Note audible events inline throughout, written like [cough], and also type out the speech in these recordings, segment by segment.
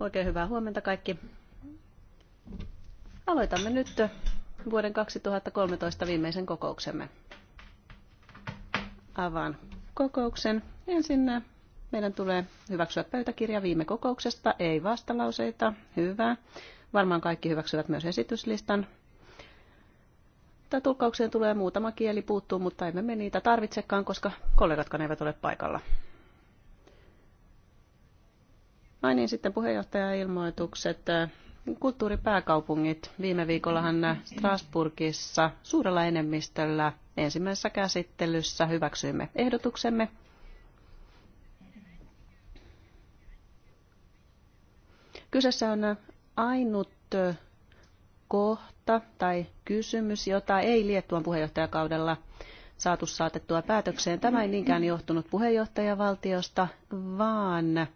Oikein hyvää huomenta kaikki. Aloitamme nyt vuoden 2013 viimeisen kokouksemme. Avaan kokouksen. Ensin meidän tulee hyväksyä pöytäkirja viime kokouksesta. Ei vastalauseita. Hyvä. Varmaan kaikki hyväksyvät myös esityslistan että tulkkaukseen tulee muutama kieli puuttuu, mutta emme me niitä tarvitsekaan, koska kollegatkaan eivät ole paikalla. Ai niin, sitten puheenjohtajailmoitukset. Kulttuuripääkaupungit. Viime viikollahan Strasburgissa suurella enemmistöllä ensimmäisessä käsittelyssä hyväksyimme ehdotuksemme. Kyseessä on ainut kohta tai kysymys, jota ei Liettuan puheenjohtajakaudella saatu saatettua päätökseen. Tämä ei niinkään johtunut puheenjohtajavaltiosta, vaan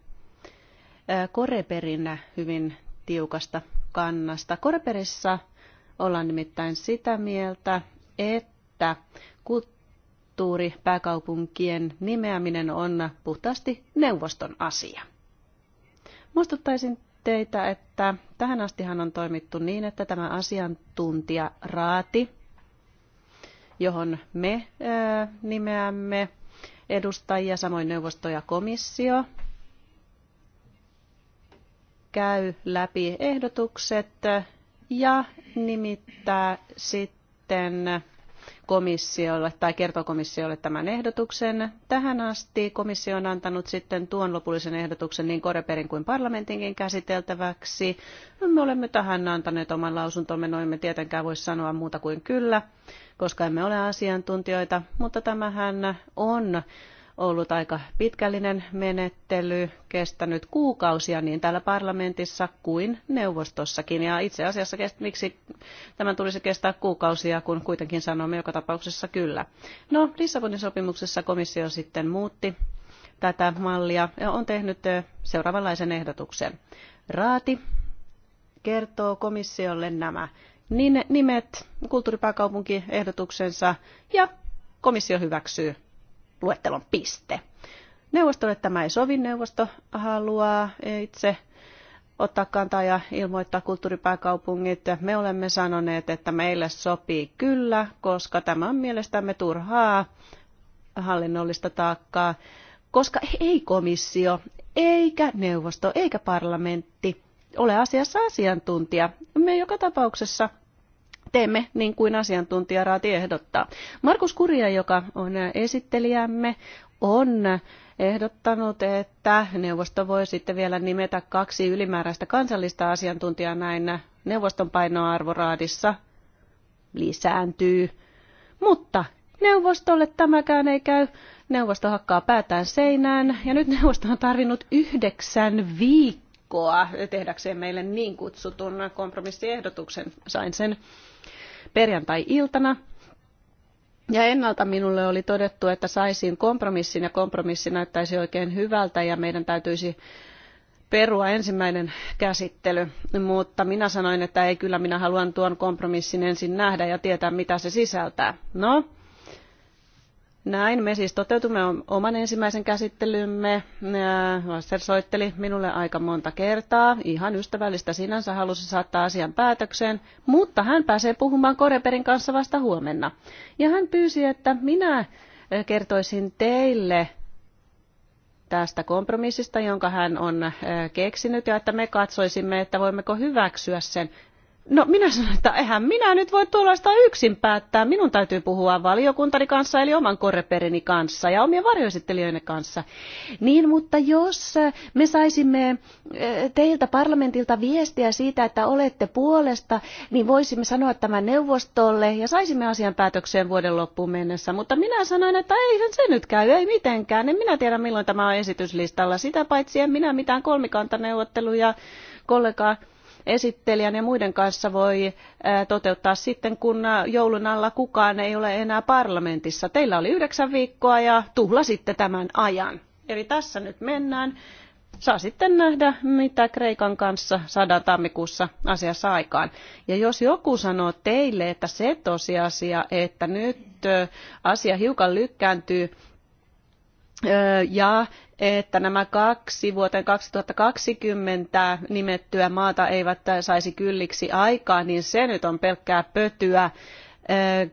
Koreperin hyvin tiukasta kannasta. Koreperissa ollaan nimittäin sitä mieltä, että kulttuuripääkaupunkien nimeäminen on puhtaasti neuvoston asia. Muistuttaisin teitä, että tähän astihan on toimittu niin, että tämä Raati, johon me nimeämme edustajia, samoin neuvosto ja komissio, käy läpi ehdotukset ja nimittää sitten komissiolle tai kertoo komissiolle tämän ehdotuksen. Tähän asti komissio on antanut sitten tuon lopullisen ehdotuksen niin Koreperin kuin parlamentinkin käsiteltäväksi. No, me olemme tähän antaneet oman lausuntomme, noin emme tietenkään voi sanoa muuta kuin kyllä, koska emme ole asiantuntijoita, mutta tämähän on ollut aika pitkällinen menettely, kestänyt kuukausia niin täällä parlamentissa kuin neuvostossakin. Ja itse asiassa miksi tämän tulisi kestää kuukausia, kun kuitenkin sanomme joka tapauksessa kyllä. No, Lissabonin sopimuksessa komissio sitten muutti tätä mallia ja on tehnyt seuraavanlaisen ehdotuksen. Raati kertoo komissiolle nämä nimet kulttuuripääkaupunkiehdotuksensa ja komissio hyväksyy luettelon piste. Neuvostolle tämä ei sovi. Neuvosto haluaa itse ottaa kantaa ja ilmoittaa kulttuuripääkaupungit. Me olemme sanoneet, että meille sopii kyllä, koska tämä on mielestämme turhaa hallinnollista taakkaa, koska ei komissio, eikä neuvosto, eikä parlamentti ole asiassa asiantuntija. Me joka tapauksessa teemme niin kuin asiantuntijaraati ehdottaa. Markus Kuria, joka on esittelijämme, on ehdottanut, että neuvosto voi sitten vielä nimetä kaksi ylimääräistä kansallista asiantuntijaa näin neuvoston painoarvoraadissa lisääntyy. Mutta neuvostolle tämäkään ei käy. Neuvosto hakkaa päätään seinään ja nyt neuvosto on tarvinnut yhdeksän viikkoa tehdäkseen meille niin kutsutun kompromissiehdotuksen. Sain sen perjantai-iltana. Ja ennalta minulle oli todettu, että saisin kompromissin ja kompromissi näyttäisi oikein hyvältä ja meidän täytyisi perua ensimmäinen käsittely, mutta minä sanoin, että ei kyllä minä haluan tuon kompromissin ensin nähdä ja tietää mitä se sisältää. No, näin, me siis toteutumme oman ensimmäisen käsittelymme. Lasser soitteli minulle aika monta kertaa. Ihan ystävällistä sinänsä halusi saattaa asian päätökseen, mutta hän pääsee puhumaan Koreperin kanssa vasta huomenna. Ja hän pyysi, että minä kertoisin teille tästä kompromissista, jonka hän on keksinyt, ja että me katsoisimme, että voimmeko hyväksyä sen. No minä sanoin, että eihän minä nyt voi tuollaista yksin päättää. Minun täytyy puhua valiokuntani kanssa, eli oman korreperini kanssa ja omien varjoesittelijöiden kanssa. Niin, mutta jos me saisimme teiltä parlamentilta viestiä siitä, että olette puolesta, niin voisimme sanoa tämän neuvostolle ja saisimme asian päätökseen vuoden loppuun mennessä. Mutta minä sanoin, että eihän se nyt käy, ei mitenkään. En minä tiedä, milloin tämä on esityslistalla. Sitä paitsi en minä mitään kolmikantaneuvotteluja kollegaa esittelijän ja muiden kanssa voi äh, toteuttaa sitten, kun äh, joulun alla kukaan ei ole enää parlamentissa. Teillä oli yhdeksän viikkoa ja tuhlasitte tämän ajan. Eli tässä nyt mennään. Saa sitten nähdä, mitä Kreikan kanssa saadaan tammikuussa asiassa aikaan. Ja jos joku sanoo teille, että se tosiasia, että nyt äh, asia hiukan lykkääntyy, ja että nämä kaksi vuoteen 2020 nimettyä maata eivät saisi kylliksi aikaa, niin se nyt on pelkkää pötyä.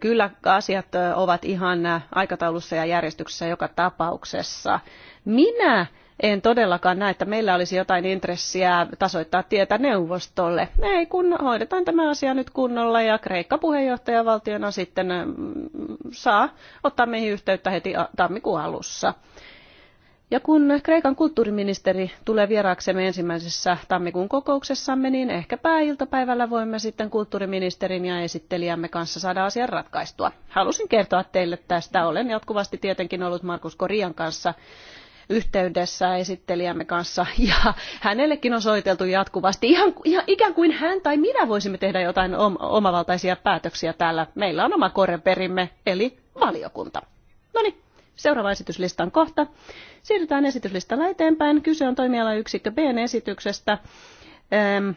Kyllä asiat ovat ihan aikataulussa ja järjestyksessä joka tapauksessa. Minä en todellakaan näe, että meillä olisi jotain intressiä tasoittaa tietä neuvostolle. Ei, kun hoidetaan tämä asia nyt kunnolla ja Kreikka puheenjohtajavaltiona sitten mm, saa ottaa meihin yhteyttä heti tammikuun alussa. Ja kun Kreikan kulttuuriministeri tulee vieraaksemme ensimmäisessä tammikuun kokouksessamme, niin ehkä pääiltapäivällä voimme sitten kulttuuriministerin ja esittelijämme kanssa saada asian ratkaistua. Halusin kertoa teille tästä. Olen jatkuvasti tietenkin ollut Markus Korian kanssa yhteydessä esittelijämme kanssa [laughs] ja hänellekin on soiteltu jatkuvasti ihan, ihan ikään kuin hän tai minä voisimme tehdä jotain om, omavaltaisia päätöksiä täällä. Meillä on oma koreperimme eli valiokunta. No niin, seuraava esityslistan kohta. Siirrytään esityslistalla eteenpäin. Kyse on toimialayksikkö Bn esityksestä. Ähm,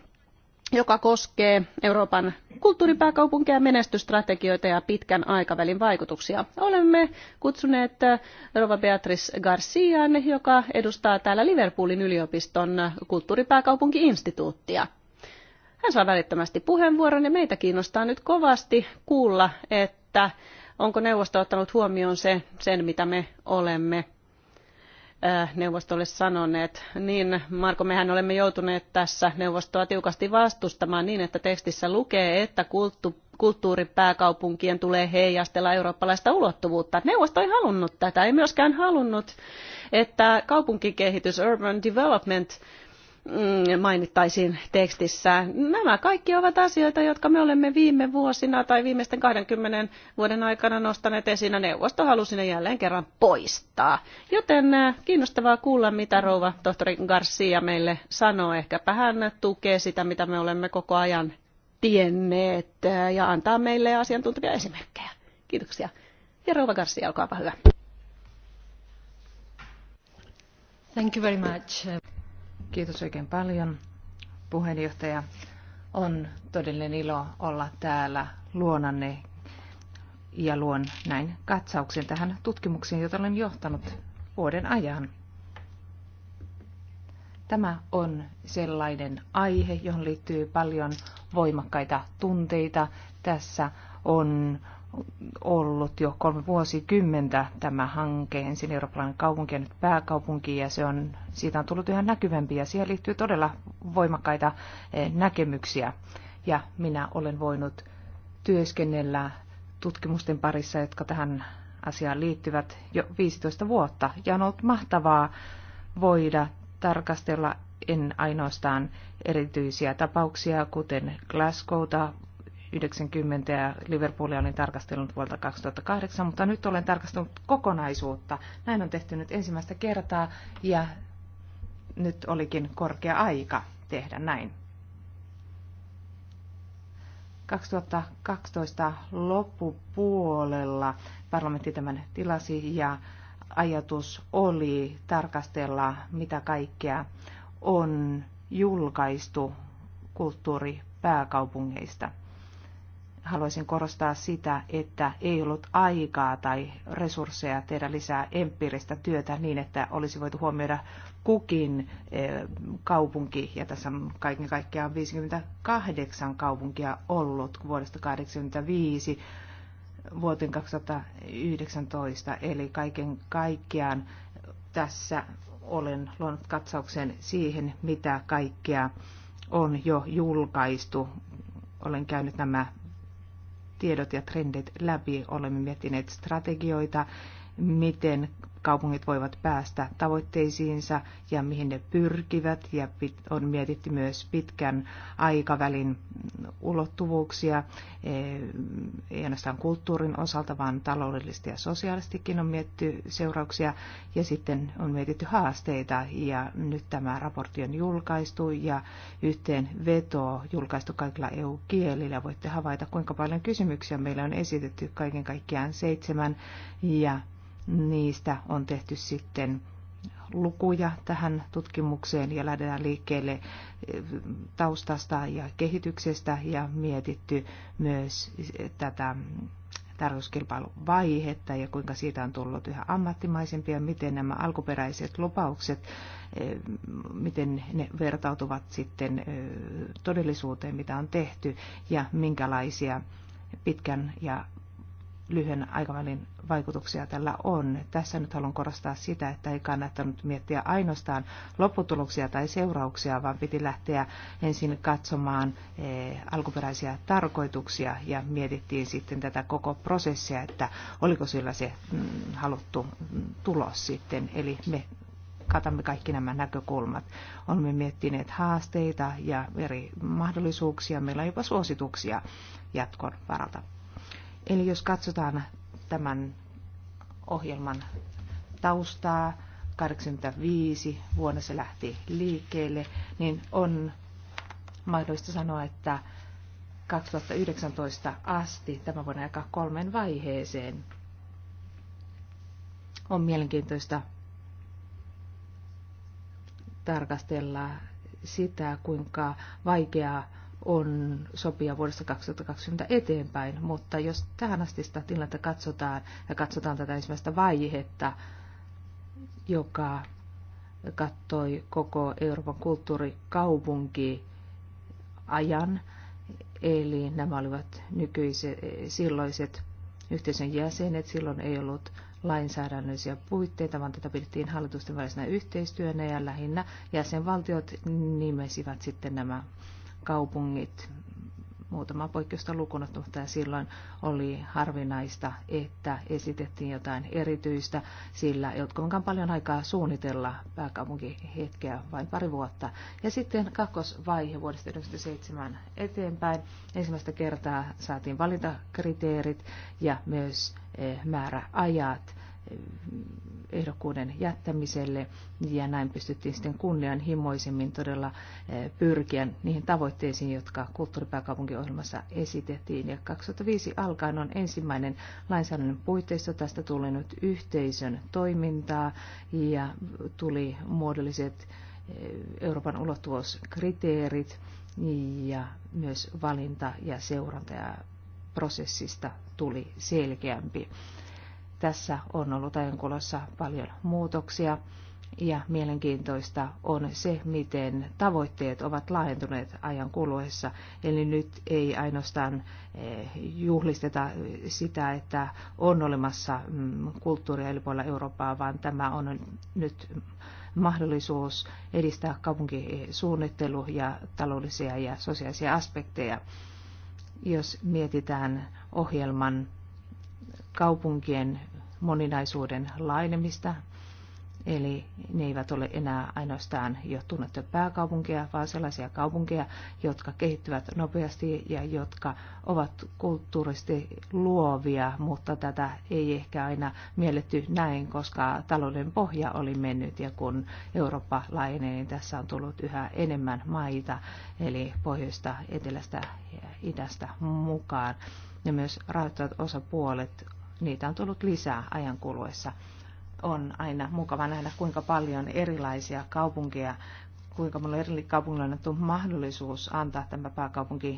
joka koskee Euroopan kulttuuripääkaupunkeja menestysstrategioita ja pitkän aikavälin vaikutuksia. Olemme kutsuneet äh, rouva Beatrice Garcian, joka edustaa täällä Liverpoolin yliopiston kulttuuripääkaupunki-instituuttia. Hän saa välittömästi puheenvuoron ja meitä kiinnostaa nyt kovasti kuulla, että onko neuvosto ottanut huomioon se, sen, mitä me olemme Äh, neuvostolle sanoneet, niin Marko, mehän olemme joutuneet tässä neuvostoa tiukasti vastustamaan niin, että tekstissä lukee, että kulttu, kulttuuripääkaupunkien tulee heijastella eurooppalaista ulottuvuutta. Neuvosto ei halunnut tätä, ei myöskään halunnut, että kaupunkikehitys, urban development, Mm, mainittaisiin tekstissään. Nämä kaikki ovat asioita, jotka me olemme viime vuosina tai viimeisten 20 vuoden aikana nostaneet esiin. Neuvosto halusi ne jälleen kerran poistaa. Joten äh, kiinnostavaa kuulla, mitä rouva tohtori Garcia meille sanoo. Ehkäpä hän tukee sitä, mitä me olemme koko ajan tienneet äh, ja antaa meille asiantuntevia esimerkkejä. Kiitoksia. Ja rouva Garcia, olkaapa hyvä. Thank you very much. Kiitos oikein paljon. Puheenjohtaja, on todellinen ilo olla täällä luonanne ja luon näin katsauksen tähän tutkimukseen, jota olen johtanut vuoden ajan. Tämä on sellainen aihe, johon liittyy paljon voimakkaita tunteita. Tässä on ollut jo kolme vuosikymmentä tämä hanke. Ensin eurooppalainen kaupunki ja nyt pääkaupunki ja se on, siitä on tullut yhä näkyvämpi ja siihen liittyy todella voimakkaita eh, näkemyksiä. Ja minä olen voinut työskennellä tutkimusten parissa, jotka tähän asiaan liittyvät jo 15 vuotta. Ja on ollut mahtavaa voida tarkastella en ainoastaan erityisiä tapauksia, kuten Glasgowta, 90 ja Liverpoolia olin tarkastellut vuodelta 2008, mutta nyt olen tarkastellut kokonaisuutta. Näin on tehty nyt ensimmäistä kertaa ja nyt olikin korkea aika tehdä näin. 2012 loppupuolella parlamentti tämän tilasi ja ajatus oli tarkastella, mitä kaikkea on julkaistu kulttuuripääkaupungeista haluaisin korostaa sitä, että ei ollut aikaa tai resursseja tehdä lisää empiiristä työtä niin, että olisi voitu huomioida kukin eh, kaupunki. Ja tässä on kaiken kaikkiaan 58 kaupunkia ollut vuodesta 1985 vuoteen 2019. Eli kaiken kaikkiaan tässä olen luonut katsauksen siihen, mitä kaikkea on jo julkaistu olen käynyt nämä tiedot ja trendit läpi. Olemme miettineet strategioita, miten kaupungit voivat päästä tavoitteisiinsa ja mihin ne pyrkivät. Ja on mietitty myös pitkän aikavälin ulottuvuuksia, eh, ei ainoastaan kulttuurin osalta, vaan taloudellisesti ja sosiaalistikin on mietitty seurauksia. Ja sitten on mietitty haasteita ja nyt tämä raportti on julkaistu ja yhteen veto julkaistu kaikilla EU-kielillä. Voitte havaita, kuinka paljon kysymyksiä meillä on esitetty kaiken kaikkiaan seitsemän ja niistä on tehty sitten lukuja tähän tutkimukseen ja lähdetään liikkeelle eh, taustasta ja kehityksestä ja mietitty myös eh, tätä vaihetta ja kuinka siitä on tullut yhä ammattimaisempia, miten nämä alkuperäiset lupaukset, eh, miten ne vertautuvat sitten todellisuuteen, mitä on tehty ja minkälaisia pitkän ja lyhyen aikavälin vaikutuksia tällä on. Tässä nyt haluan korostaa sitä, että ei kannattanut miettiä ainoastaan lopputuloksia tai seurauksia, vaan piti lähteä ensin katsomaan eh, alkuperäisiä tarkoituksia ja mietittiin sitten tätä koko prosessia, että oliko sillä se mm, haluttu mm, tulos sitten. Eli me katamme kaikki nämä näkökulmat. Olemme miettineet haasteita ja eri mahdollisuuksia, meillä on jopa suosituksia jatkon varalta. Eli jos katsotaan tämän ohjelman taustaa, 85 vuonna se lähti liikkeelle, niin on mahdollista sanoa, että 2019 asti tämä voidaan jakaa kolmen vaiheeseen. On mielenkiintoista tarkastella sitä, kuinka vaikeaa on sopia vuodesta 2020 eteenpäin, mutta jos tähän asti sitä tilannetta katsotaan ja katsotaan tätä ensimmäistä vaihetta, joka kattoi koko Euroopan kulttuurikaupunki ajan, eli nämä olivat nykyiset, silloiset yhteisön jäsenet, silloin ei ollut lainsäädännöllisiä puitteita, vaan tätä pidettiin hallitusten välisenä yhteistyönä ja lähinnä jäsenvaltiot nimesivät sitten nämä kaupungit, muutama poikkeusta lukunottamatta ja silloin oli harvinaista, että esitettiin jotain erityistä, sillä ei ollut paljon aikaa suunnitella pääkaupunkihetkeä, vain pari vuotta. Ja sitten kakkosvaihe vuodesta 1997 eteenpäin. Ensimmäistä kertaa saatiin valintakriteerit ja myös eh, määräajat ehdokkuuden jättämiselle ja näin pystyttiin sitten kunnianhimoisemmin todella eh, pyrkiä niihin tavoitteisiin, jotka kulttuuripääkaupunkiohjelmassa esitettiin. Ja 2005 alkaen on ensimmäinen lainsäädännön puitteissa Tästä tuli nyt yhteisön toimintaa ja tuli muodolliset eh, Euroopan ulottuvuuskriteerit ja myös valinta ja seuranta ja prosessista tuli selkeämpi. Tässä on ollut ajankulossa paljon muutoksia ja mielenkiintoista on se, miten tavoitteet ovat laajentuneet ajan kuluessa. Eli nyt ei ainoastaan eh, juhlisteta sitä, että on olemassa mm, kulttuuria eri puolilla Eurooppaa, vaan tämä on nyt mahdollisuus edistää kaupunkisuunnittelu ja taloudellisia ja sosiaalisia aspekteja. Jos mietitään ohjelman kaupunkien moninaisuuden lainemista. Eli ne eivät ole enää ainoastaan jo tunnettuja pääkaupunkeja, vaan sellaisia kaupunkeja, jotka kehittyvät nopeasti ja jotka ovat kulttuurisesti luovia, mutta tätä ei ehkä aina mielletty näin, koska talouden pohja oli mennyt ja kun Eurooppa laajenee, niin tässä on tullut yhä enemmän maita, eli pohjoista, etelästä ja idästä mukaan. Ja myös rahoittavat osapuolet niitä on tullut lisää ajan kuluessa. On aina mukava nähdä, kuinka paljon erilaisia kaupunkeja kuinka mulla eri kaupungilla on annettu mahdollisuus antaa tämä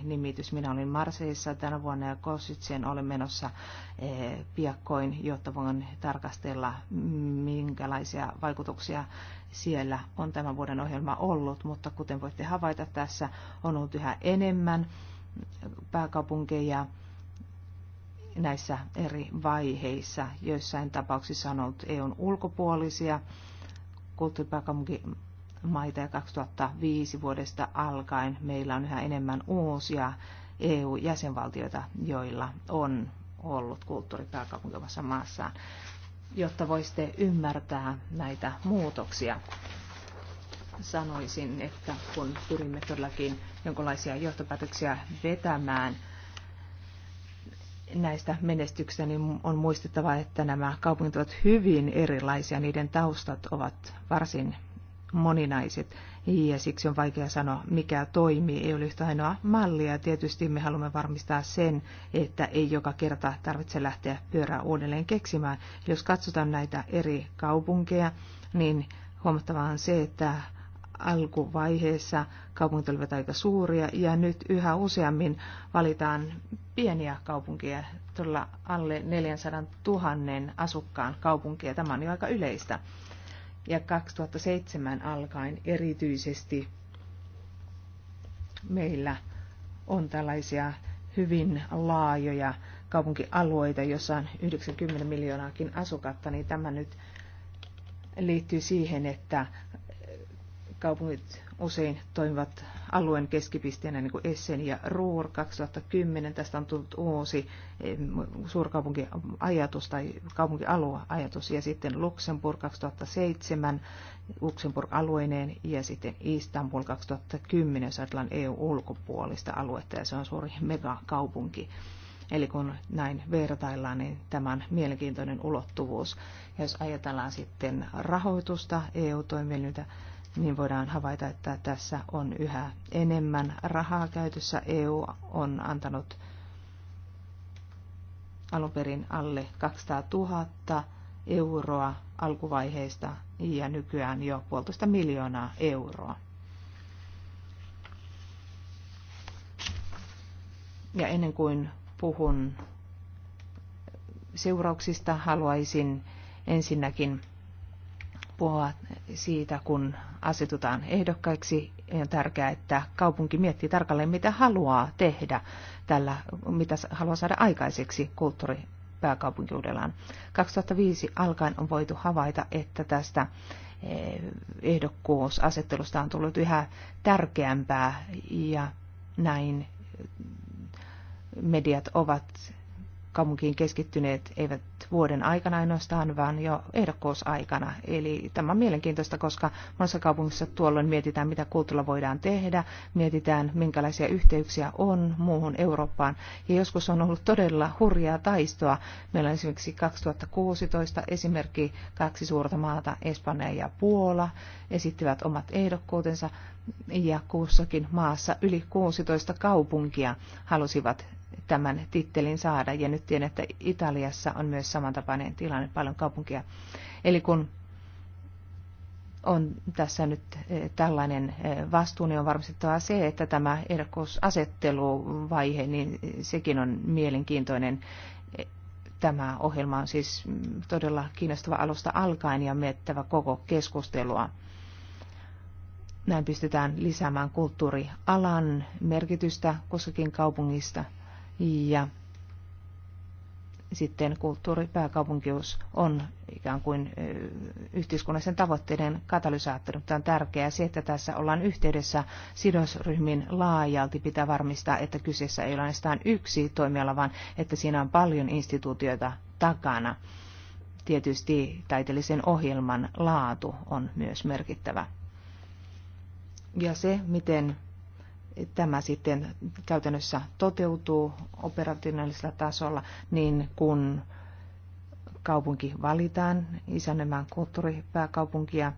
nimitys. Minä olin Marseissa tänä vuonna ja Kositsien olen menossa eh, piakkoin, jotta voin tarkastella, minkälaisia vaikutuksia siellä on tämän vuoden ohjelma ollut. Mutta kuten voitte havaita, tässä on ollut yhä enemmän pääkaupunkeja näissä eri vaiheissa. Joissain tapauksissa on ollut EUn ulkopuolisia maita ja 2005 vuodesta alkaen meillä on yhä enemmän uusia EU-jäsenvaltioita, joilla on ollut kulttuuripääkaupunki omassa maassaan, jotta voisitte ymmärtää näitä muutoksia sanoisin, että kun pyrimme todellakin jonkinlaisia johtopäätöksiä vetämään – näistä menestyksistä, niin on muistettava, että nämä kaupungit ovat hyvin erilaisia, niiden taustat ovat varsin moninaiset ja siksi on vaikea sanoa, mikä toimii. Ei ole yhtä ainoa mallia. Tietysti me haluamme varmistaa sen, että ei joka kerta tarvitse lähteä pyörää uudelleen keksimään. Jos katsotaan näitä eri kaupunkeja, niin huomattavaa on se, että alkuvaiheessa kaupungit olivat aika suuria ja nyt yhä useammin valitaan pieniä kaupunkeja, todella alle 400 000 asukkaan kaupunkia. Tämä on jo aika yleistä. Ja 2007 alkaen erityisesti meillä on tällaisia hyvin laajoja kaupunkialueita, jossa on 90 miljoonaakin asukasta, niin tämä nyt liittyy siihen, että kaupungit usein toimivat alueen keskipisteenä, niin kuin Essen ja Ruhr 2010. Tästä on tullut uusi suurkaupunkiajatus tai kaupunkialueajatus. Ja sitten Luxemburg 2007, Luxemburg alueineen ja sitten Istanbul 2010, jos ajatellaan EU-ulkopuolista aluetta ja se on suuri megakaupunki. Eli kun näin vertaillaan, niin tämä on mielenkiintoinen ulottuvuus. Ja jos ajatellaan sitten rahoitusta EU-toimielimiltä, niin voidaan havaita, että tässä on yhä enemmän rahaa käytössä. EU on antanut alun perin alle 200 000 euroa alkuvaiheesta ja nykyään jo puolitoista miljoonaa euroa. Ja ennen kuin puhun seurauksista, haluaisin ensinnäkin puhua siitä, kun asetutaan ehdokkaiksi. On tärkeää, että kaupunki miettii tarkalleen, mitä haluaa tehdä tällä, mitä haluaa saada aikaiseksi kulttuuri pääkaupunkiudellaan. 2005 alkaen on voitu havaita, että tästä eh, ehdokkuusasettelusta on tullut yhä tärkeämpää ja näin eh, mediat ovat kaupunkiin keskittyneet eivät vuoden aikana ainoastaan, vaan jo ehdokkuusaikana. Eli tämä on mielenkiintoista, koska monessa kaupungissa tuolloin mietitään, mitä kulttuurilla voidaan tehdä, mietitään, minkälaisia yhteyksiä on muuhun Eurooppaan. Ja joskus on ollut todella hurjaa taistoa. Meillä on esimerkiksi 2016 esimerkki kaksi suurta maata, Espanja ja Puola, esittivät omat ehdokkuutensa ja kuussakin maassa yli 16 kaupunkia halusivat tämän tittelin saada. Ja nyt tiedän, että Italiassa on myös samantapainen tilanne, paljon kaupunkia. Eli kun on tässä nyt eh, tällainen eh, vastuu, niin on varmistettava se, että tämä ehdokkuusasetteluvaihe, niin sekin on mielenkiintoinen. Eh, tämä ohjelma on siis mm, todella kiinnostava alusta alkaen ja miettävä koko keskustelua. Näin pystytään lisäämään kulttuurialan merkitystä kussakin kaupungista – ja sitten kulttuuripääkaupunkius on ikään kuin yhteiskunnallisen tavoitteiden katalysaattori, mutta on tärkeää se, että tässä ollaan yhteydessä sidosryhmin laajalti. Pitää varmistaa, että kyseessä ei ole ainoastaan yksi toimiala, vaan että siinä on paljon instituutioita takana. Tietysti taiteellisen ohjelman laatu on myös merkittävä. Ja se, miten tämä sitten käytännössä toteutuu operatiivisella tasolla, niin kun kaupunki valitaan isänemään kulttuuripääkaupunkia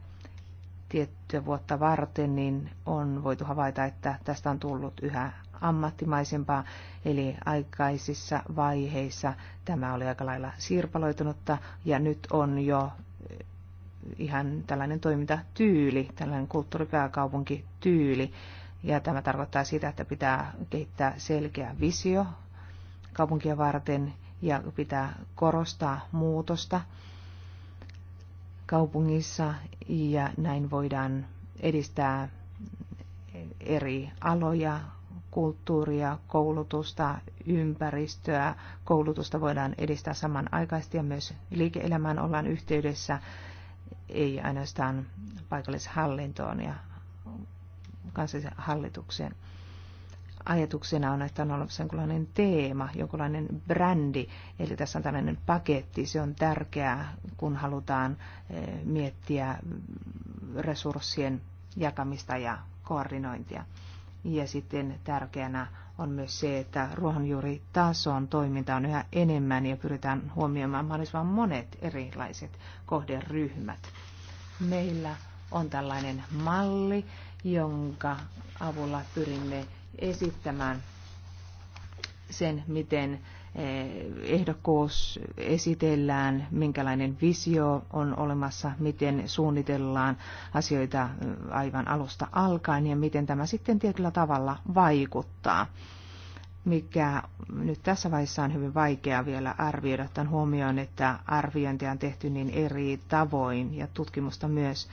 tiettyä vuotta varten, niin on voitu havaita, että tästä on tullut yhä ammattimaisempaa, eli aikaisissa vaiheissa tämä oli aika lailla sirpaloitunutta, ja nyt on jo ihan tällainen toimintatyyli, tällainen kulttuuripääkaupunkityyli, ja tämä tarkoittaa sitä, että pitää kehittää selkeä visio kaupunkia varten ja pitää korostaa muutosta kaupungissa ja näin voidaan edistää eri aloja, kulttuuria, koulutusta, ympäristöä. Koulutusta voidaan edistää samanaikaisesti ja myös liike-elämään ollaan yhteydessä, ei ainoastaan paikallishallintoon ja kansallisen hallituksen. Ajatuksena on, että on olemassa jonkinlainen teema, jonkinlainen brändi, eli tässä on tällainen paketti, se on tärkeää, kun halutaan eh, miettiä resurssien jakamista ja koordinointia. Ja sitten tärkeänä on myös se, että ruohonjuuritason toiminta on yhä enemmän ja pyritään huomioimaan mahdollisimman monet erilaiset kohderyhmät. Meillä on tällainen malli, jonka avulla pyrimme esittämään sen, miten eh, ehdokkuus esitellään, minkälainen visio on olemassa, miten suunnitellaan asioita eh, aivan alusta alkaen ja miten tämä sitten tietyllä tavalla vaikuttaa mikä nyt tässä vaiheessa on hyvin vaikea vielä arvioida tämän huomioon, että arviointia on tehty niin eri tavoin ja tutkimusta myös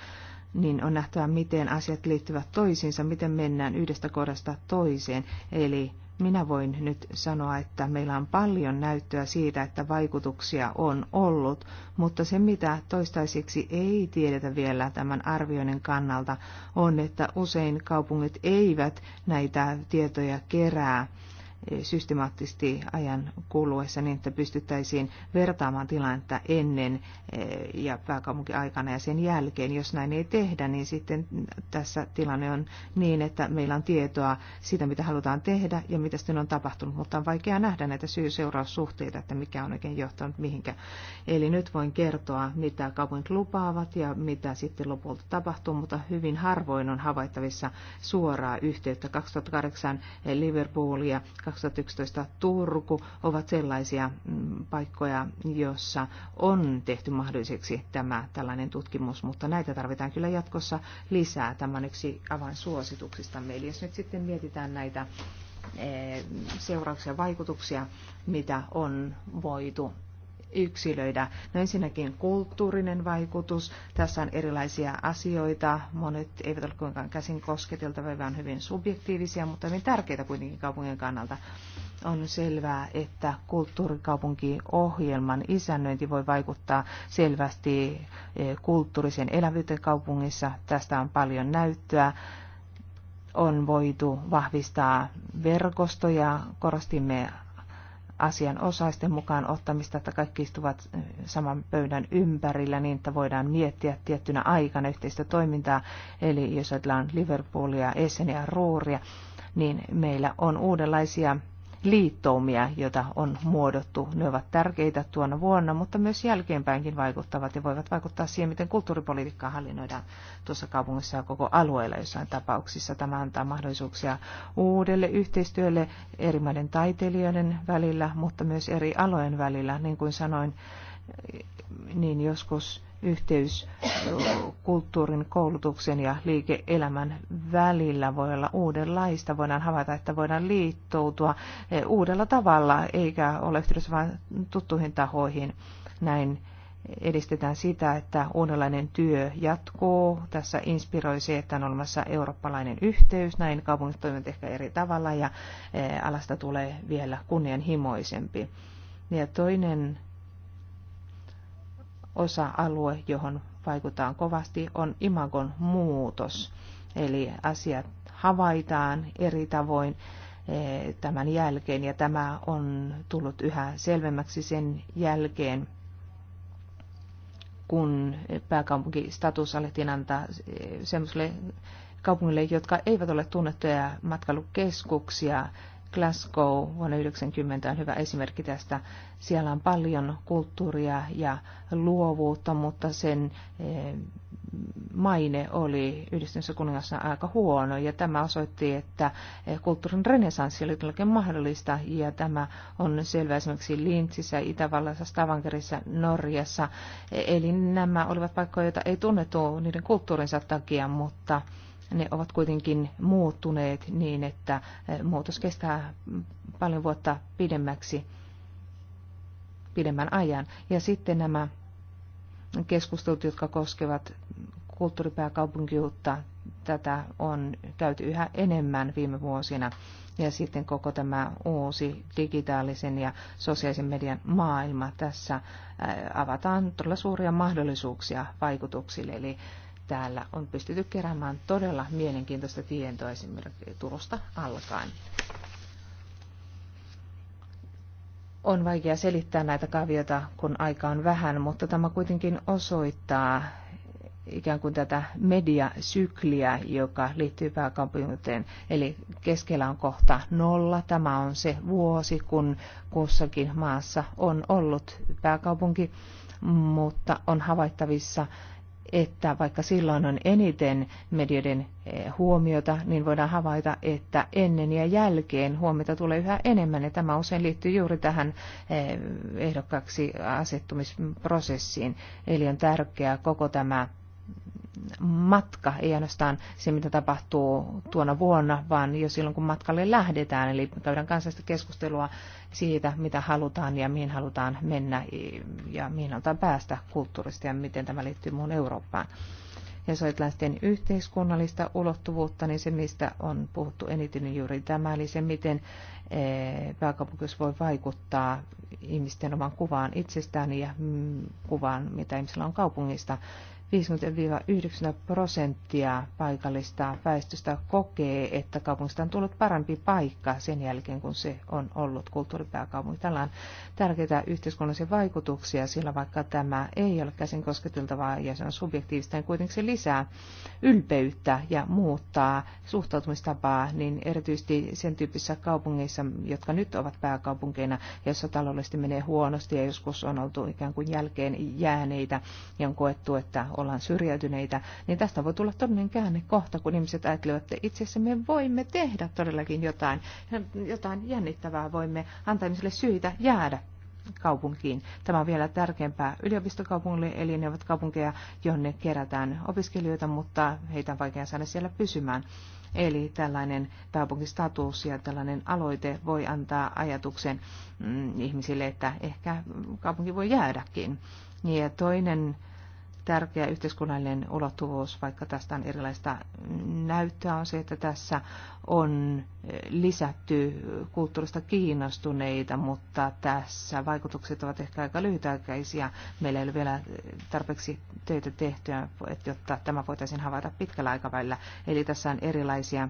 niin on nähtävä, miten asiat liittyvät toisiinsa, miten mennään yhdestä kohdasta toiseen. Eli minä voin nyt sanoa, että meillä on paljon näyttöä siitä, että vaikutuksia on ollut, mutta se mitä toistaiseksi ei tiedetä vielä tämän arvioinnin kannalta on, että usein kaupungit eivät näitä tietoja kerää systemaattisesti ajan kuluessa niin, että pystyttäisiin vertaamaan tilannetta ennen eh, ja aikana ja sen jälkeen. Jos näin ei tehdä, niin sitten tässä tilanne on niin, että meillä on tietoa siitä, mitä halutaan tehdä ja mitä sitten on tapahtunut, mutta on vaikea nähdä näitä syy-seuraussuhteita, että mikä on oikein johtanut mihinkä. Eli nyt voin kertoa, mitä kaupungit lupaavat ja mitä sitten lopulta tapahtuu, mutta hyvin harvoin on havaittavissa suoraa yhteyttä. 2008 Liverpoolia 2011 Turku ovat sellaisia mm, paikkoja, joissa on tehty mahdolliseksi tämä tällainen tutkimus, mutta näitä tarvitaan kyllä jatkossa lisää. Tämä on yksi avainsuosituksista meille. Jos nyt sitten mietitään näitä eh, seurauksia ja vaikutuksia, mitä on voitu yksilöidä. No ensinnäkin kulttuurinen vaikutus. Tässä on erilaisia asioita. Monet eivät ole kuinkaan käsin kosketeltavia, vaan hyvin subjektiivisia, mutta hyvin tärkeitä kuitenkin kaupungin kannalta. On selvää, että kulttuurikaupunkiohjelman isännöinti voi vaikuttaa selvästi eh, kulttuurisen elävyyteen kaupungissa. Tästä on paljon näyttöä on voitu vahvistaa verkostoja, korostimme asianosaisten mukaan ottamista, että kaikki istuvat saman pöydän ympärillä niin, että voidaan miettiä tiettynä aikana yhteistä toimintaa. Eli jos ajatellaan Liverpoolia, Essenia, Rooria, niin meillä on uudenlaisia liittoumia, joita on muodottu. Ne ovat tärkeitä tuona vuonna, mutta myös jälkeenpäinkin vaikuttavat ja voivat vaikuttaa siihen, miten kulttuuripolitiikkaa hallinnoidaan tuossa kaupungissa ja koko alueella jossain tapauksissa. Tämä antaa mahdollisuuksia uudelle yhteistyölle eri maiden taiteilijoiden välillä, mutta myös eri alojen välillä. Niin kuin sanoin, niin joskus yhteys kulttuurin, koulutuksen ja liike-elämän välillä voi olla uudenlaista. Voidaan havaita, että voidaan liittoutua uudella tavalla, eikä ole yhteydessä vain tuttuihin tahoihin. Näin edistetään sitä, että uudenlainen työ jatkuu. Tässä inspiroi se, että on olemassa eurooppalainen yhteys. Näin kaupungit toimivat ehkä eri tavalla ja alasta tulee vielä kunnianhimoisempi. Ja toinen osa-alue, johon vaikutaan kovasti, on imagon muutos. Eli asiat havaitaan eri tavoin eh, tämän jälkeen ja tämä on tullut yhä selvemmäksi sen jälkeen, kun pääkaupunkistatus alettiin antaa eh, semmoiselle kaupungille, jotka eivät ole tunnettuja matkailukeskuksia Glasgow vuonna 1990 on hyvä esimerkki tästä. Siellä on paljon kulttuuria ja luovuutta, mutta sen eh, maine oli yhdistyneessä kuningassa aika huono. Ja tämä osoitti, että eh, kulttuurin renesanssi oli todellakin mahdollista. Ja tämä on selvä esimerkiksi Lintsissä, Itävallassa, Stavangerissa, Norjassa. E, eli nämä olivat paikkoja, joita ei tunnetu niiden kulttuurinsa takia, mutta ne ovat kuitenkin muuttuneet niin, että eh, muutos kestää paljon vuotta pidemmäksi, pidemmän ajan. Ja sitten nämä keskustelut, jotka koskevat kulttuuripääkaupunkiutta, tätä on käyty yhä enemmän viime vuosina. Ja sitten koko tämä uusi digitaalisen ja sosiaalisen median maailma tässä eh, avataan todella suuria mahdollisuuksia vaikutuksille. Eli täällä on pystytty keräämään todella mielenkiintoista tietoa esimerkiksi Turusta alkaen. On vaikea selittää näitä kaviota, kun aika on vähän, mutta tämä kuitenkin osoittaa ikään kuin tätä mediasykliä, joka liittyy pääkaupunkiin. Eli keskellä on kohta nolla. Tämä on se vuosi, kun kussakin maassa on ollut pääkaupunki, mutta on havaittavissa, että vaikka silloin on eniten medioiden eh, huomiota, niin voidaan havaita, että ennen ja jälkeen huomiota tulee yhä enemmän. Ja tämä usein liittyy juuri tähän eh, ehdokkaaksi asettumisprosessiin. Eli on tärkeää koko tämä matka, ei ainoastaan se, mitä tapahtuu tuona vuonna, vaan jo silloin, kun matkalle lähdetään. Eli käydään kansallista keskustelua siitä, mitä halutaan ja mihin halutaan mennä ja mihin halutaan päästä kulttuurista ja miten tämä liittyy muun Eurooppaan. Ja jos ajatellaan sitten yhteiskunnallista ulottuvuutta, niin se, mistä on puhuttu eniten, niin juuri tämä, eli se, miten eh, pääkaupunkius voi vaikuttaa ihmisten oman kuvaan itsestään ja mm, kuvaan, mitä ihmisillä on kaupungista 50-90 prosenttia paikallista väestöstä kokee, että kaupungista on tullut parempi paikka sen jälkeen, kun se on ollut kulttuuripääkaupunki. Tällä on tärkeitä yhteiskunnallisia vaikutuksia, sillä vaikka tämä ei ole käsin kosketeltavaa ja se on subjektiivista, niin kuitenkin se lisää ylpeyttä ja muuttaa suhtautumistapaa, niin erityisesti sen tyyppisissä kaupungeissa, jotka nyt ovat pääkaupunkeina, jossa taloudellisesti menee huonosti ja joskus on oltu ikään kuin jälkeen jääneitä ja on koettu, että ollaan syrjäytyneitä, niin tästä voi tulla todellinen käänne kohta, kun ihmiset ajattelevat, että itse asiassa me voimme tehdä todellakin jotain, jotain jännittävää, voimme antaa ihmisille syitä jäädä kaupunkiin. Tämä on vielä tärkeämpää yliopistokaupungille, eli ne ovat kaupunkeja, jonne kerätään opiskelijoita, mutta heitä on vaikea saada siellä pysymään. Eli tällainen kaupunkistatus ja tällainen aloite voi antaa ajatuksen mm, ihmisille, että ehkä kaupunki voi jäädäkin. Ja toinen tärkeä yhteiskunnallinen ulottuvuus, vaikka tästä on erilaista näyttöä, on se, että tässä on lisätty kulttuurista kiinnostuneita, mutta tässä vaikutukset ovat ehkä aika lyhytaikaisia. Meillä ei ole vielä tarpeeksi töitä tehtyä, jotta tämä voitaisiin havaita pitkällä aikavälillä. Eli tässä on erilaisia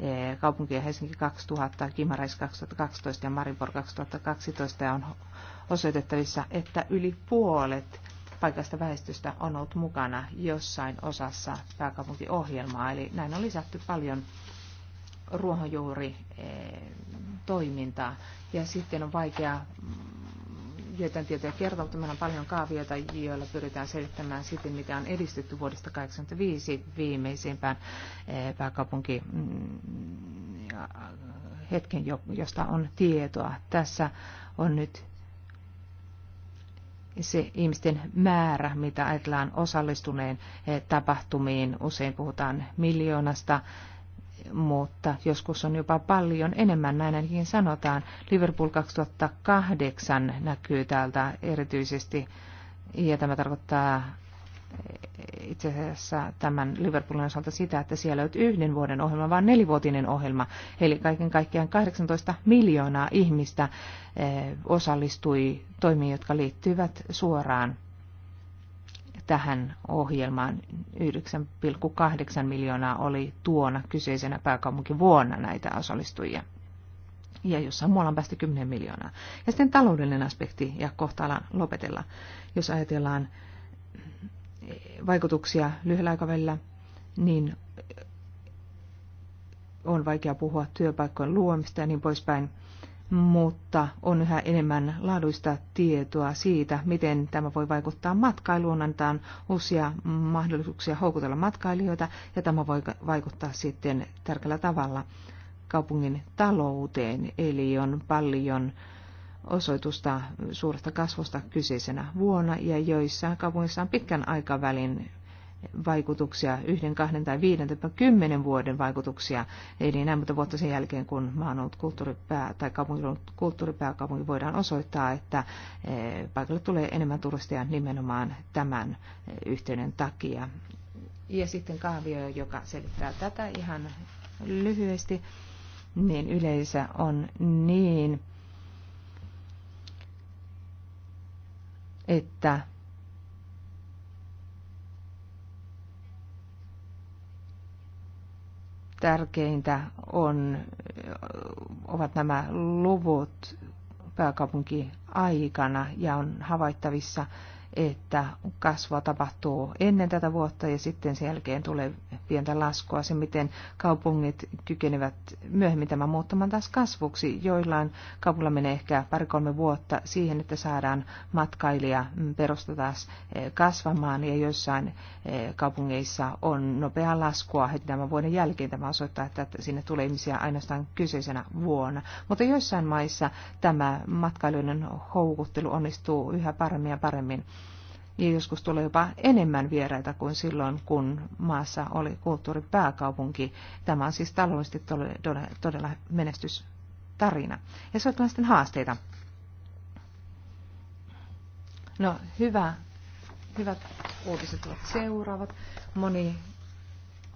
eh, kaupunkia Helsinki 2000, Kimarais 2012 ja Maribor 2012 ja on osoitettavissa, että yli puolet paikasta väestöstä on ollut mukana jossain osassa pääkaupunkiohjelmaa. Eli näin on lisätty paljon ruohonjuuri eh, toimintaa. Ja sitten on vaikea mm, joitain tietoja kertoa, mutta meillä on paljon kaavioita, joilla pyritään selittämään sitten, mitä on edistetty vuodesta 1985 viimeisimpään eh, pääkaupunki mm, hetken, josta on tietoa. Tässä on nyt se ihmisten määrä, mitä ajatellaan osallistuneen eh, tapahtumiin. Usein puhutaan miljoonasta, mutta joskus on jopa paljon enemmän, näin ainakin sanotaan. Liverpool 2008 näkyy täältä erityisesti, ja tämä tarkoittaa itse asiassa tämän Liverpoolin osalta sitä, että siellä on yhden vuoden ohjelma, vaan nelivuotinen ohjelma. Eli kaiken kaikkiaan 18 miljoonaa ihmistä eh, osallistui toimiin, jotka liittyvät suoraan tähän ohjelmaan. 9,8 miljoonaa oli tuona kyseisenä vuonna näitä osallistujia. Ja jossain muualla on päästy 10 miljoonaa. Ja sitten taloudellinen aspekti, ja kohta lopetella. Jos ajatellaan vaikutuksia lyhyellä aikavälillä, niin on vaikea puhua työpaikkojen luomista ja niin poispäin, mutta on yhä enemmän laaduista tietoa siitä, miten tämä voi vaikuttaa matkailuun, antaa uusia mahdollisuuksia houkutella matkailijoita ja tämä voi vaikuttaa sitten tärkeällä tavalla kaupungin talouteen, eli on paljon osoitusta suuresta kasvusta kyseisenä vuonna ja joissa kaupungissa on pitkän aikavälin vaikutuksia, yhden, kahden tai viiden tai kymmenen vuoden vaikutuksia, eli näin monta vuotta sen jälkeen, kun maan on ollut kulttuuripää, tai kaupunki on kulttuuripääkaupunki, voidaan osoittaa, että eh, paikalle tulee enemmän turisteja nimenomaan tämän eh, yhteyden takia. Ja sitten kahvio, joka selittää tätä ihan lyhyesti, niin yleensä on niin, että tärkeintä on, ovat nämä luvut pääkaupunkiaikana ja on havaittavissa, että kasvua tapahtuu ennen tätä vuotta ja sitten sen jälkeen tulee pientä laskua. Se, miten kaupungit kykenevät myöhemmin tämän muuttamaan taas kasvuksi. Joillain kaupungilla menee ehkä pari-kolme vuotta siihen, että saadaan matkailija perusta taas eh, kasvamaan ja joissain eh, kaupungeissa on nopeaa laskua heti tämän vuoden jälkeen. Tämä osoittaa, että sinne tulee ihmisiä ainoastaan kyseisenä vuonna. Mutta joissain maissa tämä matkailijoiden houkuttelu onnistuu yhä paremmin ja paremmin ja joskus tulee jopa enemmän vieraita kuin silloin, kun maassa oli kulttuuripääkaupunki. Tämä on siis taloudellisesti todella, todella menestystarina. Ja se on sitten haasteita. No hyvä, hyvät uutiset ovat seuraavat. Moni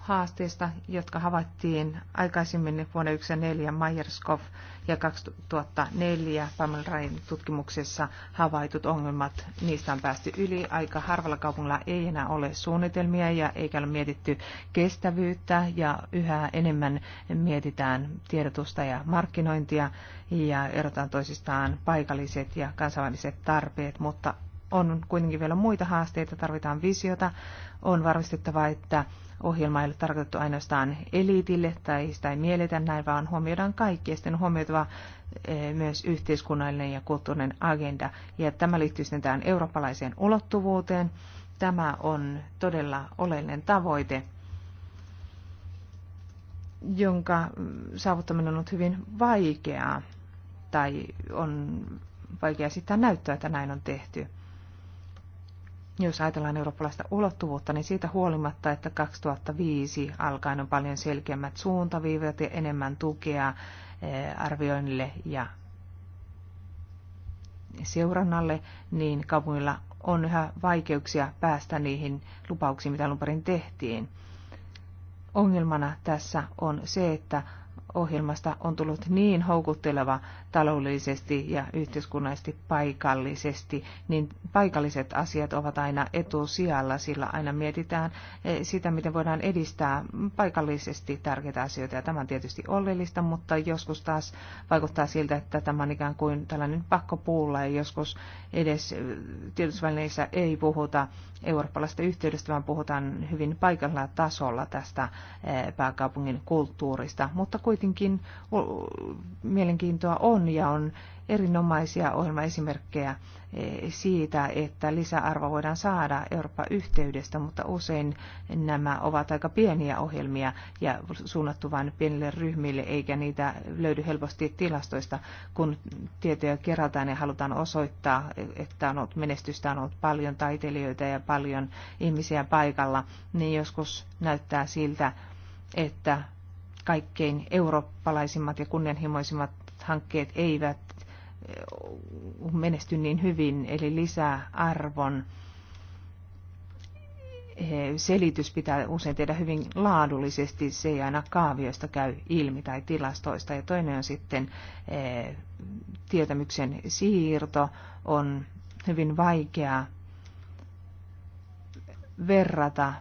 haasteista, jotka havaittiin aikaisemmin vuonna 1994 Majerskov ja 2004 Pamela Rain tutkimuksessa havaitut ongelmat. Niistä on päästy yli. Aika harvalla kaupungilla ei enää ole suunnitelmia ja eikä ole mietitty kestävyyttä ja yhä enemmän mietitään tiedotusta ja markkinointia ja erotaan toisistaan paikalliset ja kansainväliset tarpeet, mutta on kuitenkin vielä muita haasteita, tarvitaan visiota, on varmistettava, että ohjelma ei ole tarkoitettu ainoastaan eliitille tai sitä ei mielletä näin, vaan huomioidaan kaikki ja sitten huomioitava eh, myös yhteiskunnallinen ja kulttuurinen agenda. Ja tämä liittyy sitten tähän eurooppalaiseen ulottuvuuteen. Tämä on todella oleellinen tavoite jonka mm, saavuttaminen on ollut hyvin vaikeaa tai on vaikea sitä näyttää, että näin on tehty. Jos ajatellaan eurooppalaista ulottuvuutta, niin siitä huolimatta, että 2005 alkaen on paljon selkeämmät suuntaviivat ja enemmän tukea eh, arvioinnille ja seurannalle, niin kaupungilla on yhä vaikeuksia päästä niihin lupauksiin, mitä lumparin tehtiin. Ongelmana tässä on se, että ohjelmasta on tullut niin houkutteleva taloudellisesti ja yhteiskunnallisesti paikallisesti, niin paikalliset asiat ovat aina etusijalla, sillä aina mietitään eh, sitä, miten voidaan edistää paikallisesti tärkeitä asioita. Ja tämä on tietysti oleellista, mutta joskus taas vaikuttaa siltä, että tämä on ikään kuin tällainen pakkopuulla ja joskus edes eh, tiedotusvälineissä ei puhuta eurooppalaisesta yhteydestä, vaan puhutaan hyvin paikalla tasolla tästä eh, pääkaupungin kulttuurista. Mutta kuitenkin mielenkiintoa on ja on erinomaisia ohjelmaesimerkkejä eh, siitä, että lisäarvo voidaan saada Eurooppa-yhteydestä, mutta usein nämä ovat aika pieniä ohjelmia ja suunnattu vain pienille ryhmille, eikä niitä löydy helposti tilastoista, kun tietoja kerätään ja halutaan osoittaa, että on ollut menestystä, on ollut paljon taiteilijoita ja paljon ihmisiä paikalla, niin joskus näyttää siltä, että kaikkein eurooppalaisimmat ja kunnianhimoisimmat hankkeet eivät eh, menesty niin hyvin, eli lisää arvon eh, selitys pitää usein tehdä hyvin laadullisesti, se ei aina kaavioista käy ilmi tai tilastoista. Ja toinen on sitten eh, tietämyksen siirto, on hyvin vaikeaa verrata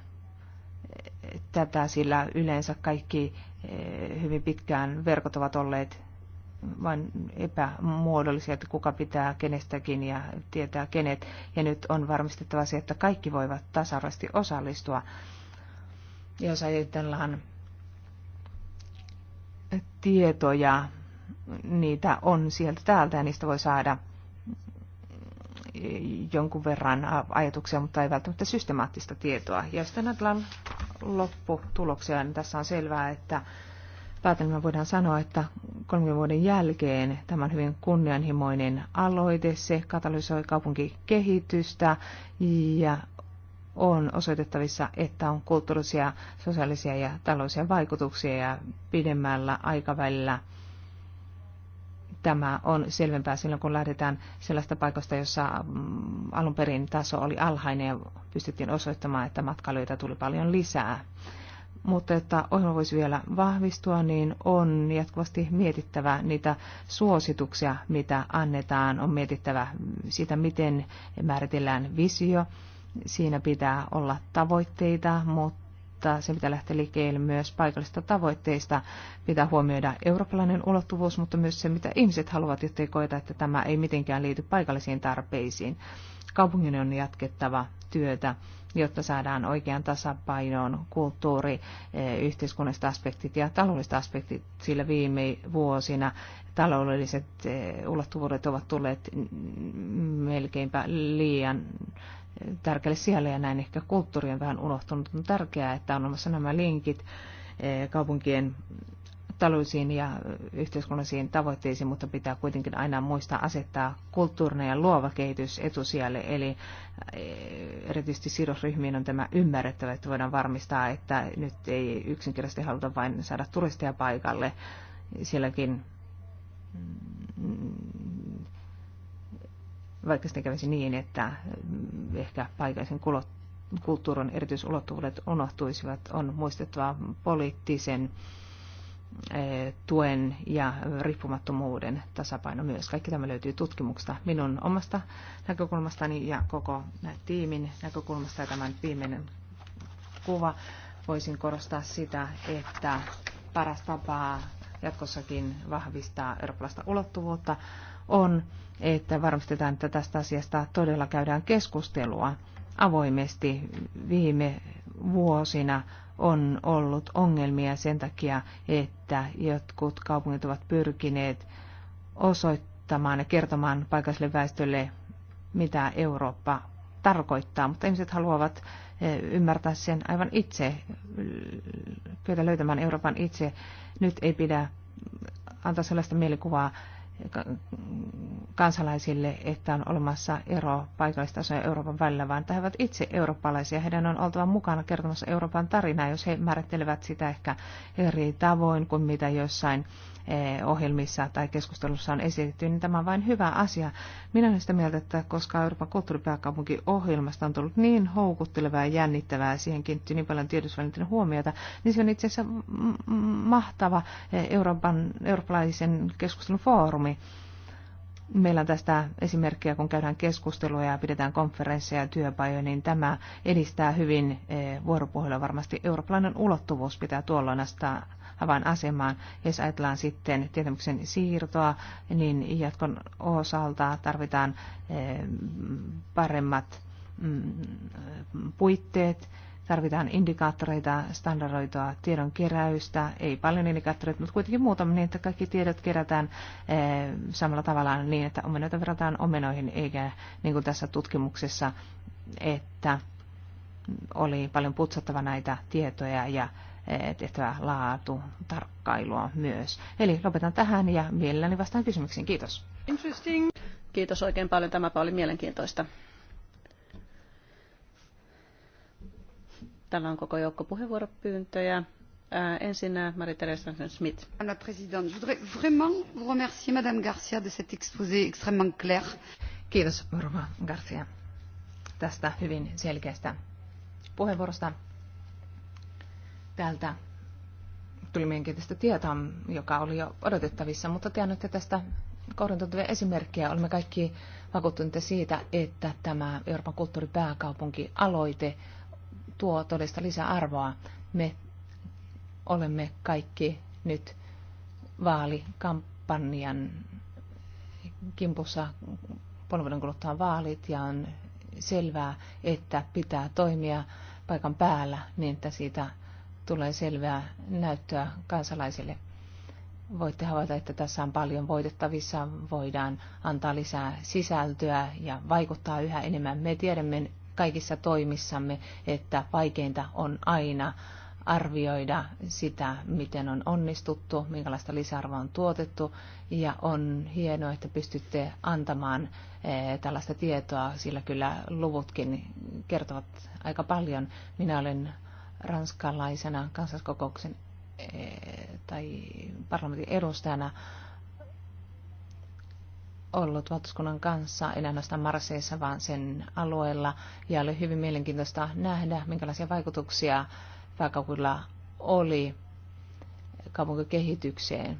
tätä, sillä yleensä kaikki hyvin pitkään verkot ovat olleet vain epämuodollisia, että kuka pitää kenestäkin ja tietää kenet. Ja nyt on varmistettava se, että kaikki voivat tasarasti osallistua osallistua. Jos ajatellaan tietoja, niitä on sieltä täältä ja niistä voi saada jonkun verran ajatuksia, mutta ei välttämättä systemaattista tietoa. Ja sitten ajatellaan lopputuloksia, niin tässä on selvää, että päätelmä voidaan sanoa, että 30 vuoden jälkeen tämä on hyvin kunnianhimoinen aloite. Se katalysoi kaupunkikehitystä ja on osoitettavissa, että on kulttuurisia, sosiaalisia ja taloudellisia vaikutuksia ja pidemmällä aikavälillä tämä on selvempää silloin, kun lähdetään sellaista paikasta, jossa mm, alun perin taso oli alhainen ja pystyttiin osoittamaan, että matkailijoita tuli paljon lisää mutta että ohjelma voisi vielä vahvistua, niin on jatkuvasti mietittävä niitä suosituksia, mitä annetaan. On mietittävä sitä, miten määritellään visio. Siinä pitää olla tavoitteita, mutta se pitää lähteä liikkeelle myös paikallista tavoitteista. Pitää huomioida eurooppalainen ulottuvuus, mutta myös se, mitä ihmiset haluavat, ei koeta, että tämä ei mitenkään liity paikallisiin tarpeisiin kaupungin on jatkettava työtä, jotta saadaan oikean tasapainoon kulttuuri, eh, yhteiskunnalliset aspektit ja taloudelliset aspektit, sillä viime vuosina taloudelliset eh, ulottuvuudet ovat tulleet melkeinpä liian eh, tärkeälle sijalle ja näin ehkä kulttuuri on vähän unohtunut. On tärkeää, että on olemassa nämä linkit kaupunkien taloudellisiin ja yhteiskunnallisiin tavoitteisiin, mutta pitää kuitenkin aina muistaa asettaa kulttuurinen ja luova kehitys etusijalle. Eli eh, erityisesti sidosryhmiin on tämä ymmärrettävä, että voidaan varmistaa, että nyt ei yksinkertaisesti haluta vain saada turisteja paikalle. Sielläkin mm, vaikka sitä kävisi niin, että mm, ehkä paikallisen kulot, kulttuurin erityisulottuvuudet unohtuisivat, on muistettava poliittisen tuen ja riippumattomuuden tasapaino myös. Kaikki tämä löytyy tutkimuksesta minun omasta näkökulmastani ja koko tiimin näkökulmasta. Ja tämän viimeinen kuva voisin korostaa sitä, että paras tapa jatkossakin vahvistaa eurooppalaista ulottuvuutta on, että varmistetaan, että tästä asiasta todella käydään keskustelua avoimesti viime vuosina on ollut ongelmia sen takia, että jotkut kaupungit ovat pyrkineet osoittamaan ja kertomaan paikalliselle väestölle, mitä Eurooppa tarkoittaa, mutta ihmiset haluavat eh, ymmärtää sen aivan itse, eh, kyetä löytämään Euroopan itse. Nyt ei pidä antaa sellaista mielikuvaa, kansalaisille, että on olemassa ero paikallista ja Euroopan välillä, vaan he ovat itse eurooppalaisia. Heidän on oltava mukana kertomassa Euroopan tarinaa, jos he määrittelevät sitä ehkä eri tavoin kuin mitä jossain eh, ohjelmissa tai keskustelussa on esitetty, niin tämä on vain hyvä asia. Minä olen sitä mieltä, että koska Euroopan kulttuuripääkaupunkin ohjelmasta on tullut niin houkuttelevaa ja jännittävää, siihen kiinnittyy niin paljon tiedotusvälineiden huomiota, niin se on itse asiassa mahtava eh, Euroopan, eurooppalaisen keskustelun foorumi foorumi. Meillä on tästä esimerkkiä, kun käydään keskustelua ja pidetään konferensseja ja työpajoja, niin tämä edistää hyvin eh, vuoropuhelua. Varmasti eurooppalainen ulottuvuus pitää tuolloin astaa asemaan Jos ajatellaan sitten tietämyksen siirtoa, niin jatkon osalta tarvitaan eh, paremmat mm, puitteet Tarvitaan indikaattoreita, standardoitua tiedon keräystä, ei paljon indikaattoreita, mutta kuitenkin muutama niin, että kaikki tiedot kerätään eh, samalla tavalla niin, että omenoita verrataan omenoihin, eikä niin kuin tässä tutkimuksessa, että oli paljon putsattava näitä tietoja ja eh, tehtävä laatu, tarkkailua myös. Eli lopetan tähän ja mielelläni vastaan kysymyksiin. Kiitos. Kiitos oikein paljon. Tämä oli mielenkiintoista. Täällä on koko joukko puheenvuoropyyntöjä. Ensin Marie-Thérèse Smith. Madame Presidente, je voudrais vraiment vous remercier, Madame Garcia, de cet exposé extrêmement clair. Kiitos, Rova Garcia, tästä hyvin selkeästä puheenvuorosta. Täältä tuli mielenkiintoista tietoa, joka oli jo odotettavissa, mutta te annoitte tästä kohdentuntuvia esimerkkejä. Olemme kaikki vakuuttuneita siitä, että tämä Euroopan kulttuuripääkaupunki-aloite – tuo todellista lisäarvoa. Me olemme kaikki nyt vaalikampanjan kimpussa puolen kuluttua vaalit ja on selvää, että pitää toimia paikan päällä niin, että siitä tulee selvää näyttöä kansalaisille. Voitte havaita, että tässä on paljon voitettavissa, voidaan antaa lisää sisältöä ja vaikuttaa yhä enemmän. Me tiedämme kaikissa toimissamme, että vaikeinta on aina arvioida sitä, miten on onnistuttu, minkälaista lisäarvoa on tuotettu. Ja on hienoa, että pystytte antamaan eh, tällaista tietoa, sillä kyllä luvutkin kertovat aika paljon. Minä olen ranskalaisena kansaskokouksen eh, tai parlamentin edustajana ollut valtuuskunnan kanssa, en ainoastaan Marseissa, vaan sen alueella. Ja oli hyvin mielenkiintoista nähdä, minkälaisia vaikutuksia pääkaupunkilla oli kaupunkikehitykseen.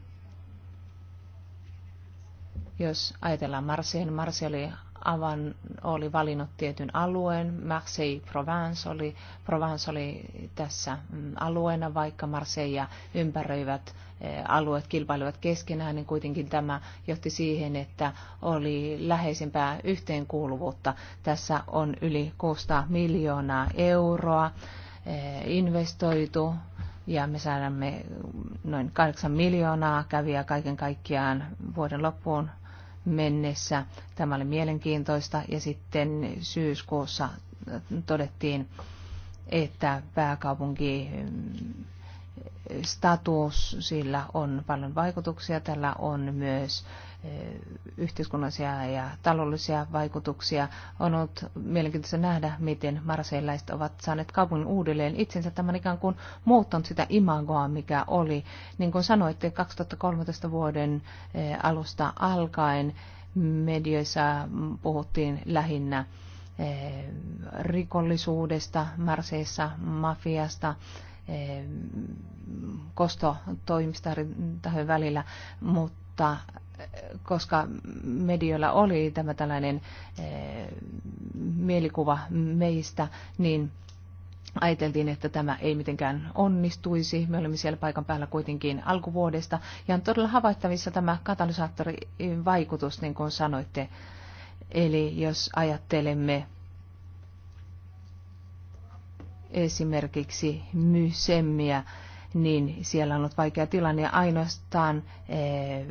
Jos ajatellaan niin Marsi oli avan, oli valinnut tietyn alueen. Marseille Provence oli, Provence oli tässä mm, alueena, vaikka Marseille ja ympäröivät eh, alueet kilpailivat keskenään, niin kuitenkin tämä johti siihen, että oli läheisempää yhteenkuuluvuutta. Tässä on yli 600 miljoonaa euroa eh, investoitu ja me saadamme mm, noin 8 miljoonaa kävijää kaiken kaikkiaan vuoden loppuun mennessä. Tämä oli mielenkiintoista ja sitten syyskuussa todettiin, että pääkaupunki mm, status, sillä on paljon vaikutuksia. Tällä on myös Eh, yhteiskunnallisia ja taloudellisia vaikutuksia. On ollut mielenkiintoista nähdä, miten marseilaiset ovat saaneet kaupungin uudelleen itsensä tämän ikään kuin muuttanut sitä imagoa, mikä oli. Niin kuin sanoitte, 2013 vuoden eh, alusta alkaen medioissa puhuttiin lähinnä eh, rikollisuudesta, Marseissa, mafiasta, kostotoimista välillä, mutta koska medioilla oli tämä tällainen eh, mielikuva meistä, niin ajateltiin, että tämä ei mitenkään onnistuisi. Me olimme siellä paikan päällä kuitenkin alkuvuodesta. Ja on todella havaittavissa tämä katalysaattorin vaikutus, niin kuin sanoitte. Eli jos ajattelemme esimerkiksi mysemmiä, niin siellä on ollut vaikea tilanne ja ainoastaan eh,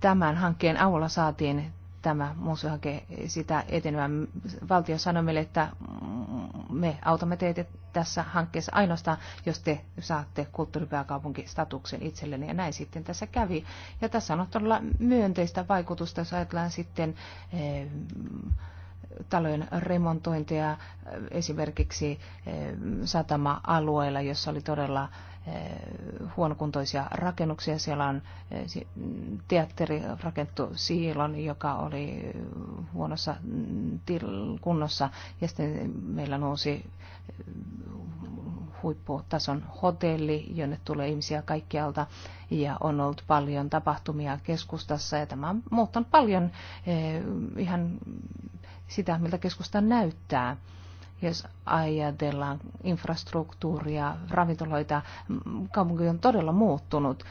tämän hankkeen avulla saatiin tämä muusuhake sitä etenemään. Valtio sanoi meille, että me autamme teitä tässä hankkeessa ainoastaan, jos te saatte kulttuuripääkaupunkistatuksen itselleni Ja näin sitten tässä kävi. Ja tässä on todella myönteistä vaikutusta, jos ajatellaan sitten eh, talojen remontointeja esimerkiksi eh, satama-alueilla, jossa oli todella eh, huonokuntoisia rakennuksia. Siellä on eh, teatteri rakentu Siilon, joka oli huonossa mm, kunnossa. Ja sitten meillä nousi huipputason hotelli, jonne tulee ihmisiä kaikkialta. Ja on ollut paljon tapahtumia keskustassa ja tämä on muuttanut paljon ihan sitä, miltä keskusta näyttää jos ajatellaan infrastruktuuria, ravintoloita, kaupunki on todella muuttunut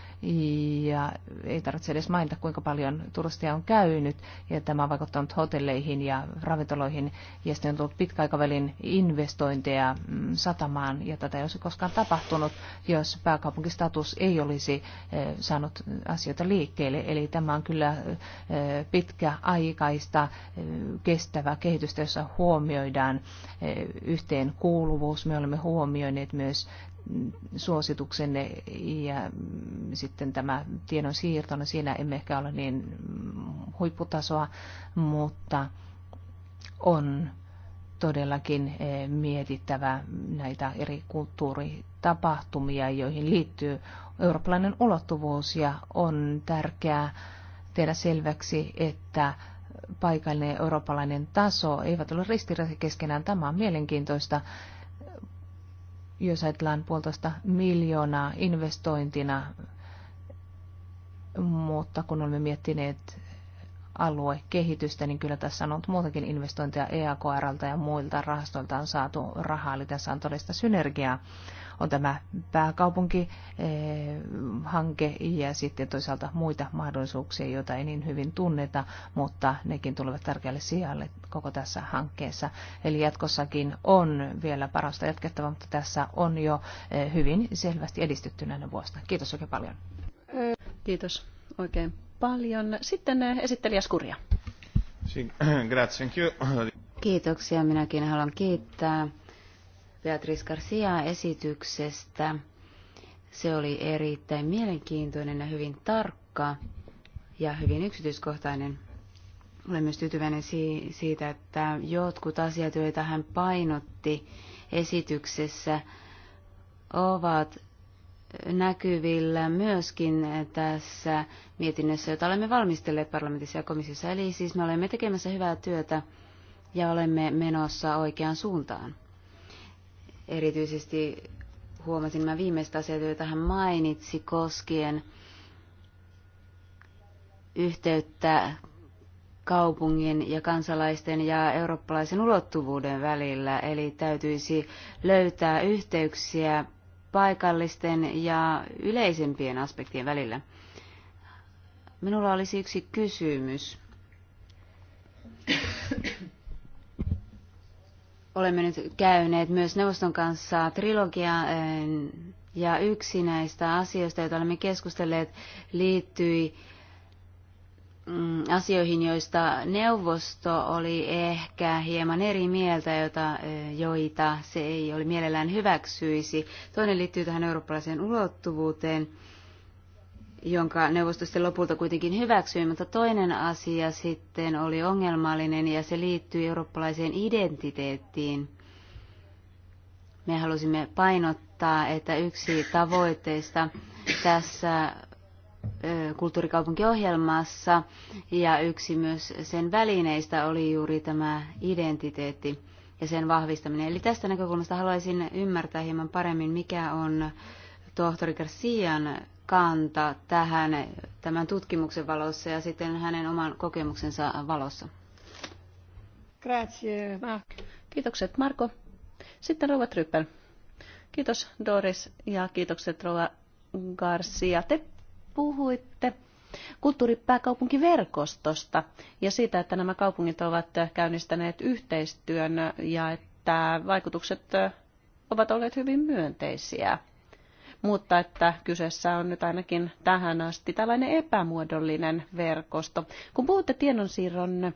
ja ei tarvitse edes mainita, kuinka paljon turistia on käynyt ja tämä on vaikuttanut hotelleihin ja ravintoloihin ja sitten on tullut pitkäaikavälin investointeja mm, satamaan ja tätä ei olisi koskaan tapahtunut, jos pääkaupunkistatus ei olisi eh, saanut asioita liikkeelle. Eli tämä on kyllä eh, pitkäaikaista eh, kestävää kehitystä, jossa huomioidaan kuuluvuus. Me olemme huomioineet myös suosituksenne ja sitten tämä tiedon siirto, no siinä emme ehkä ole niin huipputasoa, mutta on todellakin eh, mietittävä näitä eri kulttuuritapahtumia, joihin liittyy eurooppalainen ulottuvuus ja on tärkeää tehdä selväksi, että paikallinen eurooppalainen taso eivät ole ristiriidassa keskenään. Tämä on mielenkiintoista, jos ajatellaan puolitoista miljoonaa investointina, mutta kun olemme miettineet aluekehitystä, niin kyllä tässä on ollut muutakin investointeja EAKRlta ja muilta rahastoilta on saatu rahaa, eli tässä on todellista synergiaa on tämä pääkaupunkihanke eh, ja sitten toisaalta muita mahdollisuuksia, joita ei niin hyvin tunneta, mutta nekin tulevat tärkeälle sijalle koko tässä hankkeessa. Eli jatkossakin on vielä parasta jatkettavaa, mutta tässä on jo eh, hyvin selvästi edistytty näinä vuosina. Kiitos oikein paljon. Kiitos oikein paljon. Sitten eh, esittelijä Skuria. [clears throat] Kiitoksia. Minäkin haluan kiittää Beatrice Garcia esityksestä. Se oli erittäin mielenkiintoinen ja hyvin tarkka ja hyvin yksityiskohtainen. Olen myös tyytyväinen siitä, että jotkut asiat, joita hän painotti esityksessä, ovat näkyvillä myöskin tässä mietinnössä, jota olemme valmistelleet parlamentissa ja komissiossa. Eli siis me olemme tekemässä hyvää työtä ja olemme menossa oikeaan suuntaan. Erityisesti huomasin nämä viimeiset asiat, joita hän mainitsi koskien yhteyttä kaupungin ja kansalaisten ja eurooppalaisen ulottuvuuden välillä, eli täytyisi löytää yhteyksiä paikallisten ja yleisempien aspektien välillä. Minulla olisi yksi kysymys olemme nyt käyneet myös neuvoston kanssa trilogia eh, ja yksi näistä asioista, joita olemme keskustelleet, liittyi mm, asioihin, joista neuvosto oli ehkä hieman eri mieltä, jota, eh, joita se ei ole mielellään hyväksyisi. Toinen liittyy tähän eurooppalaiseen ulottuvuuteen jonka neuvosto sitten lopulta kuitenkin hyväksyi, mutta toinen asia sitten oli ongelmallinen ja se liittyy eurooppalaiseen identiteettiin. Me halusimme painottaa, että yksi tavoitteista tässä kulttuurikaupunkiohjelmassa ja yksi myös sen välineistä oli juuri tämä identiteetti ja sen vahvistaminen. Eli tästä näkökulmasta haluaisin ymmärtää hieman paremmin, mikä on tohtori Garcian kanta tähän tämän tutkimuksen valossa ja sitten hänen oman kokemuksensa valossa. Grazie, Marco. Kiitokset Marko. Sitten Rova Tryppel. Kiitos Doris ja kiitokset Rova Garcia. Te puhuitte kulttuuripääkaupunkiverkostosta ja siitä, että nämä kaupungit ovat käynnistäneet yhteistyön ja että vaikutukset ovat olleet hyvin myönteisiä mutta että kyseessä on nyt ainakin tähän asti tällainen epämuodollinen verkosto. Kun puhutte tiedonsiirron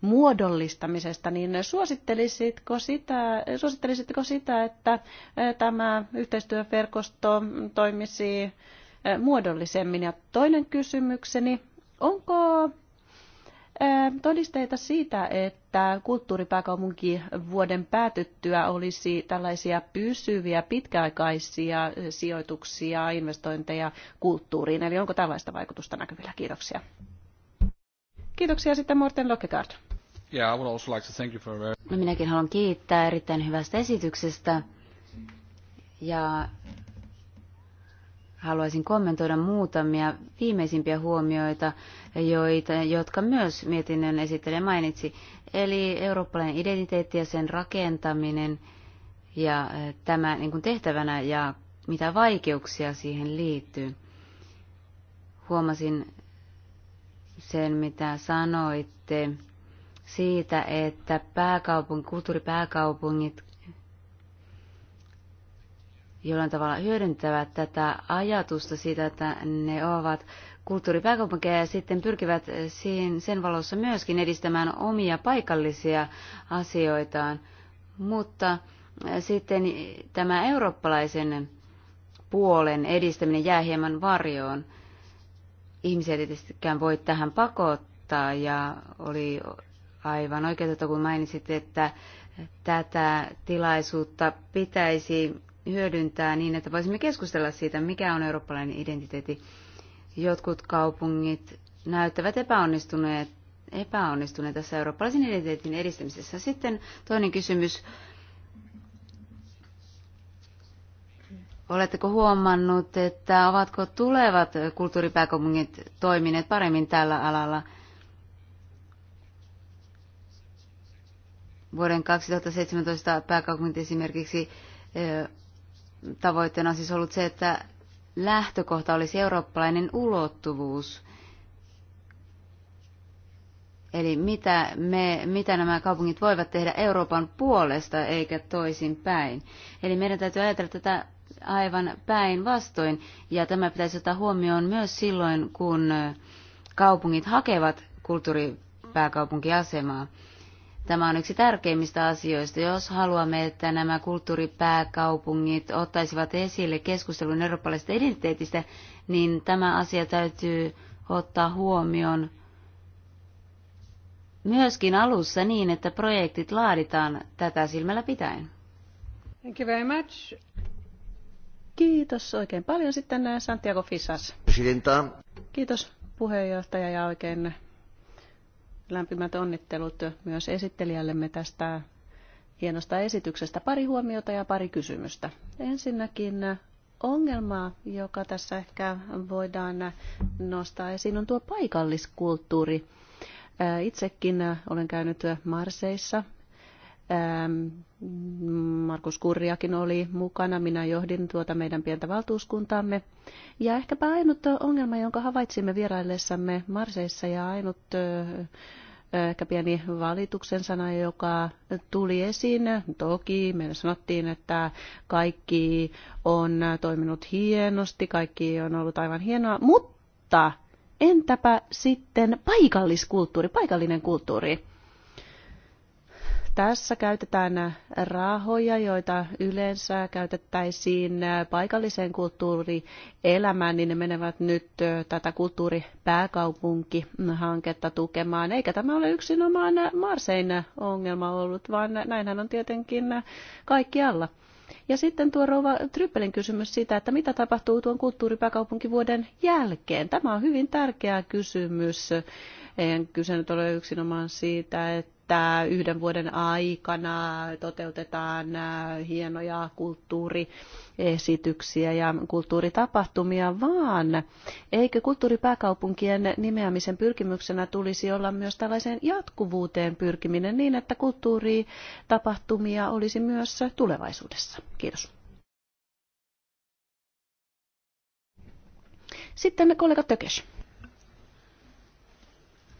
muodollistamisesta, niin suosittelisitko sitä, suosittelisitko sitä, että eh, tämä yhteistyöverkosto toimisi eh, muodollisemmin? Ja toinen kysymykseni, onko todisteita siitä, että kulttuuripääkaupunki vuoden päätyttyä olisi tällaisia pysyviä, pitkäaikaisia sijoituksia, investointeja kulttuuriin. Eli onko tällaista vaikutusta näkyvillä? Kiitoksia. Kiitoksia sitten Morten Lokegaard. Yeah, I would also like to thank you for... No minäkin haluan kiittää erittäin hyvästä esityksestä. Ja haluaisin kommentoida muutamia viimeisimpiä huomioita, joita, jotka myös mietinnön esittelijä mainitsi. Eli eurooppalainen identiteetti ja sen rakentaminen ja eh, tämä niin kuin tehtävänä ja mitä vaikeuksia siihen liittyy. Huomasin sen, mitä sanoitte siitä, että pääkaupung, kulttuuripääkaupungit jollain tavalla hyödyntävät tätä ajatusta siitä, että ne ovat kulttuuripääkaupunkeja ja sitten pyrkivät siinä, sen valossa myöskin edistämään omia paikallisia asioitaan. Mutta sitten tämä eurooppalaisen puolen edistäminen jää hieman varjoon. Ihmisiä tietystikään voi tähän pakottaa ja oli aivan oikeutettu, kun mainitsit, että tätä tilaisuutta pitäisi hyödyntää niin, että voisimme keskustella siitä, mikä on eurooppalainen identiteetti. Jotkut kaupungit näyttävät epäonnistuneet, epäonnistuneet tässä eurooppalaisen identiteetin edistämisessä. Sitten toinen kysymys. Oletteko huomannut, että ovatko tulevat kulttuuripääkaupungit toimineet paremmin tällä alalla? Vuoden 2017 pääkaupungit esimerkiksi tavoitteena siis ollut se, että lähtökohta olisi eurooppalainen ulottuvuus. Eli mitä, me, mitä nämä kaupungit voivat tehdä Euroopan puolesta eikä toisin päin. Eli meidän täytyy ajatella tätä aivan päinvastoin, ja tämä pitäisi ottaa huomioon myös silloin, kun kaupungit hakevat kulttuuripääkaupunkiasemaa. Tämä on yksi tärkeimmistä asioista. Jos haluamme, että nämä kulttuuripääkaupungit ottaisivat esille keskustelun eurooppalaisesta identiteetistä, niin tämä asia täytyy ottaa huomioon myöskin alussa niin, että projektit laaditaan tätä silmällä pitäen. Thank you very much. Kiitos oikein paljon sitten Santiago Fisas. Presidenta. Kiitos puheenjohtaja ja oikein Lämpimät onnittelut myös esittelijällemme tästä hienosta esityksestä. Pari huomiota ja pari kysymystä. Ensinnäkin ongelma, joka tässä ehkä voidaan nostaa esiin, on tuo paikalliskulttuuri. Itsekin olen käynyt Marseissa Markus Kurriakin oli mukana, minä johdin tuota meidän pientä valtuuskuntaamme. Ja ehkäpä ainut ongelma, jonka havaitsimme vieraillessamme Marseissa ja ainut ehkä pieni valituksen sana, joka tuli esiin. Toki meillä sanottiin, että kaikki on toiminut hienosti, kaikki on ollut aivan hienoa, mutta entäpä sitten paikalliskulttuuri, paikallinen kulttuuri? Tässä käytetään rahoja, joita yleensä käytettäisiin paikalliseen kulttuurielämään, niin ne menevät nyt tätä kulttuuripääkaupunkihanketta tukemaan. Eikä tämä ole yksinomaan Marsein ongelma ollut, vaan näinhän on tietenkin kaikkialla. Ja sitten tuo Rouva Tryppelin kysymys siitä, että mitä tapahtuu tuon kulttuuripääkaupunkivuoden jälkeen. Tämä on hyvin tärkeä kysymys. En kyse nyt ole yksinomaan siitä, että että yhden vuoden aikana toteutetaan äh, hienoja kulttuuriesityksiä ja kulttuuritapahtumia, vaan eikö kulttuuripääkaupunkien nimeämisen pyrkimyksenä tulisi olla myös tällaiseen jatkuvuuteen pyrkiminen niin, että kulttuuritapahtumia olisi myös tulevaisuudessa? Kiitos. Sitten kollega Tökes.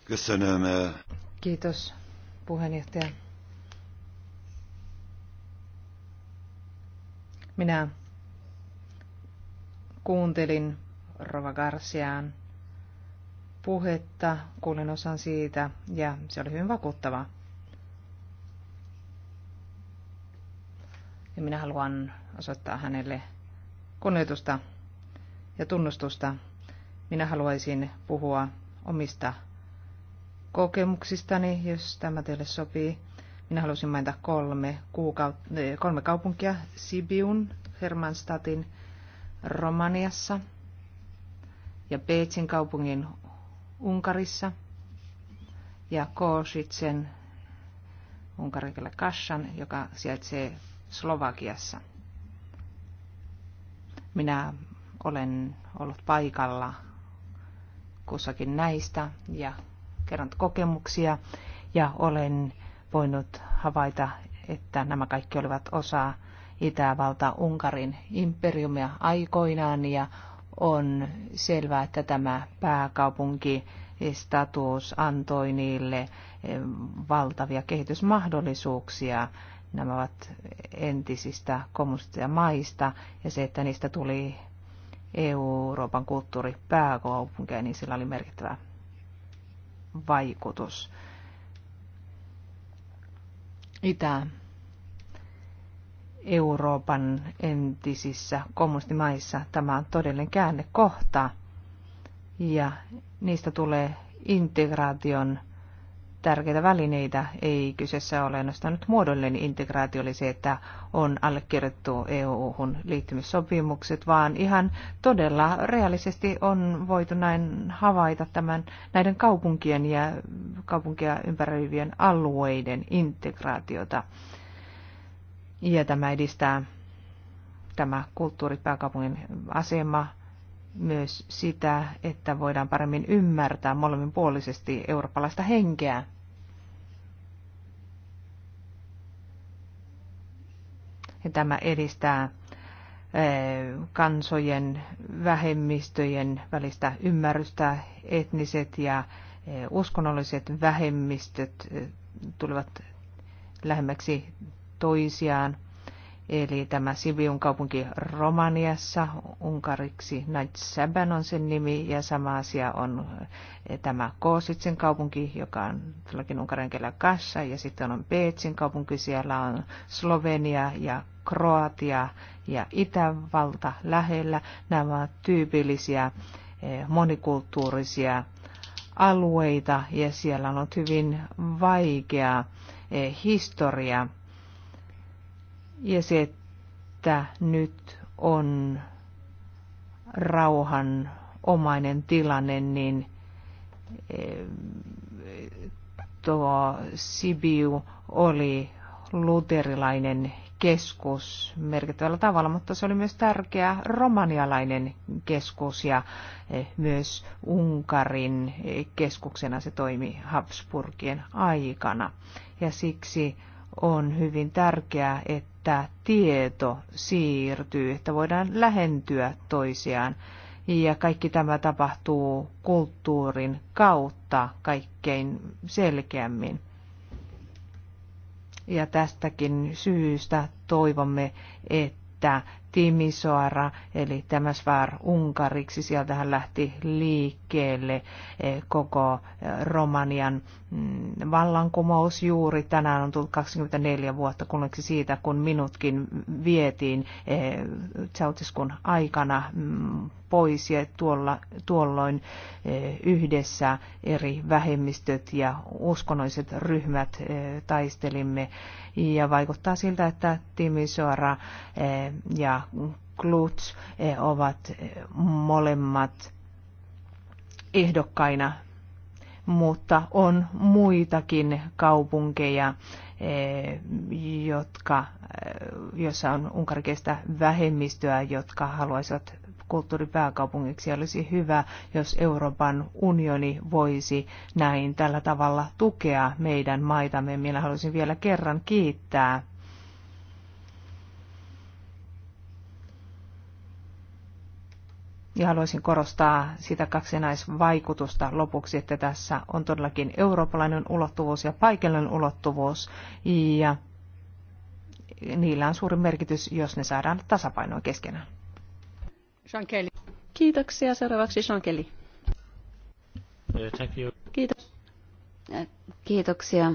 Köszönöm. Eh. Kiitos puheenjohtaja. Minä kuuntelin Rova Garciaan puhetta, kuulin osan siitä ja se oli hyvin vakuuttava. Ja minä haluan osoittaa hänelle kunnioitusta ja tunnustusta. Minä haluaisin puhua omista kokemuksistani, jos tämä teille sopii. Minä halusin mainita kolme, kuukaut- eh, kolme kaupunkia, Sibiun, Hermanstatin, Romaniassa ja Peetsin kaupungin Unkarissa ja Kositsen unkarikilla Kassan, joka sijaitsee Slovakiassa. Minä olen ollut paikalla kussakin näistä ja kerännyt kokemuksia ja olen voinut havaita, että nämä kaikki olivat osa Itävalta-Unkarin imperiumia aikoinaan ja on selvää, että tämä pääkaupunki status antoi niille eh, valtavia kehitysmahdollisuuksia. Nämä ovat entisistä kommunistista maista ja se, että niistä tuli Euroopan kulttuuripääkaupunkeja, niin sillä oli merkittävä vaikutus. Itä-Euroopan entisissä kommunistimaissa tämä on todellinen käännekohta ja niistä tulee integraation tärkeitä välineitä. Ei kyseessä ole ainoastaan nyt muodollinen integraatio, eli se, että on allekirjoitettu EU-hun liittymissopimukset, vaan ihan todella reaalisesti on voitu näin havaita tämän, näiden kaupunkien ja kaupunkia ympäröivien alueiden integraatiota. Ja tämä edistää tämä kulttuuripääkaupungin asema, myös sitä, että voidaan paremmin ymmärtää molemminpuolisesti eurooppalaista henkeä. ja tämä edistää eh, kansojen vähemmistöjen välistä ymmärrystä. Etniset ja eh, uskonnolliset vähemmistöt eh, tulevat lähemmäksi toisiaan Eli tämä Sibiun kaupunki Romaniassa, unkariksi Nagysäbän on sen nimi, ja sama asia on eh, tämä Koositsen kaupunki, joka on tälläkin unkarin kielellä Kassa, ja sitten on Peetsin kaupunki, siellä on Slovenia ja Kroatia ja Itävalta lähellä. Nämä ovat tyypillisiä eh, monikulttuurisia alueita, ja siellä on ollut hyvin vaikea eh, historia ja se, että nyt on rauhan omainen tilanne, niin eh, tuo Sibiu oli luterilainen keskus merkittävällä tavalla, mutta se oli myös tärkeä romanialainen keskus ja eh, myös Unkarin keskuksena se toimi Habsburgien aikana. Ja siksi on hyvin tärkeää, että että tieto siirtyy, että voidaan lähentyä toisiaan. Ja kaikki tämä tapahtuu kulttuurin kautta kaikkein selkeämmin. Ja tästäkin syystä toivomme, että Timisoara, eli tämä Svar Unkariksi. Sieltähän lähti liikkeelle eh, koko eh, Romanian mm, vallankumous juuri. Tänään on tullut 24 vuotta kunneksi siitä, kun minutkin vietiin eh, Ceausescun aikana mm, pois ja tuolla, tuolloin eh, yhdessä eri vähemmistöt ja uskonnolliset ryhmät eh, taistelimme. Ja vaikuttaa siltä, että Timisoara eh, ja Kluts ovat molemmat ehdokkaina, mutta on muitakin kaupunkeja, jotka, jossa on unkarikeista vähemmistöä, jotka haluaisivat kulttuuripääkaupungiksi. Olisi hyvä, jos Euroopan unioni voisi näin tällä tavalla tukea meidän maitamme. Minä haluaisin vielä kerran kiittää Ja haluaisin korostaa sitä kaksinaisvaikutusta lopuksi, että tässä on todellakin eurooppalainen ulottuvuus ja paikallinen ulottuvuus. Ja niillä on suuri merkitys, jos ne saadaan tasapainoon keskenään. Jean Kiitoksia. Seuraavaksi Jean Thank you. Kiitos. Kiitoksia.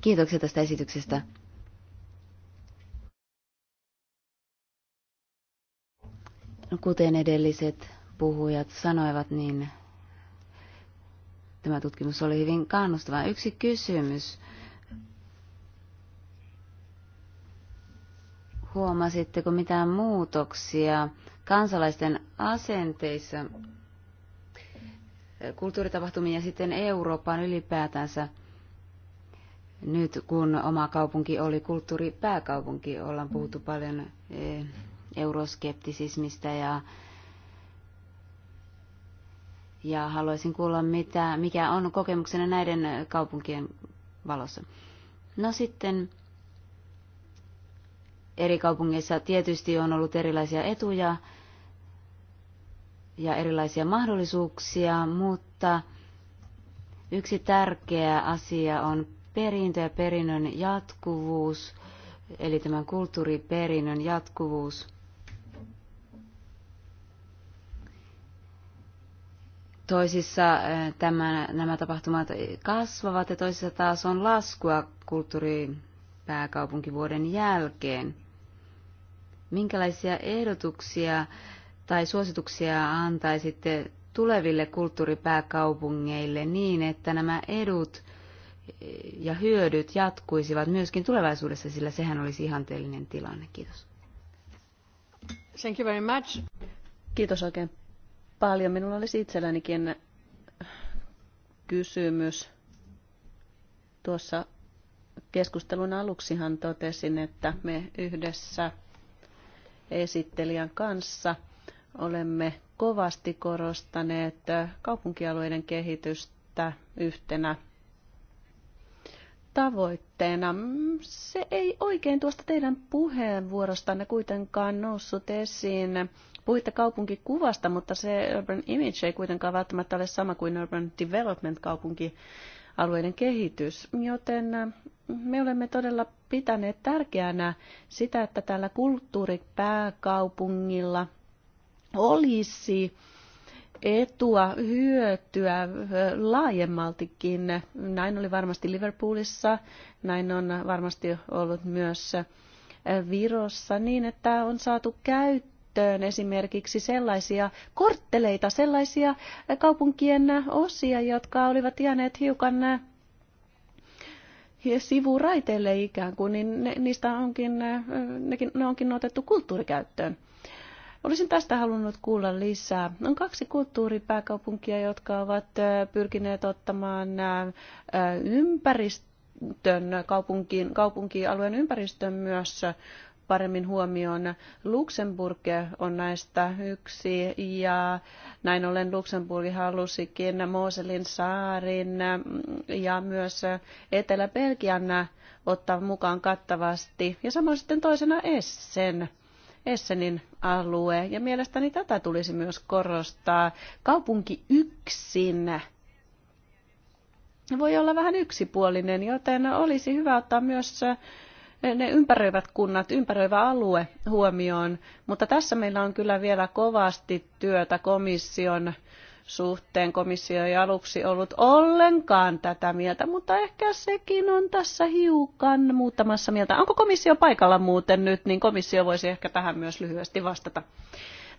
Kiitoksia tästä esityksestä. No, kuten edelliset puhujat sanoivat, niin tämä tutkimus oli hyvin kannustava. Yksi kysymys Huomasitteko mitään muutoksia kansalaisten asenteissa eh, kulttuuritapahtumiin ja sitten Eurooppaan ylipäätänsä nyt, kun oma kaupunki oli kulttuuripääkaupunki, ollaan puhuttu mm. paljon eh, euroskeptisismistä ja, ja haluaisin kuulla, mitä, mikä on kokemuksena näiden kaupunkien valossa. No sitten eri kaupungeissa tietysti on ollut erilaisia etuja ja erilaisia mahdollisuuksia, mutta yksi tärkeä asia on perintö ja perinnön jatkuvuus, eli tämän kulttuuriperinnön jatkuvuus. Toisissa eh, tämä nämä tapahtumat kasvavat ja toisissa taas on laskua kulttuuripääkaupunkivuoden jälkeen minkälaisia ehdotuksia tai suosituksia antaisitte tuleville kulttuuripääkaupungeille niin, että nämä edut ja hyödyt jatkuisivat myöskin tulevaisuudessa, sillä sehän olisi ihanteellinen tilanne. Kiitos. Thank you very much. Kiitos oikein paljon. Minulla olisi itsellänikin kysymys. Tuossa keskustelun aluksihan totesin, että me yhdessä esittelijän kanssa olemme kovasti korostaneet kaupunkialueiden kehitystä yhtenä tavoitteena. Se ei oikein tuosta teidän puheenvuorostanne kuitenkaan noussut esiin. Puhuitte kaupunkikuvasta, mutta se urban image ei kuitenkaan välttämättä ole sama kuin urban development kaupunkialueiden kehitys, joten me olemme todella pitäneet tärkeänä sitä, että tällä kulttuuripääkaupungilla olisi etua, hyötyä laajemmaltikin. Näin oli varmasti Liverpoolissa, näin on varmasti ollut myös Virossa, niin että on saatu käyttöön esimerkiksi sellaisia kortteleita, sellaisia kaupunkien osia, jotka olivat jääneet hiukan sivuraiteille ikään kuin, niin ne, niistä onkin, äh, nekin, ne onkin otettu kulttuurikäyttöön. Olisin tästä halunnut kuulla lisää. On kaksi kulttuuripääkaupunkia, jotka ovat äh, pyrkineet ottamaan äh, ympäristön, kaupunkiin, kaupunkialueen ympäristön myös paremmin huomioon. Luxemburg on näistä yksi ja näin ollen Luxemburg halusikin Mooselin saarin ja myös Etelä-Belgian ottaa mukaan kattavasti ja samoin sitten toisena Essen. Essenin alue, ja mielestäni tätä tulisi myös korostaa. Kaupunki yksin voi olla vähän yksipuolinen, joten olisi hyvä ottaa myös ne ympäröivät kunnat, ympäröivä alue huomioon, mutta tässä meillä on kyllä vielä kovasti työtä komission suhteen. Komissio ei aluksi ollut ollenkaan tätä mieltä, mutta ehkä sekin on tässä hiukan muuttamassa mieltä. Onko komissio paikalla muuten nyt, niin komissio voisi ehkä tähän myös lyhyesti vastata.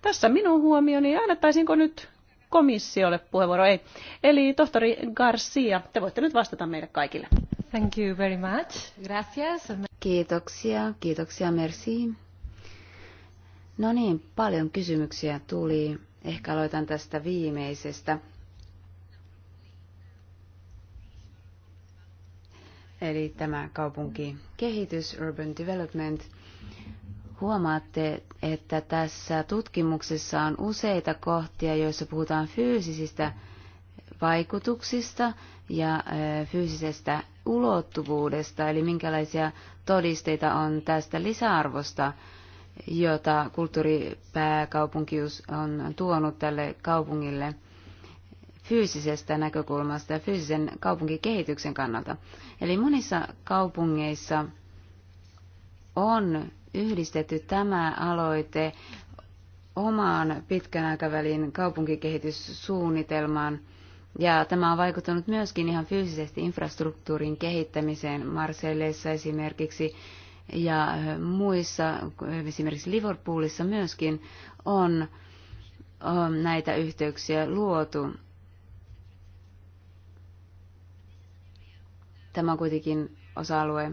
Tässä minun huomioni, äänettäisinko nyt komissiolle puheenvuoro? Ei. Eli tohtori Garcia, te voitte nyt vastata meille kaikille. Thank you very much. Gracias. Kiitoksia, kiitoksia, merci. No niin, paljon kysymyksiä tuli. Ehkä aloitan tästä viimeisestä. Eli tämä kehitys, urban development. Huomaatte, että tässä tutkimuksessa on useita kohtia, joissa puhutaan fyysisistä vaikutuksista ja fyysisestä ulottuvuudesta, eli minkälaisia todisteita on tästä lisäarvosta, jota kulttuuripääkaupunkius on tuonut tälle kaupungille fyysisestä näkökulmasta ja fyysisen kaupunkikehityksen kannalta. Eli monissa kaupungeissa on yhdistetty tämä aloite omaan pitkän aikavälin kaupunkikehityssuunnitelmaan – ja tämä on vaikuttanut myöskin ihan fyysisesti infrastruktuurin kehittämiseen Marseilleissa esimerkiksi ja muissa, esimerkiksi Liverpoolissa myöskin on, on näitä yhteyksiä luotu. Tämä on kuitenkin osa-alue,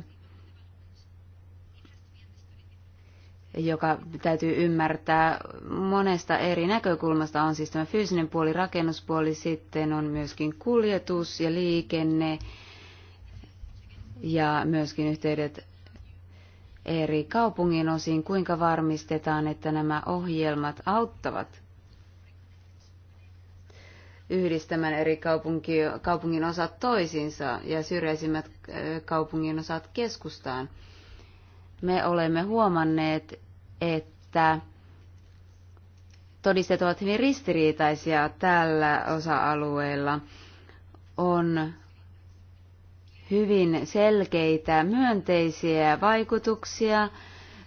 joka täytyy ymmärtää monesta eri näkökulmasta. On siis tämä fyysinen puoli, rakennuspuoli, sitten on myöskin kuljetus ja liikenne ja myöskin yhteydet eri kaupungin osiin. Kuinka varmistetaan, että nämä ohjelmat auttavat yhdistämään eri kaupunki, kaupungin osat toisiinsa ja syrjäisimmät kaupungin osat keskustaan? me olemme huomanneet, että todisteet ovat hyvin ristiriitaisia tällä osa-alueella. On hyvin selkeitä myönteisiä vaikutuksia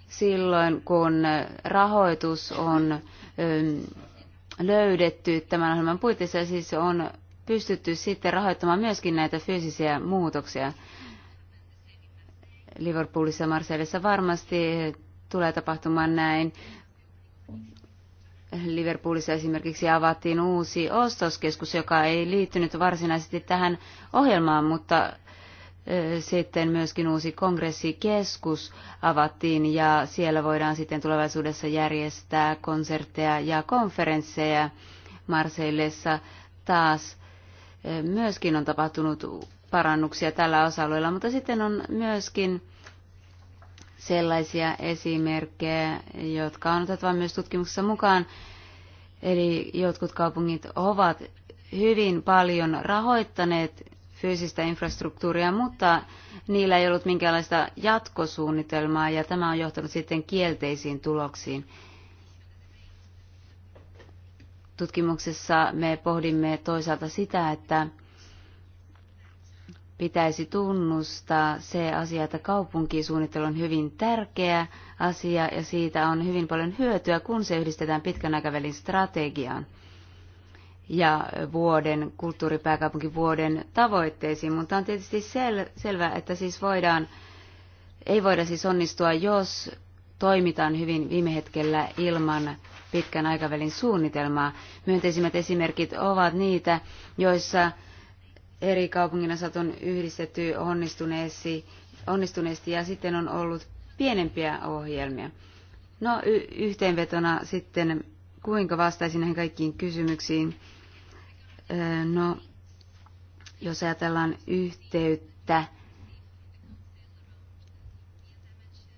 silloin, kun rahoitus on ähm, löydetty tämän ohjelman puitteissa, siis on pystytty sitten rahoittamaan myöskin näitä fyysisiä muutoksia. Liverpoolissa ja Marseillessa varmasti tulee tapahtumaan näin. Liverpoolissa esimerkiksi avattiin uusi ostoskeskus, joka ei liittynyt varsinaisesti tähän ohjelmaan, mutta sitten myöskin uusi kongressikeskus avattiin ja siellä voidaan sitten tulevaisuudessa järjestää konsertteja ja konferensseja Marseillessa taas. Myöskin on tapahtunut parannuksia tällä osa-alueella, mutta sitten on myöskin sellaisia esimerkkejä, jotka on otettava myös tutkimuksessa mukaan. Eli jotkut kaupungit ovat hyvin paljon rahoittaneet fyysistä infrastruktuuria, mutta niillä ei ollut minkäänlaista jatkosuunnitelmaa ja tämä on johtanut sitten kielteisiin tuloksiin. Tutkimuksessa me pohdimme toisaalta sitä, että pitäisi tunnustaa se asia, että kaupunkisuunnittelu on hyvin tärkeä asia ja siitä on hyvin paljon hyötyä, kun se yhdistetään pitkän aikavälin strategiaan ja vuoden, kulttuuripääkaupunkivuoden tavoitteisiin, mutta on tietysti sel- selvää, että siis voidaan, ei voida siis onnistua, jos toimitaan hyvin viime hetkellä ilman pitkän aikavälin suunnitelmaa. Myönteisimmät esimerkit ovat niitä, joissa eri kaupunginosat on yhdistetty onnistuneesti, onnistuneesti ja sitten on ollut pienempiä ohjelmia. No y- yhteenvetona sitten, kuinka vastaisin näihin kaikkiin kysymyksiin? No, jos ajatellaan yhteyttä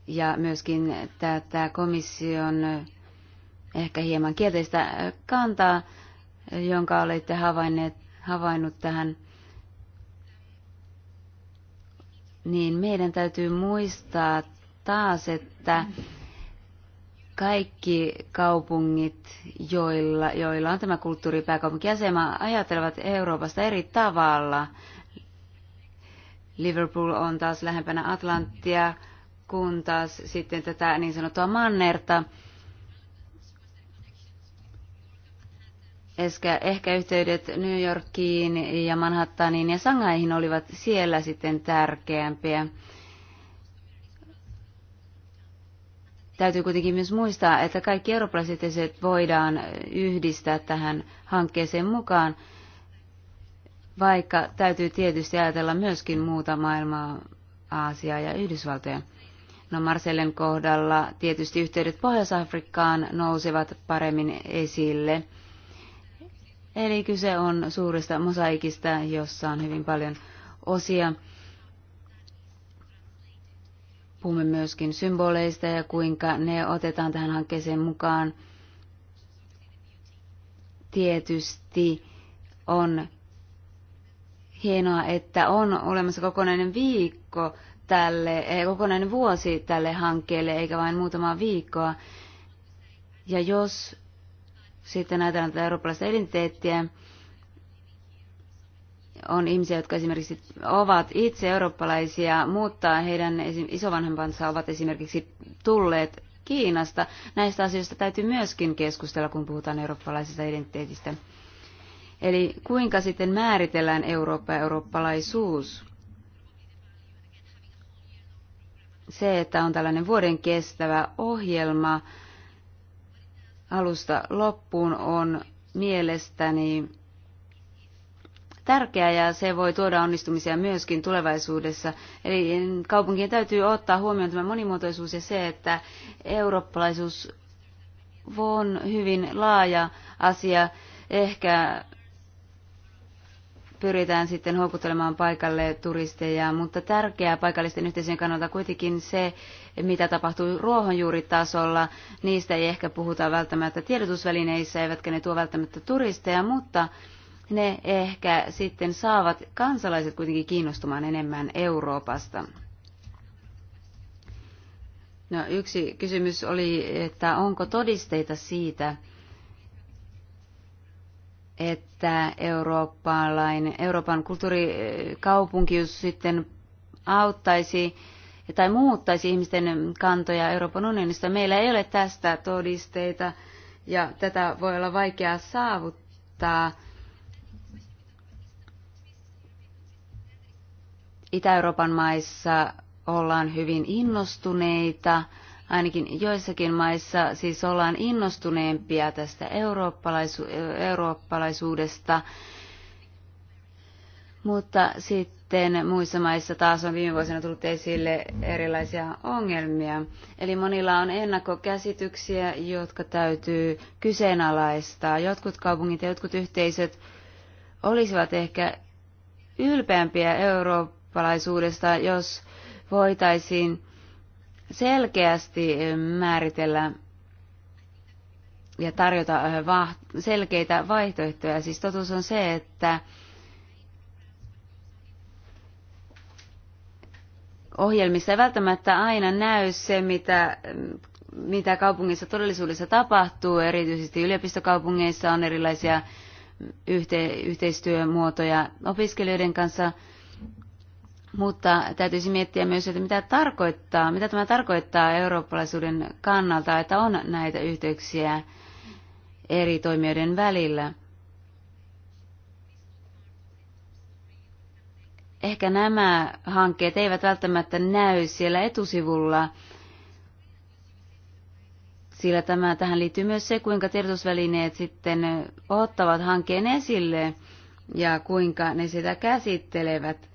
ja myöskin tätä komission ehkä hieman kielteistä kantaa, jonka olette havainneet, havainnut tähän niin meidän täytyy muistaa taas, että kaikki kaupungit, joilla, joilla on tämä kulttuuripääkaupunkiasema, ajattelevat Euroopasta eri tavalla. Liverpool on taas lähempänä Atlanttia, kun taas sitten tätä niin sanottua mannerta, Eskä, ehkä yhteydet New Yorkiin ja Manhattaniin ja Sangaihin olivat siellä sitten tärkeämpiä. Täytyy kuitenkin myös muistaa, että kaikki eurooppalaiset voidaan yhdistää tähän hankkeeseen mukaan, vaikka täytyy tietysti ajatella myöskin muuta maailmaa, Aasiaa ja Yhdysvaltoja. No Marcellen kohdalla tietysti yhteydet Pohjois-Afrikkaan nousevat paremmin esille – Eli kyse on suuresta mosaikista, jossa on hyvin paljon osia. Puhumme myöskin symboleista ja kuinka ne otetaan tähän hankkeeseen mukaan. Tietysti on hienoa, että on olemassa kokonainen viikko tälle, ei, eh, kokonainen vuosi tälle hankkeelle, eikä vain muutama viikkoa. Ja jos sitten ajatellaan tätä eurooppalaista identiteettiä. On ihmisiä, jotka esimerkiksi ovat itse eurooppalaisia, mutta heidän isovanhempansa ovat esimerkiksi tulleet Kiinasta. Näistä asioista täytyy myöskin keskustella, kun puhutaan eurooppalaisesta identiteetistä. Eli kuinka sitten määritellään Eurooppa ja eurooppalaisuus? Se, että on tällainen vuoden kestävä ohjelma, alusta loppuun on mielestäni tärkeä ja se voi tuoda onnistumisia myöskin tulevaisuudessa. Eli kaupunkien täytyy ottaa huomioon tämä monimuotoisuus ja se, että eurooppalaisuus on hyvin laaja asia. Ehkä pyritään sitten houkuttelemaan paikalle turisteja, mutta tärkeää paikallisten yhteisöjen kannalta kuitenkin se, mitä tapahtuu ruohonjuuritasolla. Niistä ei ehkä puhuta välttämättä tiedotusvälineissä, eivätkä ne tuo välttämättä turisteja, mutta ne ehkä sitten saavat kansalaiset kuitenkin kiinnostumaan enemmän Euroopasta. No, yksi kysymys oli, että onko todisteita siitä, että eurooppalainen, Euroopan kulttuurikaupunki sitten auttaisi tai muuttaisi ihmisten kantoja Euroopan unionista. Meillä ei ole tästä todisteita ja tätä voi olla vaikea saavuttaa. Itä-Euroopan maissa ollaan hyvin innostuneita – ainakin joissakin maissa siis ollaan innostuneempia tästä eurooppalaisu- eurooppalaisuudesta, mutta sitten muissa maissa taas on viime vuosina tullut esille erilaisia ongelmia. Eli monilla on ennakkokäsityksiä, jotka täytyy kyseenalaistaa. Jotkut kaupungit ja jotkut yhteisöt olisivat ehkä ylpeämpiä eurooppalaisuudesta, jos voitaisiin selkeästi eh, määritellä ja tarjota eh, selkeitä vaihtoehtoja. Siis totuus on se, että ohjelmissa ei välttämättä aina näy se, mitä, mitä kaupungissa todellisuudessa tapahtuu. Erityisesti yliopistokaupungeissa on erilaisia yhte, yhteistyömuotoja opiskelijoiden kanssa – mutta täytyisi miettiä myös, että mitä tarkoittaa, mitä tämä tarkoittaa eurooppalaisuuden kannalta, että on näitä yhteyksiä eri toimijoiden välillä. Ehkä nämä hankkeet eivät välttämättä näy siellä etusivulla, sillä tämä, tähän liittyy myös se, kuinka tiedotusvälineet sitten ottavat hankkeen esille ja kuinka ne sitä käsittelevät –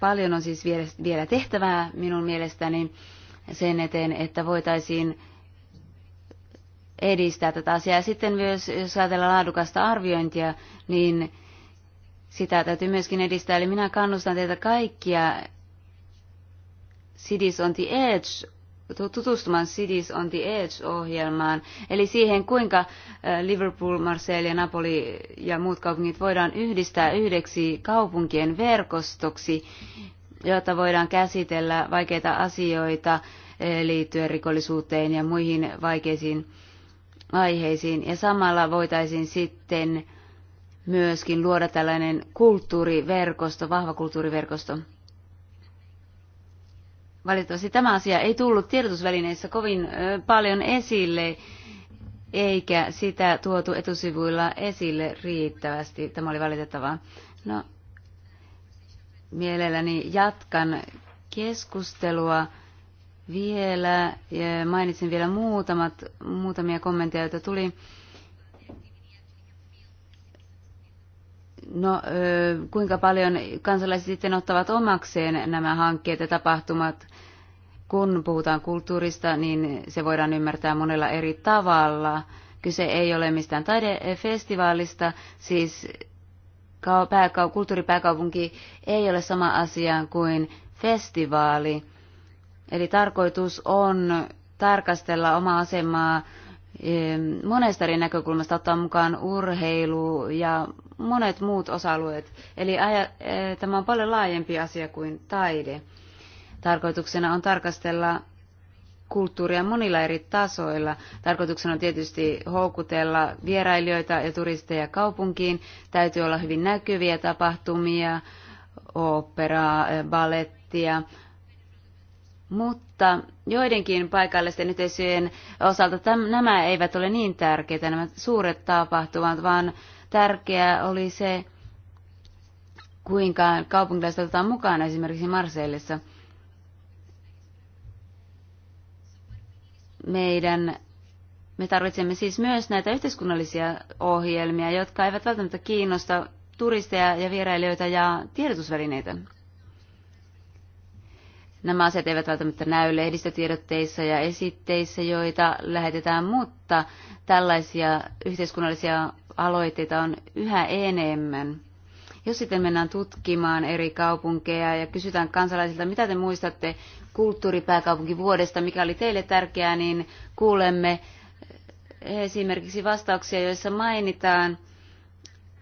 Paljon on siis vielä tehtävää minun mielestäni sen eteen, että voitaisiin edistää tätä asiaa. Ja sitten myös, jos ajatellaan laadukasta arviointia, niin sitä täytyy myöskin edistää. Eli minä kannustan teitä kaikkia Cities on the Edge tutustumaan Cities on the Edge-ohjelmaan, eli siihen, kuinka äh, Liverpool, Marseille ja Napoli ja muut kaupungit voidaan yhdistää yhdeksi kaupunkien verkostoksi, jotta voidaan käsitellä vaikeita asioita äh, liittyen rikollisuuteen ja muihin vaikeisiin aiheisiin. Ja samalla voitaisiin sitten myöskin luoda tällainen kulttuuriverkosto, vahva kulttuuriverkosto Valitettavasti tämä asia ei tullut tiedotusvälineissä kovin paljon esille, eikä sitä tuotu etusivuilla esille riittävästi. Tämä oli valitettavaa. No, mielelläni jatkan keskustelua vielä ja mainitsin vielä muutamat, muutamia kommentteja, joita tuli No, kuinka paljon kansalaiset sitten ottavat omakseen nämä hankkeet ja tapahtumat? Kun puhutaan kulttuurista, niin se voidaan ymmärtää monella eri tavalla. Kyse ei ole mistään taidefestivaalista, siis pääkau- kulttuuripääkaupunki ei ole sama asia kuin festivaali. Eli tarkoitus on tarkastella omaa asemaa monesta eri näkökulmasta, ottaa mukaan urheilu ja monet muut osa-alueet. Eli aja, eh, tämä on paljon laajempi asia kuin taide. Tarkoituksena on tarkastella kulttuuria monilla eri tasoilla. Tarkoituksena on tietysti houkutella vierailijoita ja turisteja kaupunkiin. Täytyy olla hyvin näkyviä tapahtumia, operaa, eh, balettia, mutta joidenkin paikallisten yhteisöjen osalta täm, nämä eivät ole niin tärkeitä, nämä suuret tapahtumat, vaan tärkeää oli se, kuinka kaupunkilaiset otetaan mukaan esimerkiksi Marseillessa. Meidän, me tarvitsemme siis myös näitä yhteiskunnallisia ohjelmia, jotka eivät välttämättä kiinnosta turisteja ja vierailijoita ja tiedotusvälineitä. Nämä asiat eivät välttämättä näy lehdistötiedotteissa ja esitteissä, joita lähetetään, mutta tällaisia yhteiskunnallisia aloitetaan yhä enemmän. Jos sitten mennään tutkimaan eri kaupunkeja ja kysytään kansalaisilta, mitä te muistatte kulttuuripääkaupunki vuodesta, mikä oli teille tärkeää, niin kuulemme esimerkiksi vastauksia, joissa mainitaan,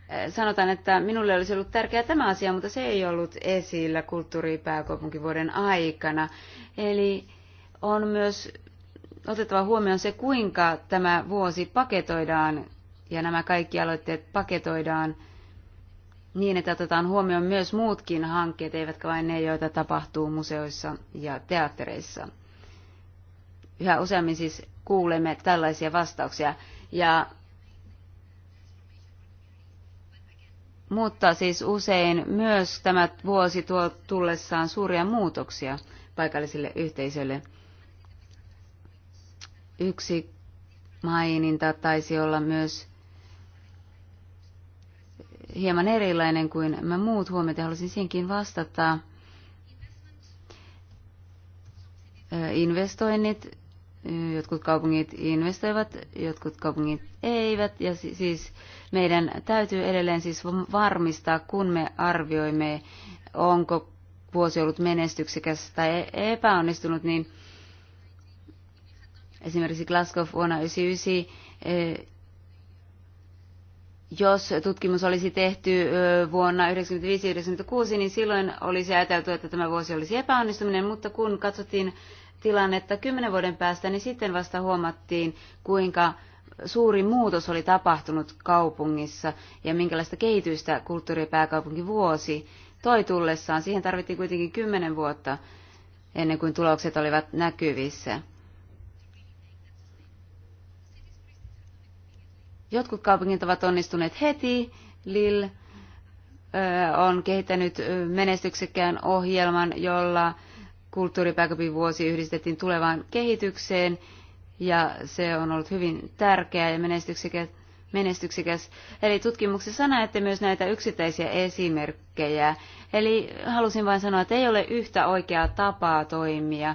eh, sanotaan, että minulle olisi ollut tärkeää tämä asia, mutta se ei ollut esillä kulttuuripääkaupunkivuoden aikana. Eli on myös otettava huomioon se, kuinka tämä vuosi paketoidaan ja nämä kaikki aloitteet paketoidaan niin, että otetaan huomioon myös muutkin hankkeet, eivätkä vain ne, joita tapahtuu museoissa ja teattereissa. Yhä useammin siis kuulemme tällaisia vastauksia. Ja mutta siis usein myös tämä vuosi tuo tullessaan suuria muutoksia paikallisille yhteisöille. Yksi maininta taisi olla myös hieman erilainen kuin mä muut huomiot ja haluaisin siihenkin vastata. Investoinnit, jotkut kaupungit investoivat, jotkut kaupungit eivät ja siis meidän täytyy edelleen siis varmistaa, kun me arvioimme, onko vuosi ollut menestyksekäs tai e-, epäonnistunut, niin esimerkiksi Glasgow vuonna 1999 jos tutkimus olisi tehty vuonna 1995-1996, niin silloin olisi ajateltu, että tämä vuosi olisi epäonnistuminen, mutta kun katsottiin tilannetta kymmenen vuoden päästä, niin sitten vasta huomattiin, kuinka suuri muutos oli tapahtunut kaupungissa ja minkälaista kehitystä kulttuuripääkaupunki vuosi toi tullessaan. Siihen tarvittiin kuitenkin kymmenen vuotta ennen kuin tulokset olivat näkyvissä. Jotkut kaupungit ovat onnistuneet heti. Lille on kehittänyt menestyksekkään ohjelman, jolla kulttuuripääköpivuosi yhdistettiin tulevaan kehitykseen ja se on ollut hyvin tärkeä ja menestyksekäs. menestyksekäs. Eli tutkimuksessa näette myös näitä yksittäisiä esimerkkejä. Eli halusin vain sanoa, että ei ole yhtä oikeaa tapaa toimia.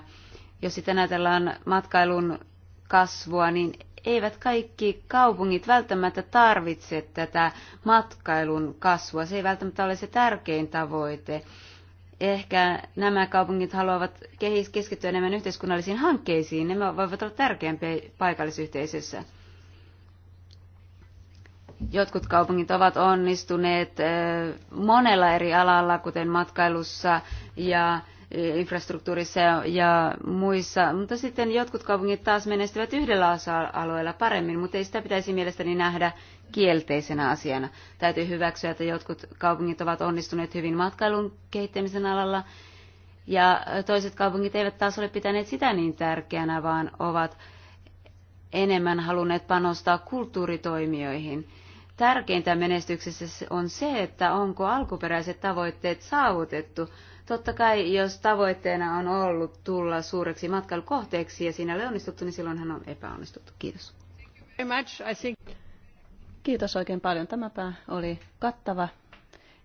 Jos sitten ajatellaan matkailun kasvua, niin eivät kaikki kaupungit välttämättä tarvitse tätä matkailun kasvua. Se ei välttämättä ole se tärkein tavoite. Ehkä nämä kaupungit haluavat keskittyä enemmän yhteiskunnallisiin hankkeisiin. Nämä voivat olla tärkeämpiä paikallisyhteisössä. Jotkut kaupungit ovat onnistuneet eh, monella eri alalla, kuten matkailussa ja infrastruktuurissa ja muissa, mutta sitten jotkut kaupungit taas menestyvät yhdellä osa-alueella paremmin, mutta ei sitä pitäisi mielestäni nähdä kielteisenä asiana. Täytyy hyväksyä, että jotkut kaupungit ovat onnistuneet hyvin matkailun kehittämisen alalla, ja toiset kaupungit eivät taas ole pitäneet sitä niin tärkeänä, vaan ovat enemmän halunneet panostaa kulttuuritoimijoihin – tärkeintä menestyksessä on se, että onko alkuperäiset tavoitteet saavutettu. Totta kai, jos tavoitteena on ollut tulla suureksi matkailukohteeksi ja siinä ei onnistuttu, niin silloinhan on epäonnistuttu. Kiitos. Kiitos oikein paljon. Tämäpä oli kattava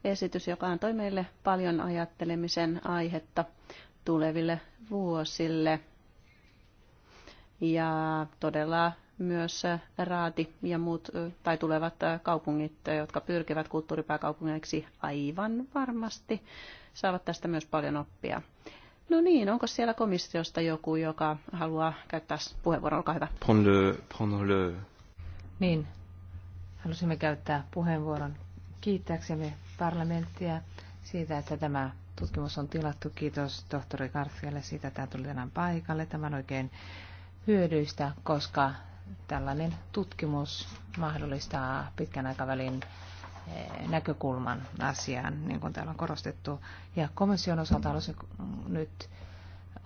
esitys, joka antoi meille paljon ajattelemisen aihetta tuleville vuosille. Ja todella myös Raati ja muut tai tulevat kaupungit, jotka pyrkivät kulttuuripääkaupungeiksi aivan varmasti, saavat tästä myös paljon oppia. No niin, onko siellä komissiosta joku, joka haluaa käyttää puheenvuoron? Olkaa hyvä. Prendre, prendre. Niin, halusimme käyttää puheenvuoron kiittääksemme parlamenttia siitä, että tämä tutkimus on tilattu. Kiitos tohtori Garfialle siitä, että tämä tuli tänään paikalle. Tämä on oikein hyödyistä, koska tällainen tutkimus mahdollistaa pitkän aikavälin eh, näkökulman asiaan, niin kuin täällä on korostettu. Ja komission osalta haluaisin nyt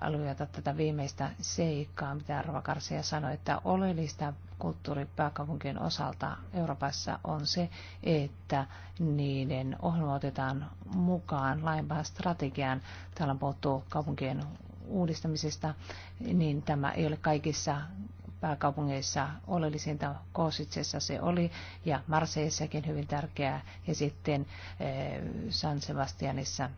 alueita tätä viimeistä seikkaa, mitä Arva Karsia sanoi, että oleellista kulttuuripääkaupunkien osalta Euroopassa on se, että niiden ohjelma otetaan mukaan laajempaan strategiaan. Täällä on puhuttu kaupunkien uudistamisesta, niin tämä ei ole kaikissa pääkaupungeissa oleellisinta Koositsessa se oli ja Marseissakin hyvin tärkeää ja sitten eh, San Sebastianissa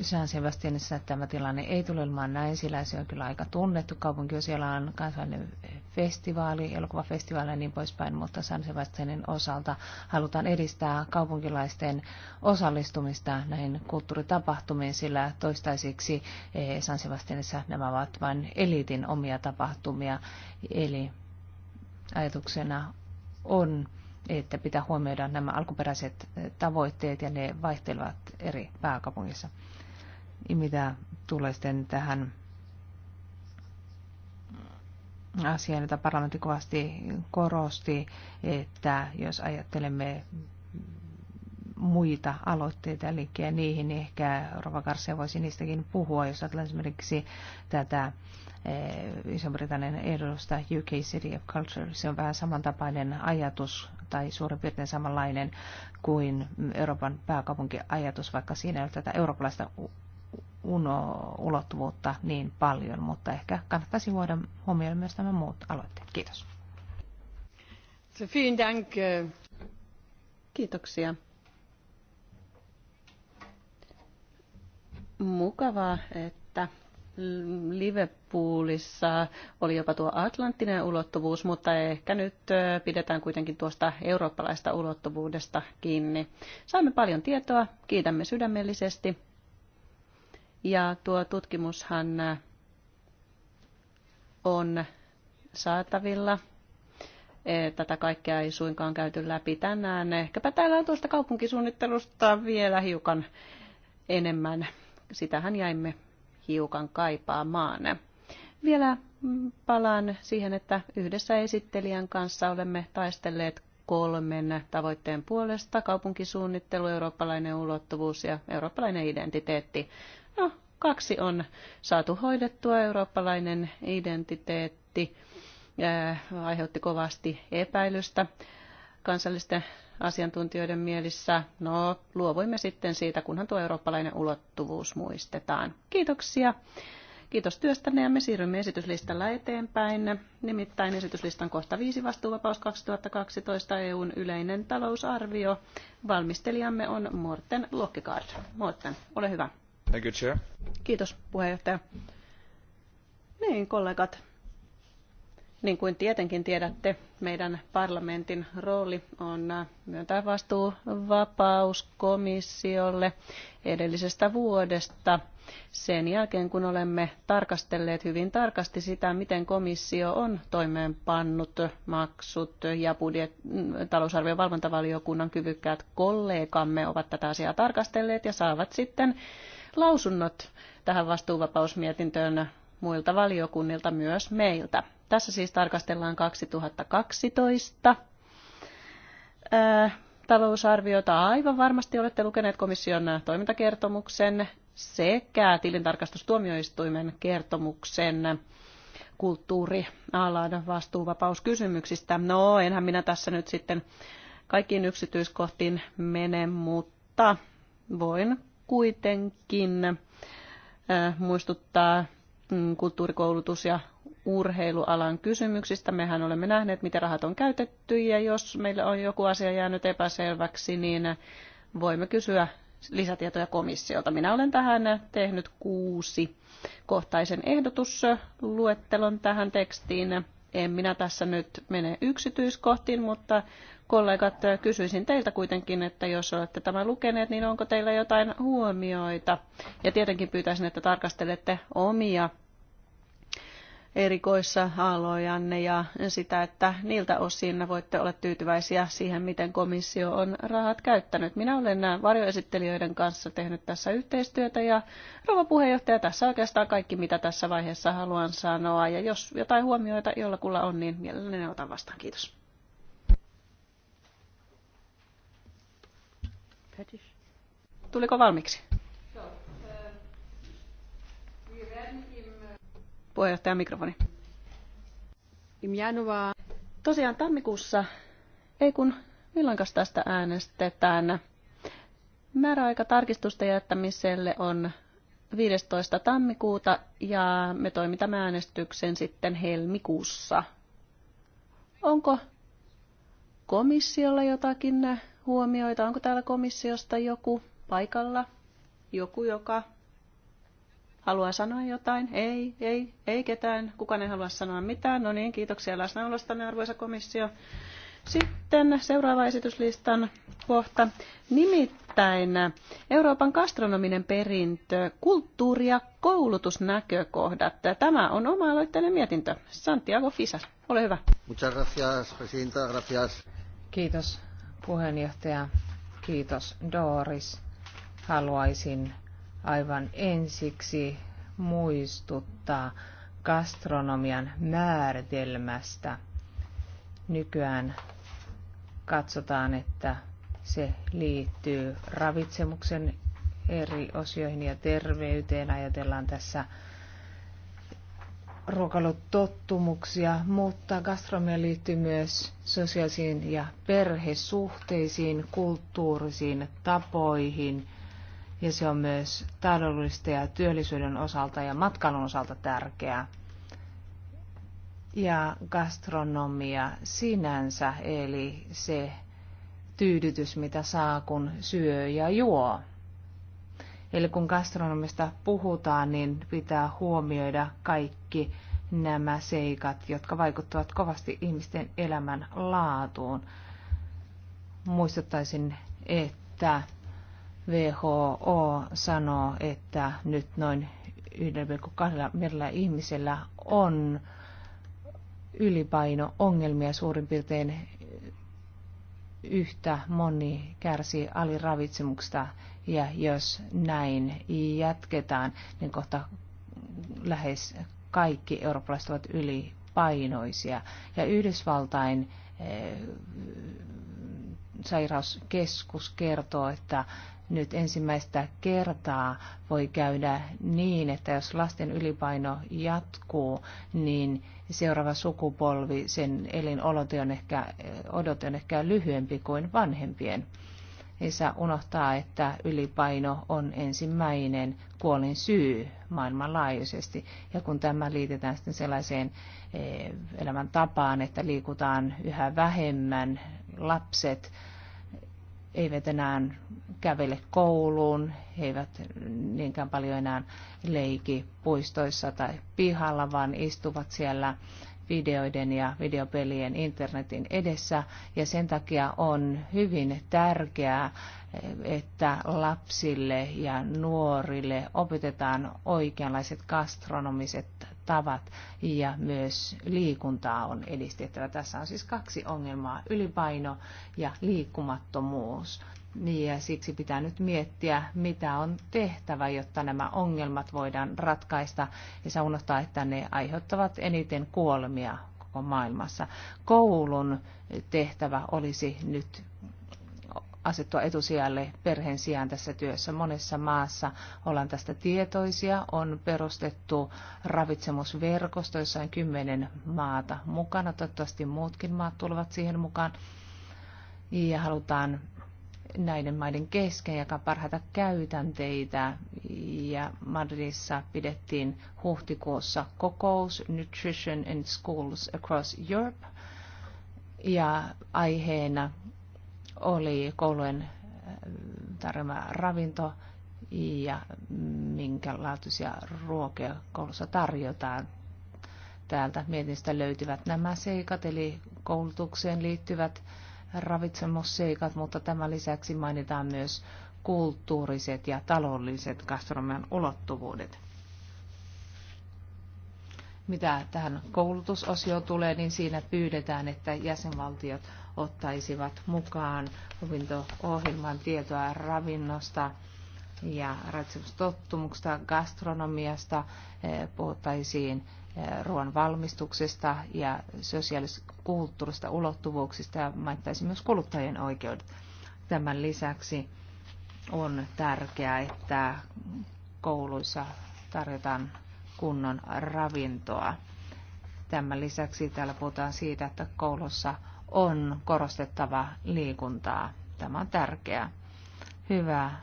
San Sebastianissa tämä tilanne ei tule olemaan näin, sillä se on kyllä aika tunnettu kaupunki, siellä on kansainvälinen eh, festivaali, elokuvafestivaali ja niin poispäin, mutta San Sebastianin osalta halutaan edistää kaupunkilaisten osallistumista näihin kulttuuritapahtumiin, sillä toistaiseksi eh, San Sebastianissa nämä ovat vain eliitin omia tapahtumia, eli ajatuksena on että pitää huomioida nämä alkuperäiset eh, tavoitteet ja ne vaihtelevat eri pääkaupungissa. Mitä tulee sitten tähän asia, jota parlamentti kovasti korosti, että jos ajattelemme muita aloitteita eli niihin, niin ehkä Rova Garcia voisi niistäkin puhua, jos ajatellaan esimerkiksi tätä eh, Iso-Britannian ehdotusta UK City of Culture. Se on vähän samantapainen ajatus tai suurin piirtein samanlainen kuin Euroopan pääkaupunkiajatus, vaikka siinä ei ole tätä eurooppalaista uno, ulottuvuutta niin paljon, mutta ehkä kannattaisi voida huomioida myös nämä muut aloitteet. Kiitos. Äh. Kiitoksia. Mukavaa, että Liverpoolissa oli jopa tuo atlanttinen ulottuvuus, mutta ehkä nyt äh, pidetään kuitenkin tuosta eurooppalaista ulottuvuudesta kiinni. Saimme paljon tietoa, kiitämme sydämellisesti. Ja tuo tutkimushan äh, on saatavilla. E, tätä kaikkea ei suinkaan käyty läpi tänään. Ehkäpä täällä on tuosta kaupunkisuunnittelusta vielä hiukan enemmän. Sitähän jäimme hiukan kaipaamaan. Vielä mm, palaan siihen, että yhdessä esittelijän kanssa olemme taistelleet kolmen tavoitteen puolesta. Kaupunkisuunnittelu, eurooppalainen ulottuvuus ja eurooppalainen identiteetti. No, kaksi on saatu hoidettua, eurooppalainen identiteetti äh, aiheutti kovasti epäilystä kansallisten asiantuntijoiden mielissä. No, luovuimme sitten siitä, kunhan tuo eurooppalainen ulottuvuus muistetaan. Kiitoksia. Kiitos työstänne ja me siirrymme esityslistalla eteenpäin. Nimittäin esityslistan kohta 5 vastuuvapaus 2012 EUn yleinen talousarvio. Valmistelijamme on Morten Lokkikaard. Morten, ole hyvä. Thank you, chair. Kiitos puheenjohtaja. Niin, kollegat. Niin kuin tietenkin tiedätte, meidän parlamentin rooli on myöntää vastuuvapaus komissiolle edellisestä vuodesta sen jälkeen, kun olemme tarkastelleet hyvin tarkasti sitä, miten komissio on toimeenpannut maksut ja budjet, talousarvion valvontavaliokunnan kyvykkäät kollegamme ovat tätä asiaa tarkastelleet ja saavat sitten lausunnot tähän vastuuvapausmietintöön muilta valiokunnilta myös meiltä. Tässä siis tarkastellaan 2012 äh, talousarviota. Aivan varmasti olette lukeneet komission toimintakertomuksen sekä tilintarkastustuomioistuimen kertomuksen kulttuurialan vastuuvapauskysymyksistä. No, enhän minä tässä nyt sitten kaikkiin yksityiskohtiin mene, mutta voin kuitenkin äh, muistuttaa mm, kulttuurikoulutus- ja urheilualan kysymyksistä. Mehän olemme nähneet, miten rahat on käytetty ja jos meillä on joku asia jäänyt epäselväksi, niin voimme kysyä lisätietoja komissiolta. Minä olen tähän tehnyt kuusi kohtaisen ehdotusluettelon tähän tekstiin. En minä tässä nyt mene yksityiskohtiin, mutta kollegat, äh, kysyisin teiltä kuitenkin, että jos olette tämän lukeneet, niin onko teillä jotain huomioita? Ja tietenkin pyytäisin, että tarkastelette omia erikoissa aalojanne ja sitä, että niiltä osin voitte olla tyytyväisiä siihen, miten komissio on rahat käyttänyt. Minä olen nämä äh, varjoesittelijöiden kanssa tehnyt tässä yhteistyötä ja rouva puheenjohtaja, tässä oikeastaan kaikki, mitä tässä vaiheessa haluan sanoa. Ja jos jotain huomioita jollakulla on, niin mielelläni otan vastaan. Kiitos. Tuliko valmiiksi? Puheenjohtaja mikrofoni. Tosiaan tammikuussa, ei kun milloinkas tästä äänestetään. Määräaika tarkistusten jättämiselle on 15. tammikuuta ja me toimitamme äänestyksen sitten helmikuussa. Onko komissiolla jotakin huomioita? Onko täällä komissiosta joku paikalla? Joku, joka haluaa sanoa jotain? Ei, ei, ei ketään. Kukaan ei halua sanoa mitään. No niin, kiitoksia läsnäolostanne, arvoisa komissio. Sitten seuraava esityslistan kohta. Nimittäin Euroopan gastronominen perintö, kulttuuri- ja koulutusnäkökohdat. Tämä on oma-aloitteinen mietintö. Santiago Fisas, ole hyvä. Muchas gracias, presidenta. Gracias. Kiitos puheenjohtaja. Kiitos Doris. Haluaisin aivan ensiksi muistuttaa gastronomian määritelmästä. Nykyään katsotaan, että se liittyy ravitsemuksen eri osioihin ja terveyteen. Ajatellaan tässä ruokailutottumuksia, mutta gastronomia liittyy myös sosiaalisiin ja perhesuhteisiin, kulttuurisiin tapoihin ja se on myös taloudellista ja työllisyyden osalta ja matkailun osalta tärkeää. Ja gastronomia sinänsä, eli se tyydytys, mitä saa, kun syö ja juo. Eli kun gastronomista puhutaan, niin pitää huomioida kaikki nämä seikat, jotka vaikuttavat kovasti ihmisten elämän laatuun. Muistuttaisin, että WHO sanoo, että nyt noin 1,2 miljoonalla ihmisellä on ylipaino-ongelmia suurin piirtein yhtä moni kärsii aliravitsemuksesta ja jos näin jatketaan, niin kohta lähes kaikki eurooppalaiset ovat ylipainoisia. Ja Yhdysvaltain eh, sairauskeskus kertoo, että nyt ensimmäistä kertaa voi käydä niin, että jos lasten ylipaino jatkuu, niin seuraava sukupolvi, sen elinolot on ehkä, odot on ehkä lyhyempi kuin vanhempien. isä unohtaa, että ylipaino on ensimmäinen kuolin syy maailmanlaajuisesti. Ja kun tämä liitetään sitten sellaiseen eh, elämäntapaan, että liikutaan yhä vähemmän, lapset eivät enää kävele kouluun, he eivät niinkään paljon enää leiki puistoissa tai pihalla, vaan istuvat siellä videoiden ja videopelien internetin edessä. Ja sen takia on hyvin tärkeää, että lapsille ja nuorille opetetaan oikeanlaiset gastronomiset tavat ja myös liikuntaa on edistettävä. Tässä on siis kaksi ongelmaa, ylipaino ja liikkumattomuus. Ja siksi pitää nyt miettiä, mitä on tehtävä, jotta nämä ongelmat voidaan ratkaista. Ja se unohtaa, että ne aiheuttavat eniten kuolemia koko maailmassa. Koulun tehtävä olisi nyt asettua etusijalle perheen sijaan tässä työssä. Monessa maassa ollaan tästä tietoisia. On perustettu ravitsemusverkosto, jossa on kymmenen maata mukana. Toivottavasti muutkin maat tulevat siihen mukaan. Ja halutaan näiden maiden kesken jakaa parhaita käytänteitä. Ja Madridissa pidettiin huhtikuussa kokous Nutrition in Schools Across Europe. Ja aiheena oli koulujen eh, tarjoama ravinto ja minkälaatuisia ruokia koulussa tarjotaan. Täältä mietinnöstä löytyvät nämä seikat, eli koulutukseen liittyvät ravitsemusseikat, mutta tämän lisäksi mainitaan myös kulttuuriset ja taloudelliset gastronomian ulottuvuudet. Mitä tähän koulutusosioon tulee, niin siinä pyydetään, että jäsenvaltiot ottaisivat mukaan opinto-ohjelman tietoa ravinnosta ja ravitsemustottumuksesta, gastronomiasta, eh, puhuttaisiin eh, ruoan valmistuksesta ja sosiaaliskulttuurista ulottuvuuksista ja mainittaisiin myös kuluttajien oikeudet. Tämän lisäksi on tärkeää, että kouluissa tarjotaan kunnon ravintoa. Tämän lisäksi täällä puhutaan siitä, että koulussa on korostettava liikuntaa. Tämä on tärkeää. Hyvä äh,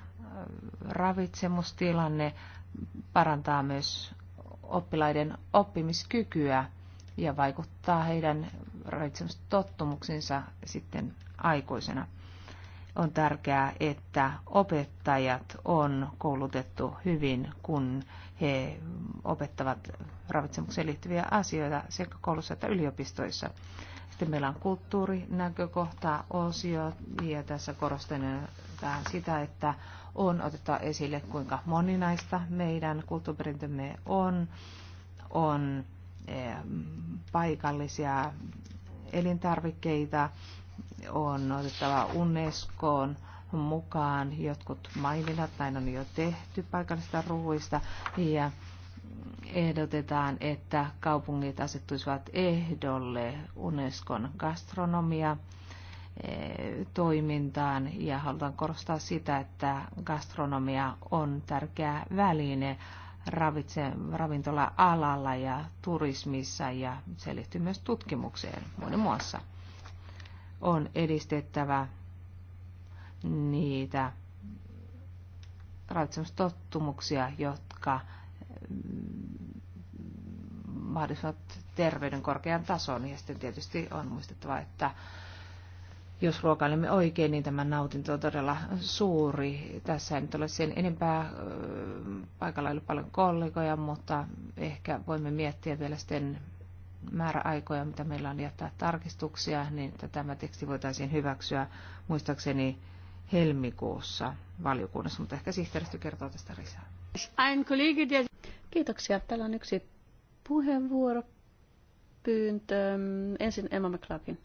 ravitsemustilanne parantaa myös oppilaiden oppimiskykyä ja vaikuttaa heidän ravitsemustottumuksensa sitten aikuisena. On tärkeää, että opettajat on koulutettu hyvin, kun he opettavat ravitsemukseen liittyviä asioita sekä koulussa että yliopistoissa. Sitten meillä on kulttuurinäkökohta osio ja tässä korostetaan sitä, että on otettava esille, kuinka moninaista meidän kulttuuriperintömme on. On eh, paikallisia elintarvikkeita, on otettava Unescoon mukaan jotkut maininnat, näin on jo tehty paikallista ruuista, ja ehdotetaan, että kaupungit asettuisivat ehdolle Unescon gastronomia eh, toimintaan ja halutaan korostaa sitä, että gastronomia on tärkeä väline ravitse, ravintola-alalla ja turismissa ja se liittyy myös tutkimukseen muiden muassa. On edistettävä niitä ravitsemustottumuksia, jotka mahdollisimman terveyden korkean tason. Ja sitten tietysti on muistettava, että jos ruokailemme oikein, niin tämä nautinto on todella suuri. Tässä ei nyt ole sen enempää, paikalla ei ole paljon kollegoja, mutta ehkä voimme miettiä vielä sitten määräaikoja, mitä meillä on jättää tarkistuksia, niin että tämä teksti voitaisiin hyväksyä muistaakseni helmikuussa valiokunnassa, mutta ehkä sihteeristö kertoo tästä lisää. Kiitoksia. Täällä on yksi pyyntö. Ensin Emma McLaughlin.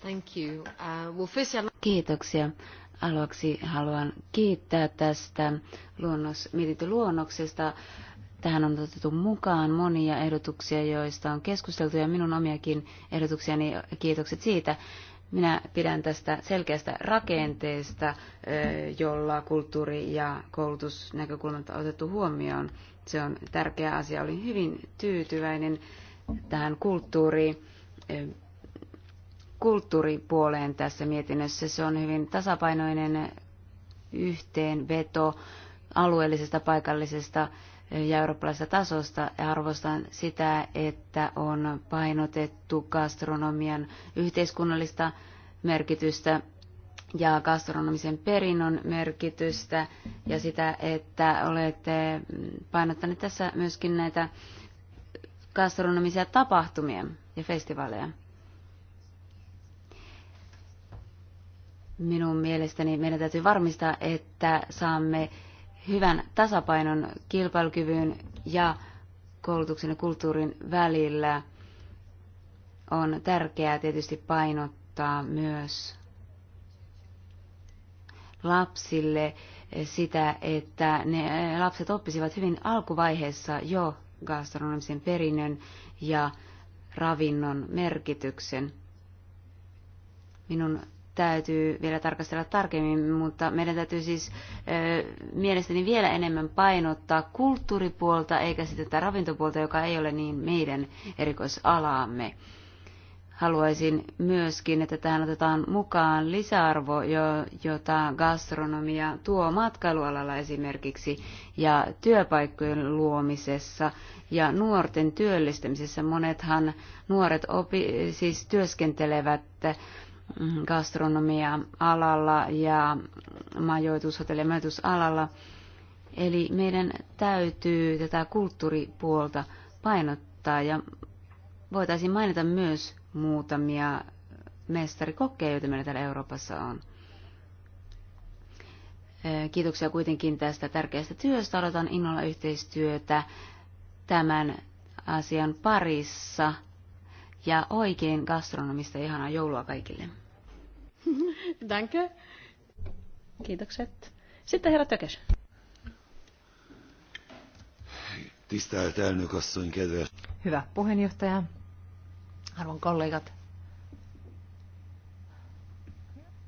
Thank you. Uh, well, first... Kiitoksia. Aluksi haluan kiittää tästä luonnos, mietintöluonnoksesta. Tähän on otettu mukaan monia ehdotuksia, joista on keskusteltu ja minun omiakin ehdotuksiani. Kiitokset siitä. Minä pidän tästä selkeästä rakenteesta, jolla kulttuuri- ja koulutusnäkökulmat on otettu huomioon se on tärkeä asia. Olin hyvin tyytyväinen tähän kulttuuri-kulttuuri eh, kulttuuripuoleen tässä mietinnössä. Se on hyvin tasapainoinen yhteenveto alueellisesta, paikallisesta eh, ja eurooppalaisesta tasosta. Ja arvostan sitä, että on painotettu gastronomian yhteiskunnallista merkitystä ja gastronomisen perinnön merkitystä ja sitä, että olette painottaneet tässä myöskin näitä gastronomisia tapahtumia ja festivaaleja. Minun mielestäni meidän täytyy varmistaa, että saamme hyvän tasapainon kilpailukyvyn ja koulutuksen ja kulttuurin välillä. On tärkeää tietysti painottaa myös lapsille eh, sitä, että ne eh, lapset oppisivat hyvin alkuvaiheessa jo gastronomisen perinnön ja ravinnon merkityksen. Minun täytyy vielä tarkastella tarkemmin, mutta meidän täytyy siis eh, mielestäni vielä enemmän painottaa kulttuuripuolta eikä sitten tätä ravintopuolta, joka ei ole niin meidän erikoisalaamme haluaisin myöskin, että tähän otetaan mukaan lisäarvo, jota gastronomia tuo matkailualalla esimerkiksi ja työpaikkojen luomisessa ja nuorten työllistämisessä. Monethan nuoret opi, siis työskentelevät mm, gastronomia-alalla ja majoitus, ja majoitusalalla. Eli meidän täytyy tätä kulttuuripuolta painottaa ja voitaisiin mainita myös muutamia mestarikokkeja, joita meillä täällä Euroopassa on. Kiitoksia kuitenkin tästä tärkeästä työstä. Odotan innolla yhteistyötä tämän asian parissa. Ja oikein gastronomista ihanaa joulua kaikille. [laughs] Danke. Kiitokset. Sitten herra Tökes. Tistää elnök kedves! Hyvä puheenjohtaja, arvon kollegat.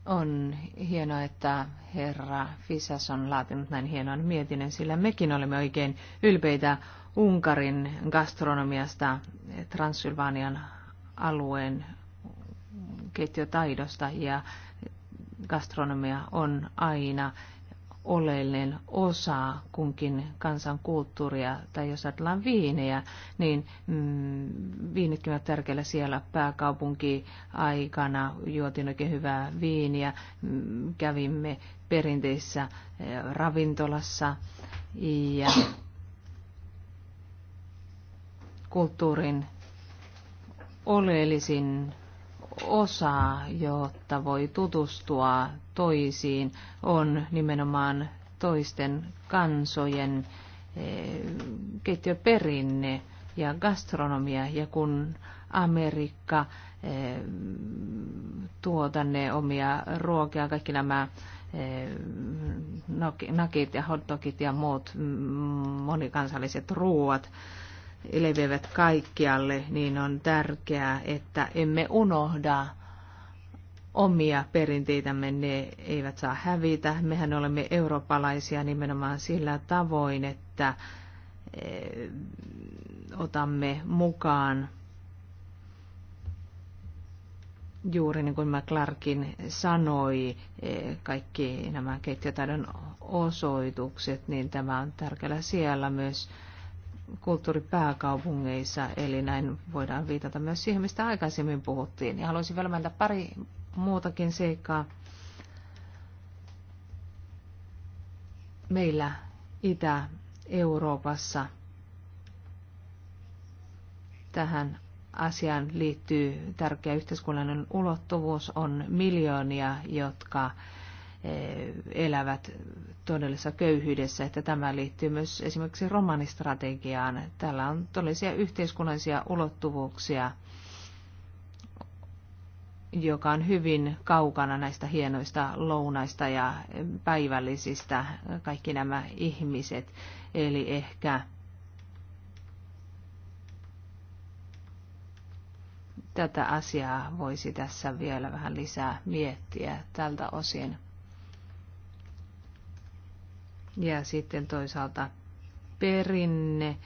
On hienoa, että herra Fisas on laatinut näin hienon mietinnön, sillä mekin olemme oikein ylpeitä Unkarin gastronomiasta, Transylvanian alueen keittiötaidosta ja gastronomia on aina oleellinen osa kunkin kansan kulttuuria, tai jos ajatellaan viinejä, niin mm, viinitkin ovat tärkeillä siellä pääkaupunki aikana, juotiin oikein hyvää viiniä, mm, kävimme perinteisessä eh, ravintolassa ja kulttuurin oleellisin osa, jotta voi tutustua toisiin, on nimenomaan toisten kansojen eh, keittiöperinne ja gastronomia. Ja kun Amerikka eh, tuo tänne omia ruokia, kaikki nämä eh, nakit ja hotdogit ja muut mm, monikansalliset ruoat, levivät kaikkialle, niin on tärkeää, että emme unohda omia perinteitämme, ne eivät saa hävitä. Mehän olemme eurooppalaisia nimenomaan sillä tavoin, että eh, otamme mukaan juuri niin kuin McClarkin sanoi, eh, kaikki nämä keittiötaidon osoitukset, niin tämä on tärkeää siellä myös kulttuuripääkaupungeissa, eli näin voidaan viitata myös siihen, mistä aikaisemmin puhuttiin. Ja haluaisin vielä mennä pari muutakin seikkaa. Meillä Itä-Euroopassa tähän asiaan liittyy tärkeä yhteiskunnallinen ulottuvuus. On miljoonia, jotka Eh, elävät todellisessa köyhyydessä, että tämä liittyy myös esimerkiksi romanistrategiaan. Tällä on todellisia yhteiskunnallisia ulottuvuuksia, joka on hyvin kaukana näistä hienoista lounaista ja päivällisistä, kaikki nämä ihmiset. Eli ehkä tätä asiaa voisi tässä vielä vähän lisää miettiä tältä osin ja sitten toisaalta perinne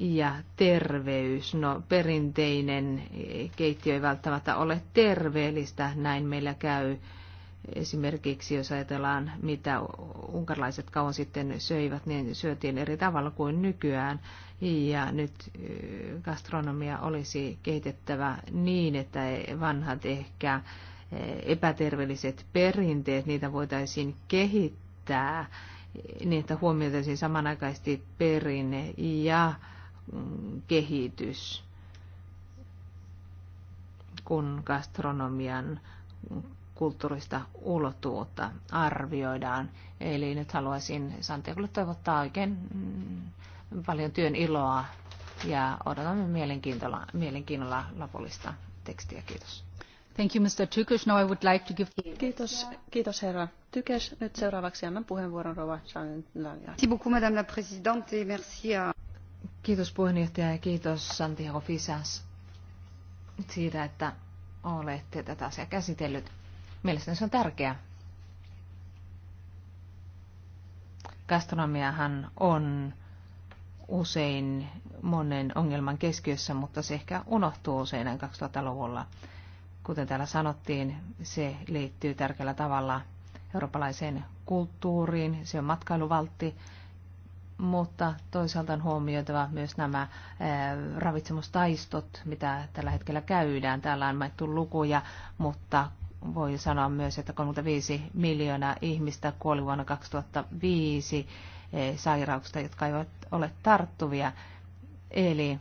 ja terveys. No perinteinen keittiö ei välttämättä ole terveellistä, näin meillä käy. Esimerkiksi jos ajatellaan, mitä unkarilaiset kauan sitten söivät, niin syötiin eri tavalla kuin nykyään. Ja nyt eh, gastronomia olisi kehitettävä niin, että vanhat ehkä eh, epäterveelliset perinteet, niitä voitaisiin kehittää kiinnittää niin, että huomioitaisiin samanaikaisesti perinne ja mm, kehitys, kun gastronomian mm, kulttuurista ulottuvuutta arvioidaan. Eli nyt haluaisin Santiagolle toivottaa oikein mm, paljon työn iloa ja odotamme mielenkiinnolla, mielenkiinnolla lopullista tekstiä. Kiitos. Kiitos, herra Nyt seuraavaksi annan puheenvuoron Kiitos puheenjohtaja ja kiitos Santiago Fisas siitä, että olette tätä asiaa käsitellyt. Mielestäni se on tärkeää. Gastronomiahan on usein monen ongelman keskiössä, mutta se ehkä unohtuu usein 2000-luvulla. Kuten täällä sanottiin, se liittyy tärkeällä tavalla eurooppalaiseen kulttuuriin, se on matkailuvaltti, mutta toisaalta on huomioitava myös nämä eh, ravitsemustaistot, mitä tällä hetkellä käydään. Täällä on mainittu lukuja, mutta voi sanoa myös, että 35 miljoonaa ihmistä kuoli vuonna 2005 eh, sairauksista, jotka eivät ole tarttuvia. Eli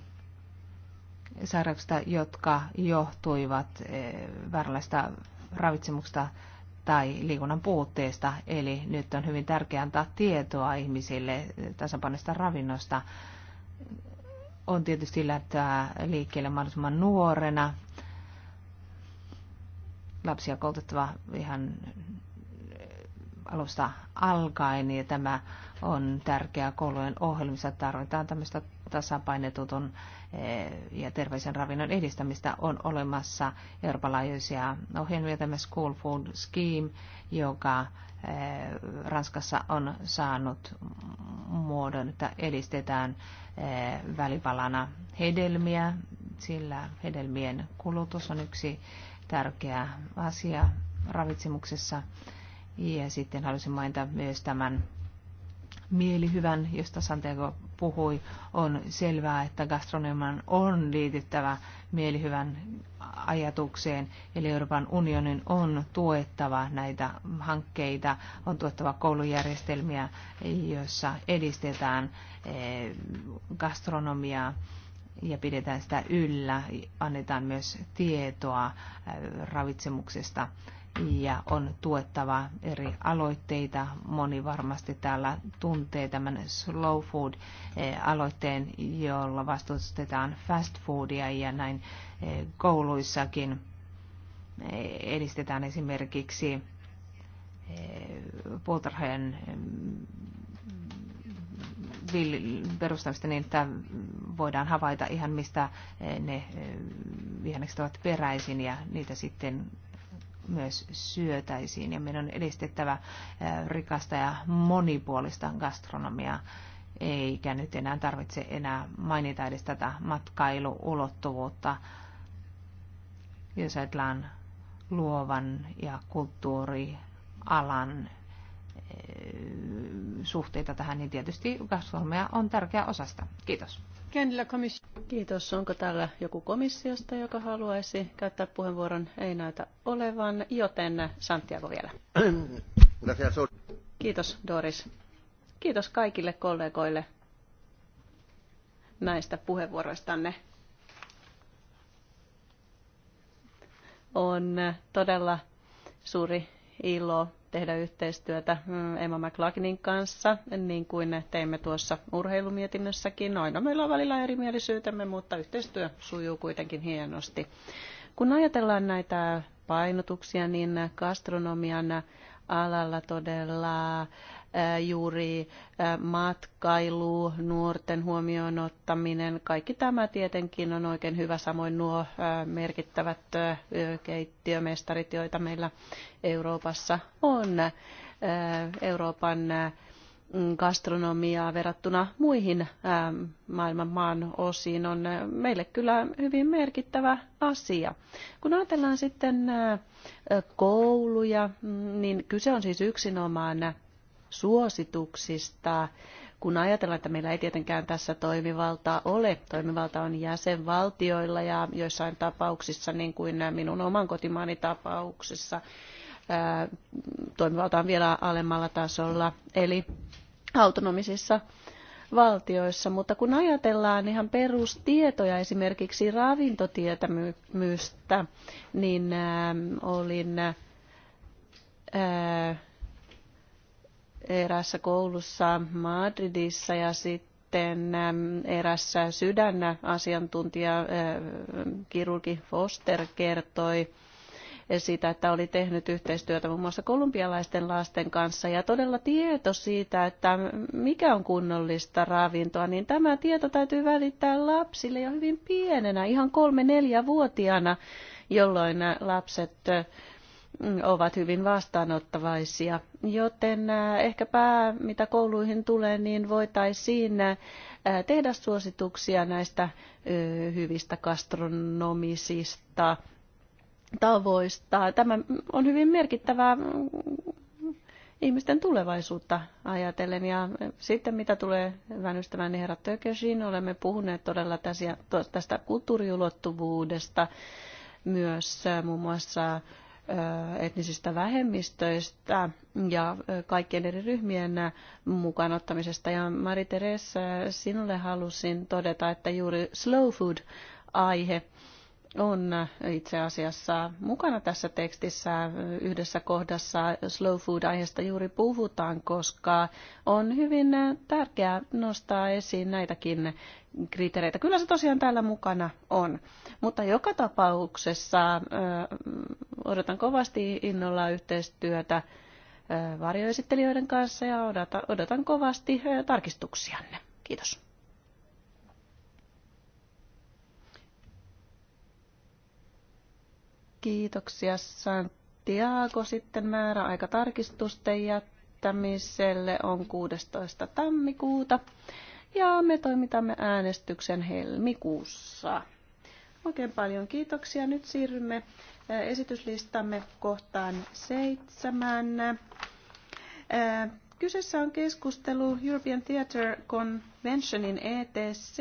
sairauksista, jotka johtuivat eh, vääränlaista ravitsemuksesta tai liikunnan puutteesta. Eli nyt on hyvin tärkeää antaa tietoa ihmisille tasapainoista ravinnosta. On tietysti lähtöä liikkeelle mahdollisimman nuorena. Lapsia koulutettava ihan alusta alkaen ja tämä on tärkeää koulujen ohjelmissa. Tarvitaan tämmöistä tasapainetutun eh, ja terveisen ravinnon edistämistä on olemassa Euroopan laajuisia ohjelmia, tämä School Food Scheme, joka eh, Ranskassa on saanut muodon, että edistetään eh, välipalana hedelmiä, sillä hedelmien kulutus on yksi tärkeä asia ravitsemuksessa. Ja sitten haluaisin mainita myös tämän mielihyvän, josta Santiago puhui, on selvää, että gastronomian on liityttävä mielihyvän ajatukseen. Eli Euroopan unionin on tuettava näitä hankkeita, on tuettava koulujärjestelmiä, joissa edistetään eh, gastronomiaa ja pidetään sitä yllä, annetaan myös tietoa eh, ravitsemuksesta ja on tuettava eri aloitteita. Moni varmasti täällä tuntee tämän slow food-aloitteen, eh, jolla vastustetaan fast foodia ja näin eh, kouluissakin eh, edistetään esimerkiksi puutarhojen mm, perustamista niin, että voidaan havaita ihan mistä ne vihannekset ovat peräisin ja niitä sitten myös syötäisiin. Ja meidän on edistettävä rikasta ja monipuolista gastronomiaa, eikä nyt enää tarvitse enää mainita edes tätä matkailuulottuvuutta. Jos ajatellaan luovan ja kulttuurialan suhteita tähän, niin tietysti gastronomia on tärkeä osasta. Kiitos. Kiitos. Onko täällä joku komissiosta, joka haluaisi käyttää puheenvuoron? Ei näytä olevan, joten Santiago vielä. Kiitos Doris. Kiitos kaikille kollegoille näistä puheenvuoroistanne. On todella suuri ilo tehdä yhteistyötä mm, Emma McLaughlinin kanssa, niin kuin teimme tuossa urheilumietinnössäkin. no, meillä on välillä erimielisyytemme, mutta yhteistyö sujuu kuitenkin hienosti. Kun ajatellaan näitä painotuksia, niin gastronomian alalla todella juuri matkailu, nuorten huomioon ottaminen, kaikki tämä tietenkin on oikein hyvä, samoin nuo merkittävät keittiömestarit, joita meillä Euroopassa on. Euroopan gastronomiaa verrattuna muihin maailman maan osiin on meille kyllä hyvin merkittävä asia. Kun ajatellaan sitten kouluja, mm, niin kyse on siis yksinomaan suosituksista. Kun ajatellaan, että meillä ei tietenkään tässä toimivaltaa ole, toimivalta on jäsenvaltioilla ja joissain tapauksissa, niin kuin minun oman kotimaani tapauksessa, toimivalta on vielä alemmalla tasolla, eli autonomisissa valtioissa, mutta kun ajatellaan ihan perustietoja, esimerkiksi ravintotietämystä, niin olin eräässä koulussa Madridissa ja sitten ähm, eräs sydänasiantuntija, äh, kirurgi Foster, kertoi siitä, että oli tehnyt yhteistyötä muun muassa kolumbialaisten lasten kanssa ja todella tieto siitä, että mikä on kunnollista ravintoa, niin tämä tieto täytyy välittää lapsille jo hyvin pienenä, ihan kolme-neljä-vuotiaana, jolloin lapset ovat hyvin vastaanottavaisia. Joten ehkäpä mitä kouluihin tulee, niin voitaisiin tehdä suosituksia näistä hyvistä gastronomisista tavoista. Tämä on hyvin merkittävää mm, ihmisten tulevaisuutta ajatellen. Ja sitten mitä tulee hyvän ystävän herra Tökesin, olemme puhuneet todella tästä, kulttuuriulottuvuudesta myös muun muassa etnisistä vähemmistöistä ja kaikkien eri ryhmien mukaan ottamisesta. Ja Mari Teres, sinulle halusin todeta, että juuri slow food aihe on itse asiassa mukana tässä tekstissä. Yhdessä kohdassa slow food-aiheesta juuri puhutaan, koska on hyvin tärkeää nostaa esiin näitäkin kriteereitä. Kyllä se tosiaan täällä mukana on, mutta joka tapauksessa odotan kovasti innolla yhteistyötä varjoesittelijöiden kanssa ja odotan kovasti tarkistuksianne. Kiitos. Kiitoksia Santiago. Sitten määräaika tarkistusten jättämiselle on 16. tammikuuta ja me toimitamme äänestyksen helmikuussa. Oikein paljon kiitoksia. Nyt siirrymme esityslistamme kohtaan seitsemän. Kyseessä on keskustelu European Theatre Conventionin ETC,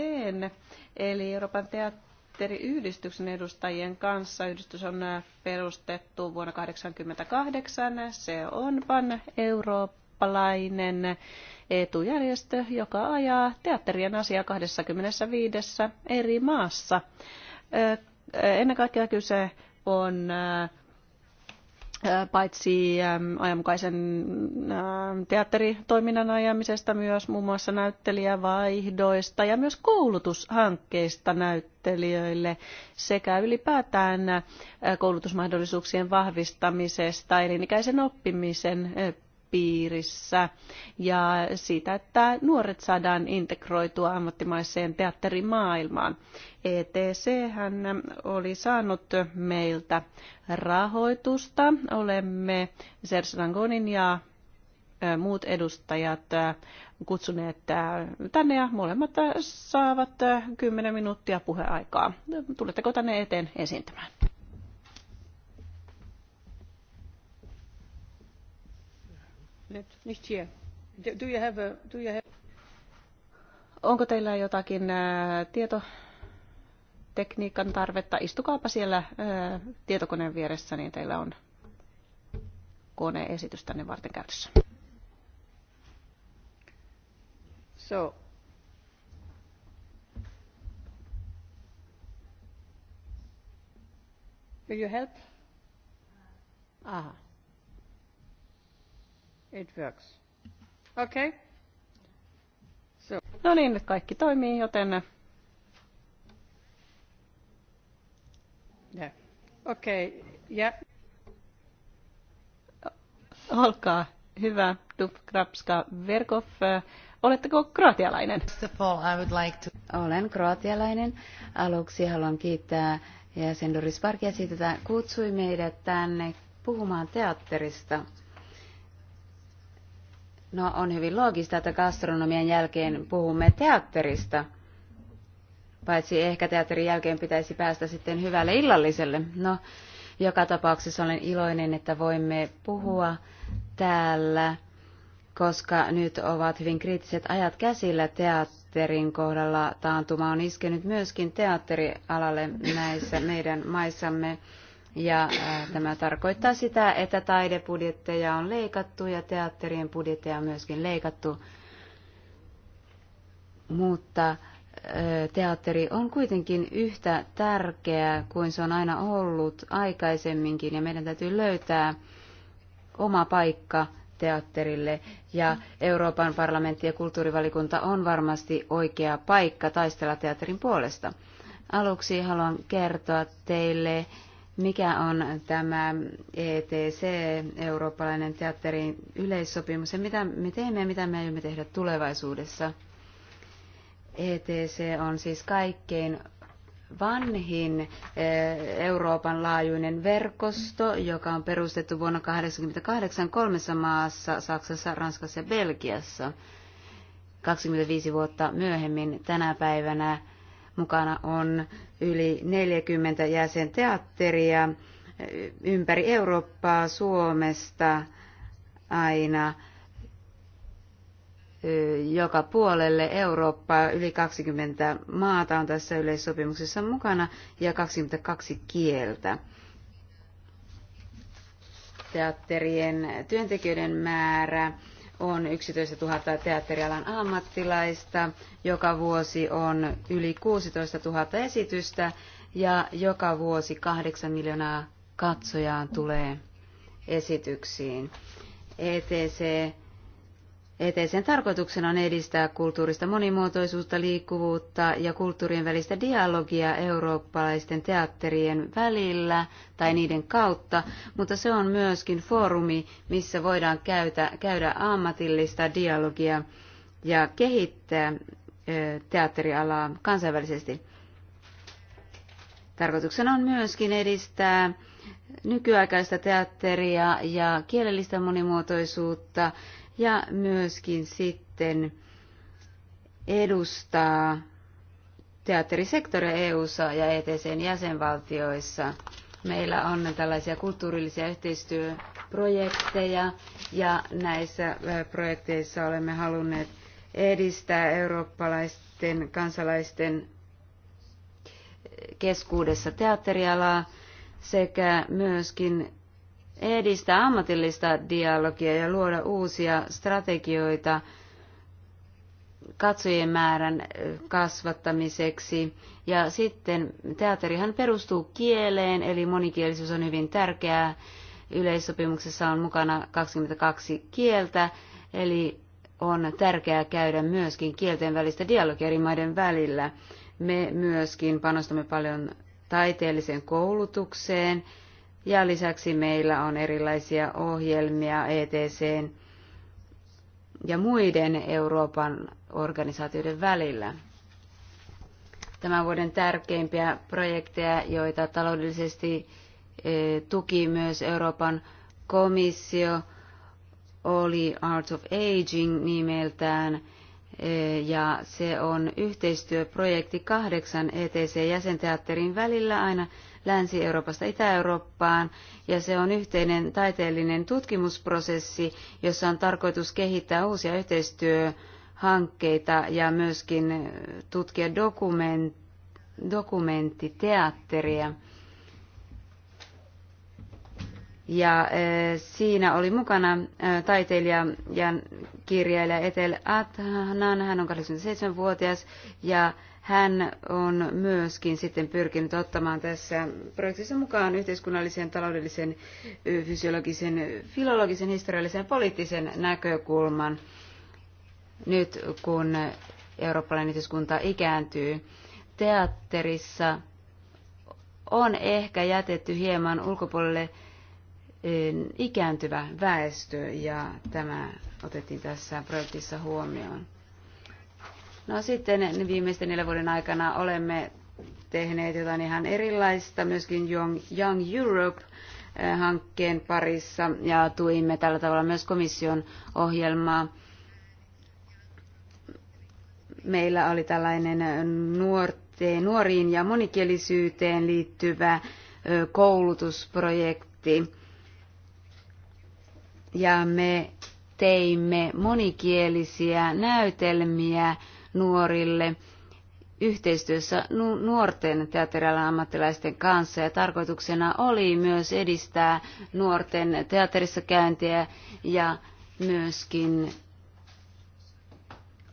eli Euroopan teatteri bakteeriyhdistyksen edustajien kanssa. Yhdistys on perustettu vuonna 1988. Se on pan-eurooppalainen etujärjestö, joka ajaa teatterien asiaa 25 eri maassa. Ennen kaikkea kyse on paitsi ajanmukaisen teatteritoiminnan ajamisesta myös muun muassa näyttelijävaihdoista ja myös koulutushankkeista näyttelijöille sekä ylipäätään koulutusmahdollisuuksien vahvistamisesta elinikäisen oppimisen piirissä ja siitä, että nuoret saadaan integroitua ammattimaiseen teatterimaailmaan. ETC hän oli saanut meiltä rahoitusta. Olemme Serge Rangonin ja muut edustajat kutsuneet tänne ja molemmat saavat 10 minuuttia puheaikaa. Tuletteko tänne eteen esiintymään? Onko teillä jotakin äh, tietotekniikan tarvetta? Istukaapa siellä äh, tietokoneen vieressä, niin teillä on koneesitys tänne varten käytössä. So, Will you help? Aha. It works. Okay. So. No niin, nyt kaikki toimii, joten... Yeah. Okei, okay. yeah. Olkaa hyvä, Dubkrapska Verkov. Oletteko kroatialainen? Olen kroatialainen. Aluksi haluan kiittää jäsen Doris Parkia siitä, että kutsui meidät tänne puhumaan teatterista. No on hyvin loogista, että gastronomian jälkeen puhumme teatterista. Paitsi ehkä teatterin jälkeen pitäisi päästä sitten hyvälle illalliselle. No, joka tapauksessa olen iloinen, että voimme puhua täällä, koska nyt ovat hyvin kriittiset ajat käsillä teatterin kohdalla. Taantuma on iskenyt myöskin teatterialalle näissä meidän maissamme. Ja äh, tämä tarkoittaa sitä, että taidebudjetteja on leikattu ja teatterien budjetteja on myöskin leikattu. Mutta äh, teatteri on kuitenkin yhtä tärkeää kuin se on aina ollut aikaisemminkin ja meidän täytyy löytää oma paikka teatterille ja Euroopan parlamentti ja kulttuurivalikunta on varmasti oikea paikka taistella teatterin puolesta. Aluksi haluan kertoa teille mikä on tämä ETC, eurooppalainen teatterin yleissopimus, ja mitä me teemme ja mitä me aiomme tehdä tulevaisuudessa. ETC on siis kaikkein vanhin eh, Euroopan laajuinen verkosto, joka on perustettu vuonna 1988 kolmessa maassa, Saksassa, Ranskassa ja Belgiassa. 25 vuotta myöhemmin tänä päivänä Mukana on yli 40 jäsenteatteria ympäri Eurooppaa, Suomesta aina joka puolelle Eurooppaa. Yli 20 maata on tässä yleissopimuksessa mukana ja 22 kieltä. Teatterien työntekijöiden määrä on 11 000 teatterialan ammattilaista, joka vuosi on yli 16 000 esitystä ja joka vuosi 8 miljoonaa katsojaa tulee esityksiin. ETC ETCn tarkoituksena on edistää kulttuurista monimuotoisuutta, liikkuvuutta ja kulttuurien välistä dialogia eurooppalaisten teatterien välillä tai niiden kautta, mutta se on myöskin foorumi, missä voidaan käytä, käydä ammatillista dialogia ja kehittää teatterialaa kansainvälisesti. Tarkoituksena on myöskin edistää nykyaikaista teatteria ja kielellistä monimuotoisuutta, ja myöskin sitten edustaa teatterisektoria EU:ssa ja ETCn jäsenvaltioissa. Meillä on tällaisia kulttuurillisia yhteistyöprojekteja ja näissä projekteissa olemme halunneet edistää eurooppalaisten kansalaisten keskuudessa teatterialaa sekä myöskin edistää ammatillista dialogia ja luoda uusia strategioita katsojien määrän kasvattamiseksi. Ja sitten teatterihan perustuu kieleen, eli monikielisyys on hyvin tärkeää. Yleissopimuksessa on mukana 22 kieltä, eli on tärkeää käydä myöskin kielten välistä dialogia eri maiden välillä. Me myöskin panostamme paljon taiteelliseen koulutukseen, ja lisäksi meillä on erilaisia ohjelmia ETC ja muiden Euroopan organisaatioiden välillä. Tämän vuoden tärkeimpiä projekteja, joita taloudellisesti e, tuki myös Euroopan komissio, oli Art of Aging nimeltään, e, ja se on yhteistyöprojekti kahdeksan ETC-jäsenteatterin välillä aina Länsi-Euroopasta Itä-Eurooppaan, ja se on yhteinen taiteellinen tutkimusprosessi, jossa on tarkoitus kehittää uusia yhteistyöhankkeita ja myöskin tutkia dokument, dokumenttiteatteria. Ja eh, siinä oli mukana eh, taiteilija ja kirjailija Etel Adhanan, hän on 27 vuotias ja hän on myöskin sitten pyrkinyt ottamaan tässä projektissa mukaan yhteiskunnallisen, taloudellisen, fysiologisen, filologisen, historiallisen ja poliittisen näkökulman nyt kun eurooppalainen yhteiskunta ikääntyy. Teatterissa on ehkä jätetty hieman ulkopuolelle eh, ikääntyvä väestö ja tämä otettiin tässä projektissa huomioon. No sitten viimeisten neljän vuoden aikana olemme tehneet jotain ihan erilaista myöskin Young, Young Europe eh, hankkeen parissa ja tuimme tällä tavalla myös komission ohjelmaa. Meillä oli tällainen nuorteen, nuoriin ja monikielisyyteen liittyvä eh, koulutusprojekti. Ja me teimme monikielisiä näytelmiä nuorille yhteistyössä nuorten teatterialan ammattilaisten kanssa ja tarkoituksena oli myös edistää nuorten teatterissa käyntiä ja myöskin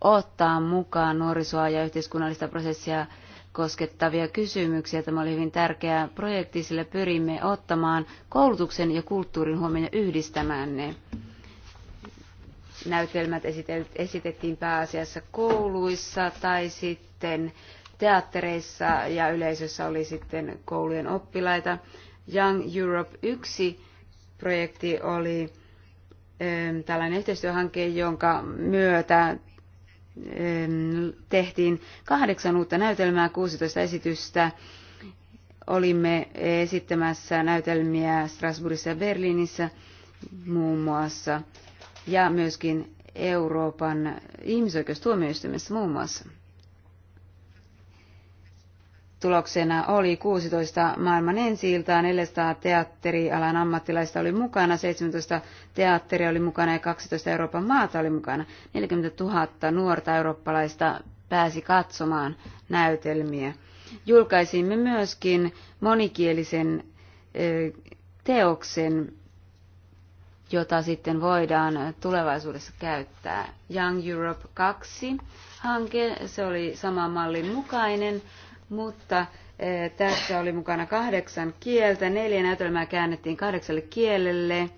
ottaa mukaan nuorisoa ja yhteiskunnallista prosessia koskettavia kysymyksiä. Tämä oli hyvin tärkeä projekti, sillä pyrimme ottamaan koulutuksen ja kulttuurin huomioon ja yhdistämään ne näytelmät esitettiin pääasiassa kouluissa tai sitten teattereissa ja yleisössä oli sitten koulujen oppilaita. Young Europe 1 projekti oli tällainen yhteistyöhanke, jonka myötä tehtiin kahdeksan uutta näytelmää, 16 esitystä. Olimme esittämässä näytelmiä Strasbourgissa ja Berliinissä muun muassa ja myöskin Euroopan ihmisoikeustuomioistuimessa muun muassa. Tuloksena oli 16 maailman ensi 400 teatterialan ammattilaista oli mukana, 17 teatteria oli mukana ja 12 Euroopan maata oli mukana. 40 000 nuorta eurooppalaista pääsi katsomaan näytelmiä. Julkaisimme myöskin monikielisen teoksen jota sitten voidaan tulevaisuudessa käyttää. Young Europe 2 hanke, se oli sama mallin mukainen, mutta eh, tässä oli mukana kahdeksan kieltä, neljä näytelmää käännettiin kahdeksalle kielelle.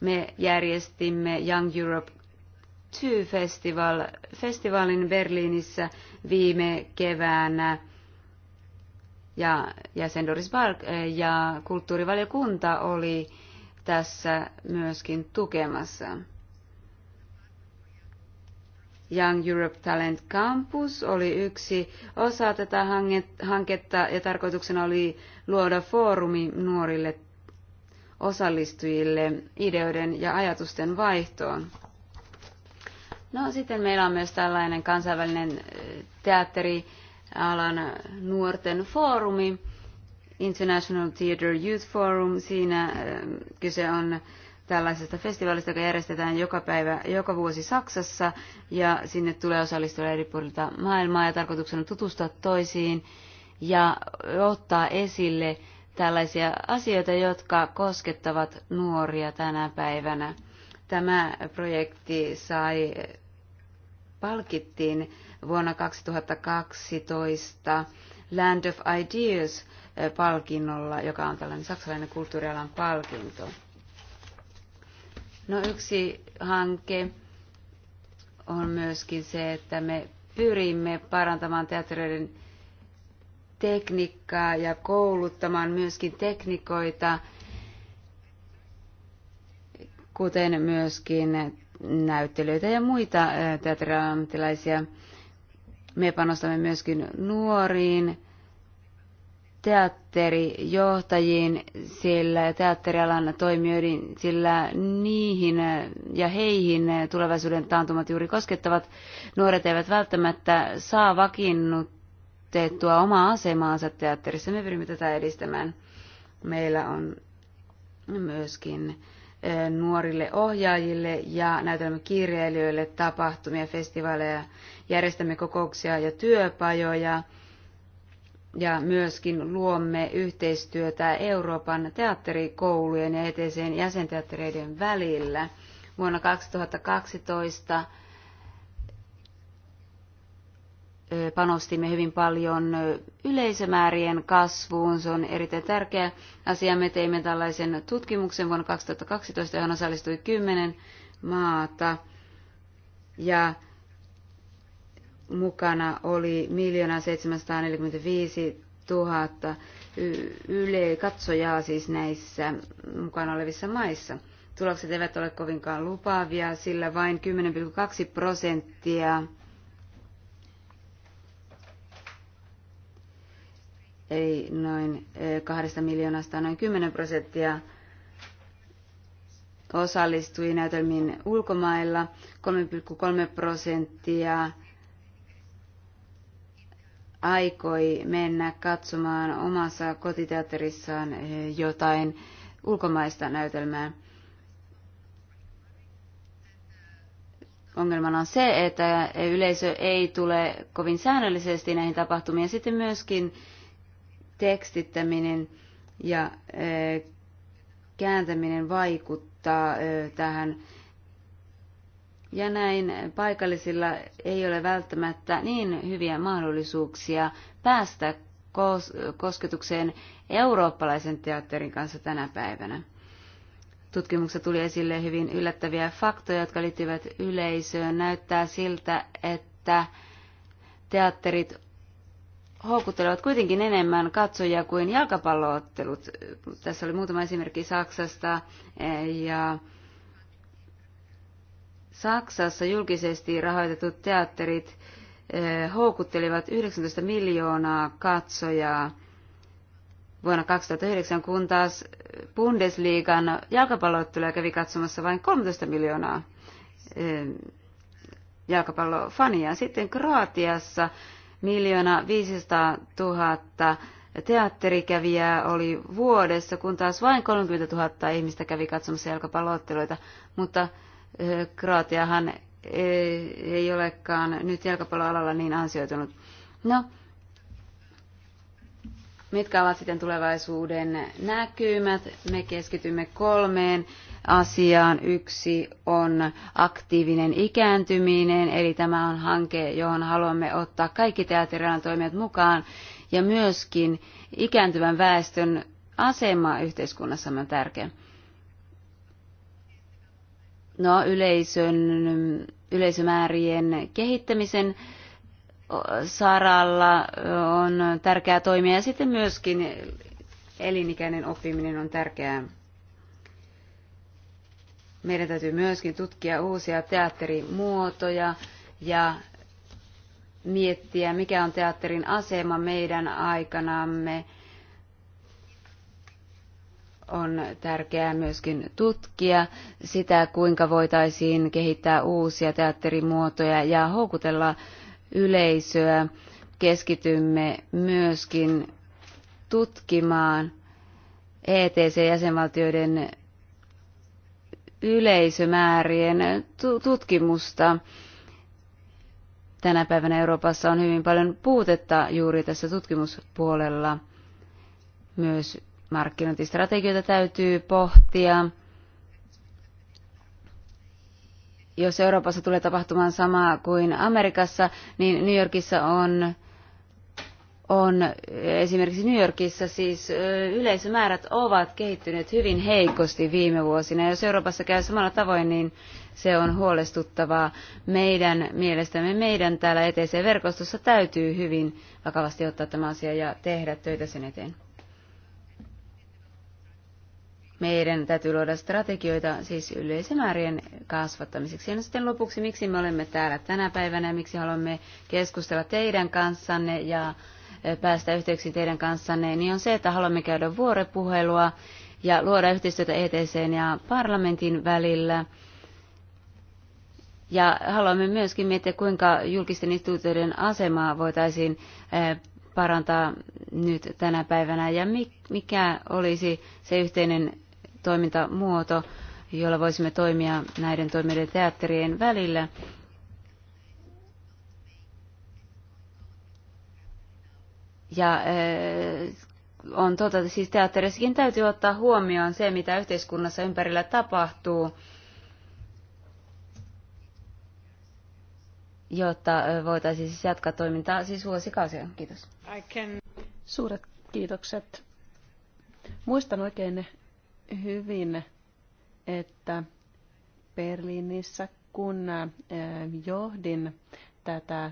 Me järjestimme Young Europe 2 Festival, festivaalin Berliinissä viime keväänä. Ja, ja Doris Bark eh, ja kulttuurivaliokunta oli tässä myöskin tukemassa. Young Europe Talent Campus oli yksi osa tätä hanketta ja tarkoituksena oli luoda foorumi nuorille osallistujille ideoiden ja ajatusten vaihtoon. No sitten meillä on myös tällainen kansainvälinen teatterialan nuorten foorumi, International Theatre Youth Forum. Siinä eh, kyse on tällaisesta festivaalista, joka järjestetään joka päivä, joka vuosi Saksassa ja sinne tulee osallistua eri puolilta maailmaa ja tarkoituksena tutustua toisiin ja ottaa esille tällaisia asioita, jotka koskettavat nuoria tänä päivänä. Tämä projekti sai palkittiin vuonna 2012 Land of Ideas – palkinnolla, joka on tällainen saksalainen kulttuurialan palkinto. No yksi hanke on myöskin se, että me pyrimme parantamaan teatterien tekniikkaa ja kouluttamaan myöskin teknikoita, kuten myöskin näyttelyitä ja muita teatteriammattilaisia. Me panostamme myöskin nuoriin teatterijohtajiin, sillä teatterialan toimijoihin, sillä niihin ja heihin tulevaisuuden taantumat juuri koskettavat. Nuoret eivät välttämättä saa vakiinnutettua omaa asemaansa teatterissa. Me pyrimme tätä edistämään. Meillä on myöskin nuorille ohjaajille ja näytelmäkirjailijoille tapahtumia, festivaaleja, järjestämme kokouksia ja työpajoja – ja myöskin luomme yhteistyötä Euroopan teatterikoulujen ja eteiseen jäsenteattereiden välillä. Vuonna 2012 panostimme hyvin paljon yleisömäärien kasvuun. Se on erittäin tärkeä asia. Me teimme tällaisen tutkimuksen vuonna 2012, johon osallistui kymmenen maata. Ja mukana oli 1 745 000 yle katsojaa siis näissä mukana olevissa maissa. Tulokset eivät ole kovinkaan lupaavia, sillä vain 10,2 prosenttia ei noin e, kahdesta miljoonasta noin 10 prosenttia osallistui näytelmiin ulkomailla, 3,3 prosenttia aikoi mennä katsomaan omassa kotiteatterissaan eh, jotain ulkomaista näytelmää. Ongelmana on se, että yleisö ei tule kovin säännöllisesti näihin tapahtumiin. sitten myöskin tekstittäminen ja eh, kääntäminen vaikuttaa eh, tähän ja näin paikallisilla ei ole välttämättä niin hyviä mahdollisuuksia päästä kosketukseen eurooppalaisen teatterin kanssa tänä päivänä. Tutkimuksessa tuli esille hyvin yllättäviä faktoja, jotka liittyvät yleisöön. Näyttää siltä, että teatterit houkuttelevat kuitenkin enemmän katsojia kuin jalkapalloottelut. Tässä oli muutama esimerkki Saksasta eh, ja Saksassa julkisesti rahoitetut teatterit eh, houkuttelivat 19 miljoonaa katsojaa vuonna 2009, kun taas Bundesliigan jalkapalloottelua kävi katsomassa vain 13 miljoonaa eh, jalkapallofania. Sitten Kroatiassa miljoona 500 000 teatterikävijää oli vuodessa, kun taas vain 30 000 ihmistä kävi katsomassa jalkapallootteluita, mutta Kroatiahan e, ei olekaan nyt jalkapalloalalla niin ansioitunut. No, mitkä ovat sitten tulevaisuuden näkymät? Me keskitymme kolmeen asiaan. Yksi on aktiivinen ikääntyminen, eli tämä on hanke, johon haluamme ottaa kaikki teatterialan toimijat mukaan, ja myöskin ikääntyvän väestön asema yhteiskunnassamme on tärkeä no, yleisön, yleisömäärien kehittämisen saralla on tärkeää toimia ja sitten myöskin elinikäinen oppiminen on tärkeää. Meidän täytyy myöskin tutkia uusia teatterimuotoja ja miettiä, mikä on teatterin asema meidän aikanamme on tärkeää myöskin tutkia sitä, kuinka voitaisiin kehittää uusia teatterimuotoja ja houkutella yleisöä. Keskitymme myöskin tutkimaan ETC-jäsenvaltioiden yleisömäärien tutkimusta. Tänä päivänä Euroopassa on hyvin paljon puutetta juuri tässä tutkimuspuolella myös markkinointistrategioita täytyy pohtia. Jos Euroopassa tulee tapahtumaan samaa kuin Amerikassa, niin New Yorkissa on, on esimerkiksi New Yorkissa siis yleisömäärät ovat kehittyneet hyvin heikosti viime vuosina. Jos Euroopassa käy samalla tavoin, niin se on huolestuttavaa. Meidän mielestämme meidän täällä ETC-verkostossa täytyy hyvin vakavasti ottaa tämä asia ja tehdä töitä sen eteen. Meidän täytyy luoda strategioita siis yleisömäärien kasvattamiseksi. Ja no sitten lopuksi, miksi me olemme täällä tänä päivänä, miksi haluamme keskustella teidän kanssanne ja e, päästä yhteyksiin teidän kanssanne, niin on se, että haluamme käydä vuoropuhelua ja luoda yhteistyötä ETC ja parlamentin välillä. Ja haluamme myöskin miettiä, kuinka julkisten instituutioiden asemaa voitaisiin e, parantaa nyt tänä päivänä ja mikä olisi se yhteinen toimintamuoto, jolla voisimme toimia näiden toimijoiden teatterien välillä. Ja eh, on totta, että siis teatterissakin täytyy ottaa huomioon se, mitä yhteiskunnassa ympärillä tapahtuu, jotta eh, voitaisiin siis jatkaa toimintaa siis vuosikausia. Kiitos. I can... Suuret kiitokset. Muistan oikein hyvin, että Berliinissä kun johdin tätä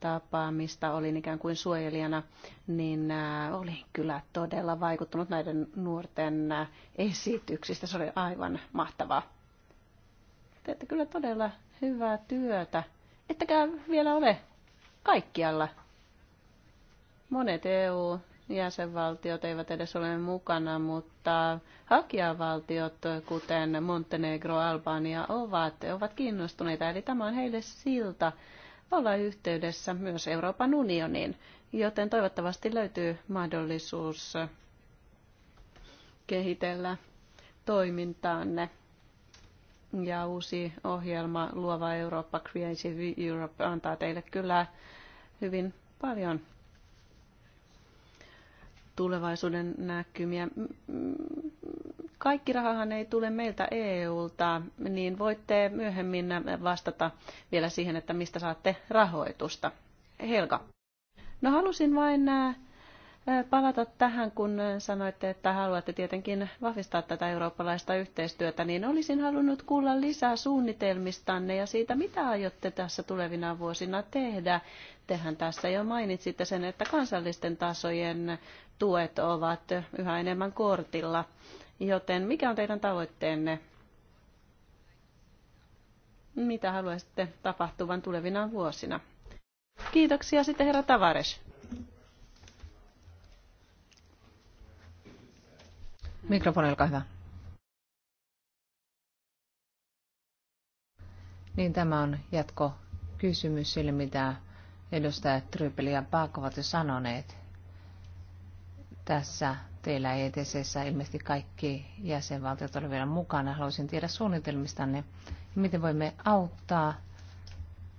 tapaamista, olin ikään kuin suojelijana, niin olin kyllä todella vaikuttunut näiden nuorten esityksistä. Se oli aivan mahtavaa. Teette kyllä todella hyvää työtä. Ettäkään vielä ole kaikkialla. Monet EU- jäsenvaltiot eivät edes ole mukana, mutta hakijavaltiot, kuten Montenegro, Albania, ovat, ovat kiinnostuneita. Eli tämä on heille silta olla yhteydessä myös Euroopan unioniin, joten toivottavasti löytyy mahdollisuus kehitellä toimintaanne. Ja uusi ohjelma Luova Eurooppa Creative Europe antaa teille kyllä hyvin paljon tulevaisuuden näkymiä. Kaikki rahahan ei tule meiltä EUlta, niin voitte myöhemmin vastata vielä siihen, että mistä saatte rahoitusta. Helga. No halusin vain äh, palata tähän, kun sanoitte, että haluatte tietenkin vahvistaa tätä eurooppalaista yhteistyötä, niin olisin halunnut kuulla lisää suunnitelmistanne ja siitä, mitä aiotte tässä tulevina vuosina tehdä. Tehän tässä jo mainitsitte sen, että kansallisten tasojen tuet ovat yhä enemmän kortilla. Joten mikä on teidän tavoitteenne? Mitä haluaisitte tapahtuvan tulevina vuosina? Kiitoksia sitten herra Tavares. Mikrofoni, olkaa hyvä. Niin tämä on jatko kysymys sille, mitä edustajat Trypeli ja Paak ovat jo sanoneet. Tässä teillä ETCssä ilmeisesti kaikki jäsenvaltiot olivat vielä mukana. Haluaisin tiedä suunnitelmistanne, miten voimme auttaa.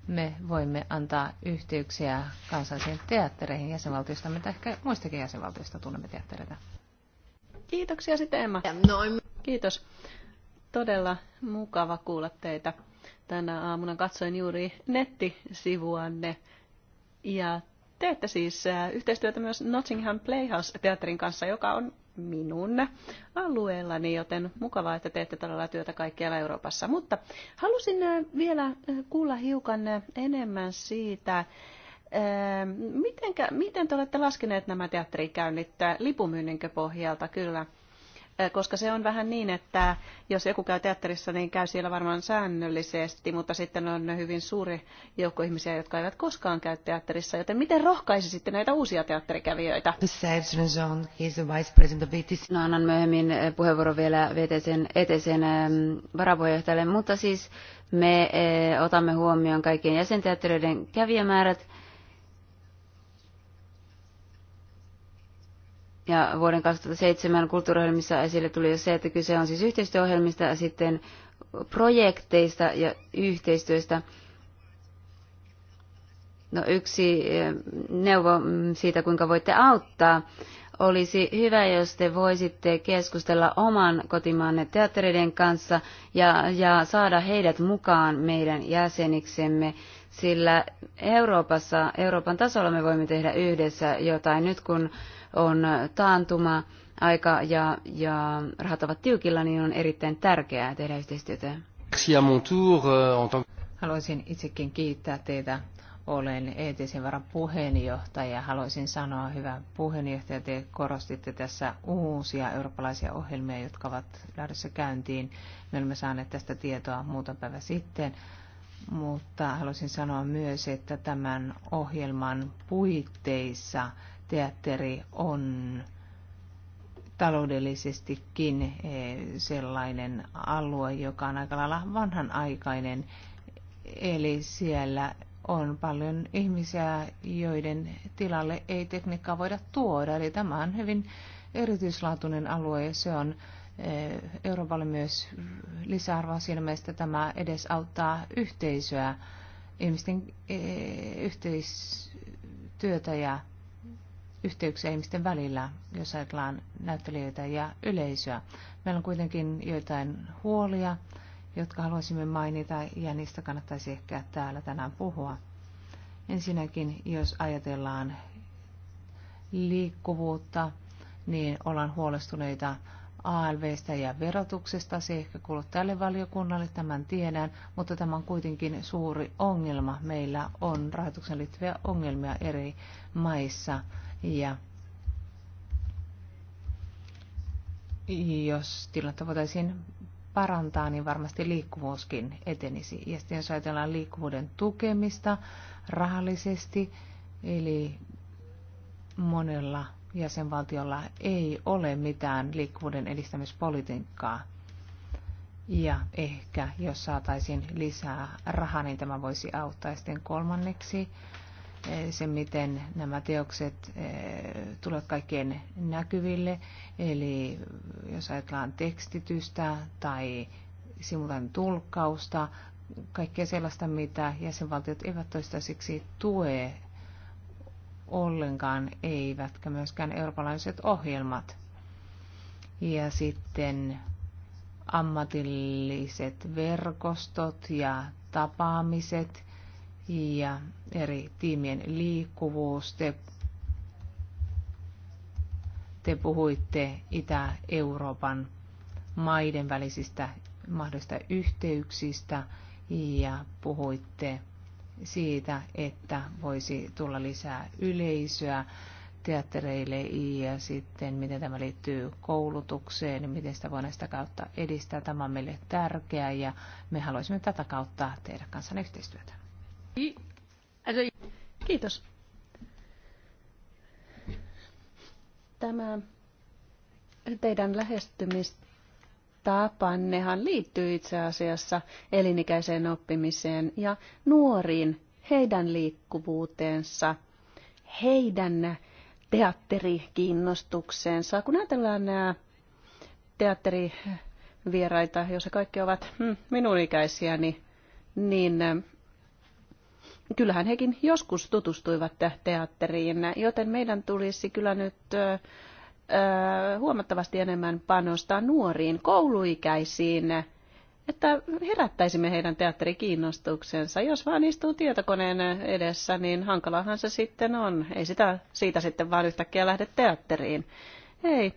Me voimme antaa yhteyksiä kansallisiin teattereihin jäsenvaltioista, mitä ehkä muistakin jäsenvaltioista tunnemme teattereita. Kiitoksia sitten Emma. Noin. Kiitos. Todella mukava kuulla teitä. Tänä aamuna katsoin juuri nettisivuanne ja teette siis äh, yhteistyötä myös Nottingham Playhouse-teatterin kanssa, joka on minun alueellani, joten mukavaa, että teette todella työtä kaikkialla Euroopassa. Mutta halusin äh, vielä äh, kuulla hiukan enemmän siitä, Ehm, mitenkä, miten te olette laskeneet nämä teatterikäynnit lipumyynninkö pohjalta? Kyllä koska se on vähän niin, että jos joku käy teatterissa, niin käy siellä varmaan säännöllisesti, mutta sitten on hyvin suuri joukko ihmisiä, jotka eivät koskaan käy teatterissa. Joten miten rohkaisi sitten näitä uusia teatterikävijöitä? No, annan myöhemmin puheenvuoron vielä VTCn eteisen varapuheenjohtajalle, mutta siis me otamme huomioon kaikkien jäsenteattereiden kävijämäärät, Ja vuoden 2007 kulttuuriohjelmissa esille tuli jo se, että kyse on siis yhteistyöohjelmista ja sitten projekteista ja yhteistyöstä. No yksi eh, neuvo mm, siitä, kuinka voitte auttaa, olisi hyvä, jos te voisitte keskustella oman kotimaanne teattereiden kanssa ja, ja saada heidät mukaan meidän jäseniksemme, sillä Euroopassa, Euroopan tasolla me voimme tehdä yhdessä jotain. Nyt kun on taantuma aika ja, ja rahat ovat tiukilla, niin on erittäin tärkeää tehdä yhteistyötä. Euh, haluaisin itsekin kiittää teitä. Olen eettisen varan puheenjohtaja. Haluaisin sanoa, hyvä puheenjohtaja, te korostitte tässä uusia eurooppalaisia ohjelmia, jotka ovat lähdössä käyntiin. Me olemme saaneet tästä tietoa muutama päivä sitten mutta haluaisin sanoa myös, että tämän ohjelman puitteissa teatteri on taloudellisestikin eh, sellainen alue, joka on aika lailla vanhanaikainen. Eli siellä on paljon ihmisiä, joiden tilalle ei tekniikkaa voida tuoda. Eli tämä on hyvin erityislaatuinen alue ja se on eh, Euroopalle myös lisäarvoa siinä mielessä, tämä edes auttaa yhteisöä, ihmisten eh, yhteistyötä ja yhteyksiä ihmisten välillä, jos ajatellaan näyttelijöitä ja yleisöä. Meillä on kuitenkin joitain huolia, jotka haluaisimme mainita, ja niistä kannattaisi ehkä täällä tänään puhua. Ensinnäkin, jos ajatellaan liikkuvuutta, niin ollaan huolestuneita ALVstä ja verotuksesta. Se ehkä kuuluu tälle valiokunnalle, tämän tiedän, mutta tämä on kuitenkin suuri ongelma. Meillä on rahoituksen liittyviä ongelmia eri maissa ja jos tilannetta voitaisiin parantaa, niin varmasti liikkuvuuskin etenisi. Ja sitten jos ajatellaan liikkuvuuden tukemista rahallisesti, eli monella jäsenvaltiolla ei ole mitään liikkuvuuden edistämispolitiikkaa. Ja ehkä jos saataisiin lisää rahaa, niin tämä voisi auttaa. Ja sitten kolmanneksi se, miten nämä teokset eh, tulevat kaikkien näkyville. Eli jos ajatellaan tekstitystä tai simultaan tulkkausta, kaikkea sellaista, mitä jäsenvaltiot eivät toistaiseksi tue ollenkaan, eivätkä myöskään eurooppalaiset ohjelmat. Ja sitten ammatilliset verkostot ja tapaamiset – ja eri tiimien liikkuvuus. Te, te puhuitte Itä-Euroopan maiden välisistä mahdollisista yhteyksistä ja puhuitte siitä, että voisi tulla lisää yleisöä teattereille ja sitten miten tämä liittyy koulutukseen miten sitä voidaan sitä kautta edistää. Tämä on meille tärkeää ja me haluaisimme tätä kautta tehdä kanssanne yhteistyötä. Kiitos. Tämä teidän lähestymistapannehan liittyy itse asiassa elinikäiseen oppimiseen ja nuoriin, heidän liikkuvuuteensa, heidän teatterikiinnostukseensa. Kun ajatellaan nämä teatterivieraita, joissa kaikki ovat hmm, minun ikäisiäni, niin kyllähän hekin joskus tutustuivat teatteriin, joten meidän tulisi kyllä nyt huomattavasti enemmän panostaa nuoriin, kouluikäisiin, että herättäisimme heidän teatterikiinnostuksensa. Jos vaan istuu tietokoneen edessä, niin hankalahan se sitten on. Ei sitä, siitä sitten vaan yhtäkkiä lähde teatteriin. Ei,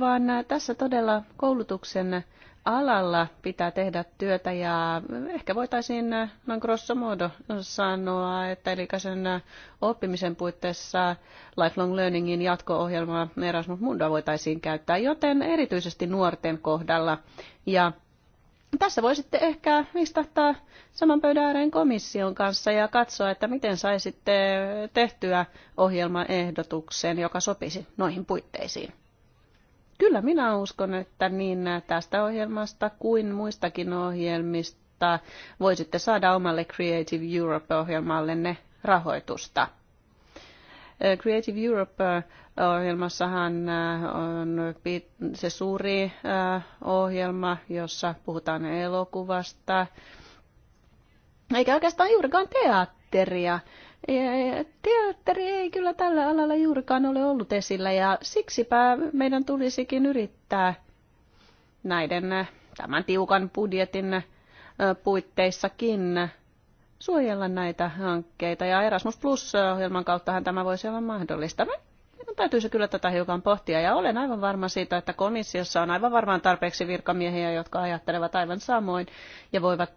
vaan tässä todella koulutuksen alalla pitää tehdä työtä ja ehkä voitaisiin noin grosso modo sanoa, että elikaisen oppimisen puitteissa lifelong learningin jatko-ohjelmaa Erasmus Munda voitaisiin käyttää, joten erityisesti nuorten kohdalla. Ja tässä voisitte ehkä istahtaa saman pöydän ääreen komission kanssa ja katsoa, että miten saisitte tehtyä ohjelmaehdotuksen, joka sopisi noihin puitteisiin. Kyllä minä uskon, että niin tästä ohjelmasta kuin muistakin ohjelmista voisitte saada omalle Creative Europe-ohjelmallenne rahoitusta. Creative Europe-ohjelmassahan on se suuri ohjelma, jossa puhutaan elokuvasta, eikä oikeastaan juurikaan teatteria. Teatteri ei kyllä tällä alalla juurikaan ole ollut esillä ja siksipä meidän tulisikin yrittää näiden äh, tämän tiukan budjetin äh, puitteissakin äh, suojella näitä hankkeita. Ja Erasmus Plus-ohjelman kauttahan tämä voisi olla mahdollista. Meidän täytyisi kyllä tätä hiukan pohtia ja olen aivan varma siitä, että komissiossa on aivan varmaan tarpeeksi virkamiehiä, jotka ajattelevat aivan samoin ja voivat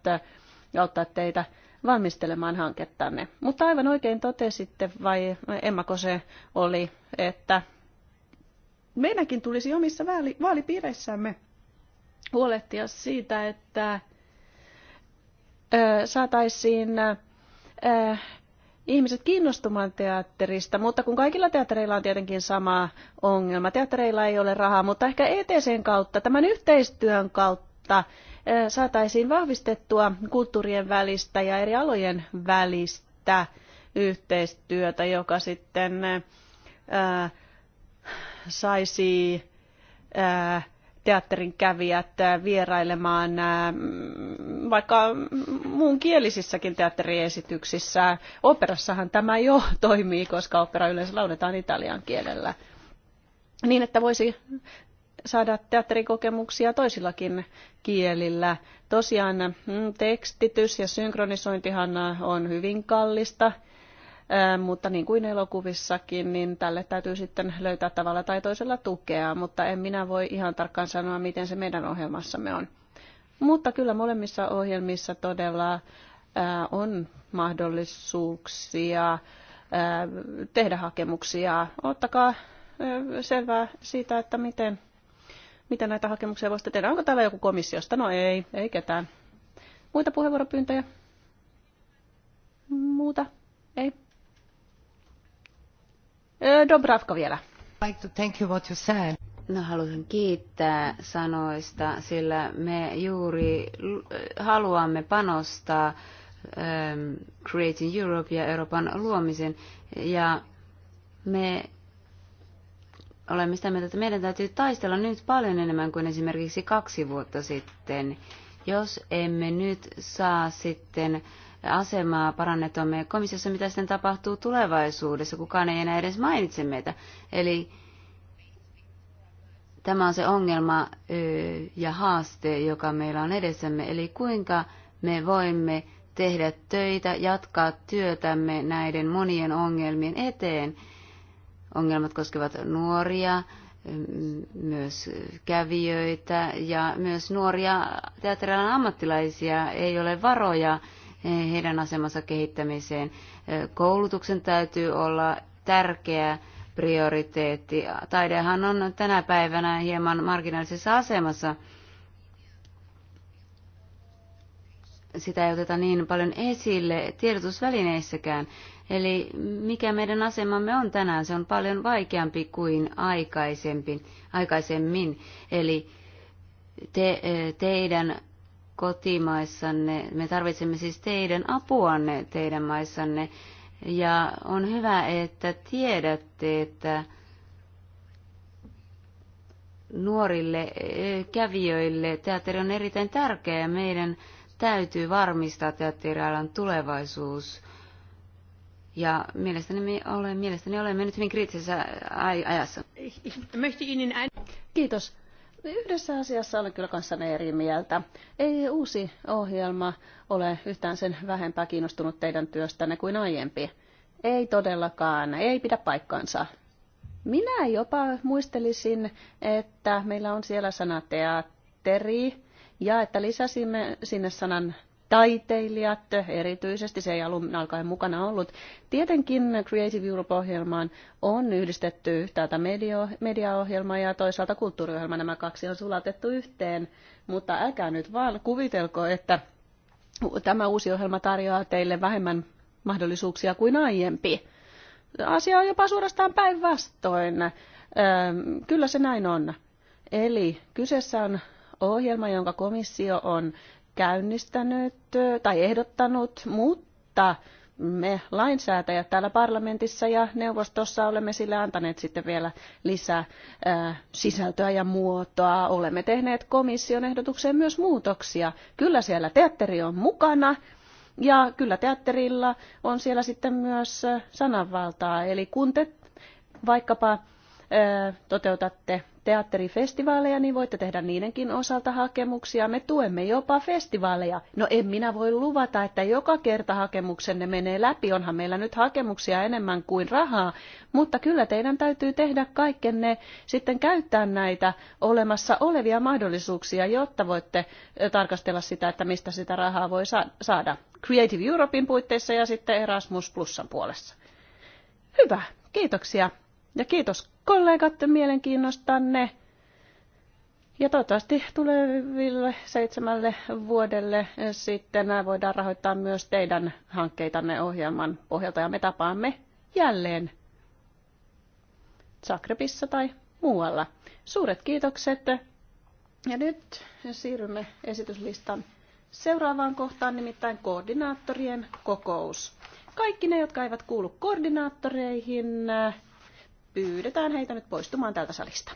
auttaa teitä valmistelemaan hankettanne. Mutta aivan oikein totesitte, vai Emma se oli, että meidänkin tulisi omissa vaalipiireissämme huolehtia siitä, että saataisiin ihmiset kiinnostumaan teatterista, mutta kun kaikilla teattereilla on tietenkin sama ongelma. Teattereilla ei ole rahaa, mutta ehkä ETCn kautta, tämän yhteistyön kautta, saataisiin vahvistettua kulttuurien välistä ja eri alojen välistä yhteistyötä, joka sitten saisi teatterin kävijät vierailemaan vaikka muunkielisissäkin teatteriesityksissä. Operassahan tämä jo toimii, koska opera yleensä lauletaan italian kielellä. Niin, että voisi saada teatterikokemuksia toisillakin kielillä. Tosiaan mm, tekstitys ja synkronisointihan äh, on hyvin kallista, äh, mutta niin kuin elokuvissakin, niin tälle täytyy sitten löytää tavalla tai toisella tukea, mutta en minä voi ihan tarkkaan sanoa, miten se meidän ohjelmassamme on. Mutta kyllä molemmissa ohjelmissa todella äh, on mahdollisuuksia tehdä hakemuksia. Ottakaa selvää siitä, että miten mitä näitä hakemuksia voisi tehdä. Onko täällä joku komissiosta? No ei, ei ketään. Muita puheenvuoropyyntöjä? Muuta? Ei. Dobravka vielä. Like to thank you what you said. No haluaisin kiittää sanoista, sillä me juuri haluamme panostaa um, Creating Europe ja Euroopan luomisen. Ja me olemme sitä mieltä, että meidän täytyy taistella nyt paljon enemmän kuin esimerkiksi kaksi vuotta sitten. Jos emme nyt saa sitten asemaa parannettua meidän komissiossa, mitä sitten tapahtuu tulevaisuudessa, kukaan ei enää edes mainitse meitä. Eli tämä on se ongelma ja haaste, joka meillä on edessämme. Eli kuinka me voimme tehdä töitä, jatkaa työtämme näiden monien ongelmien eteen Ongelmat koskevat nuoria, myös kävijöitä ja myös nuoria teatterialan ammattilaisia ei ole varoja heidän asemansa kehittämiseen. Koulutuksen täytyy olla tärkeä prioriteetti. Taidehan on tänä päivänä hieman marginaalisessa asemassa. Sitä ei oteta niin paljon esille tiedotusvälineissäkään. Eli mikä meidän asemamme on tänään, se on paljon vaikeampi kuin aikaisempi, aikaisemmin. Eli te, teidän kotimaissanne, me tarvitsemme siis teidän apuanne teidän maissanne. Ja on hyvä, että tiedätte, että nuorille e, kävijöille teatteri on erittäin tärkeä ja meidän täytyy varmistaa teatterialan tulevaisuus – ja mielestäni, me ole, mielestäni olemme nyt hyvin kriittisessä ajassa. Kiitos. Yhdessä asiassa olen kyllä kanssanne eri mieltä. Ei uusi ohjelma ole yhtään sen vähempää kiinnostunut teidän työstänne kuin aiempi. Ei todellakaan, ei pidä paikkaansa. Minä jopa muistelisin, että meillä on siellä sana teatteri ja että lisäsimme sinne sanan taiteilijat, erityisesti se ei alun alkaen mukana ollut. Tietenkin Creative Europe-ohjelmaan on yhdistetty yhtäältä medio, mediaohjelma ja toisaalta kulttuuriohjelma. Nämä kaksi on sulatettu yhteen, mutta älkää nyt vaan kuvitelko, että tämä uusi ohjelma tarjoaa teille vähemmän mahdollisuuksia kuin aiempi. Asia on jopa suorastaan päinvastoin. Kyllä se näin on. Eli kyseessä on ohjelma, jonka komissio on käynnistänyt tai ehdottanut, mutta me lainsäätäjät täällä parlamentissa ja neuvostossa olemme sille antaneet sitten vielä lisää sisältöä ja muotoa. Olemme tehneet komission ehdotukseen myös muutoksia. Kyllä siellä teatteri on mukana, ja kyllä teatterilla on siellä sitten myös sananvaltaa. Eli kun te vaikkapa toteutatte teatterifestivaaleja, niin voitte tehdä niidenkin osalta hakemuksia. Me tuemme jopa festivaaleja. No en minä voi luvata, että joka kerta hakemuksenne menee läpi. Onhan meillä nyt hakemuksia enemmän kuin rahaa, mutta kyllä teidän täytyy tehdä kaikkenne sitten käyttää näitä olemassa olevia mahdollisuuksia, jotta voitte tarkastella sitä, että mistä sitä rahaa voi saada. Creative Europein puitteissa ja sitten Erasmus Plusan puolessa. Hyvä, kiitoksia. Ja kiitos kollegat mielenkiinnostanne. Ja toivottavasti tuleville seitsemälle vuodelle sitten voidaan rahoittaa myös teidän hankkeitanne ohjelman pohjalta ja me tapaamme jälleen Zagrebissa tai muualla. Suuret kiitokset. Ja nyt siirrymme esityslistan seuraavaan kohtaan, nimittäin koordinaattorien kokous. Kaikki ne, jotka eivät kuulu koordinaattoreihin, pyydetään heitä nyt poistumaan täältä salista.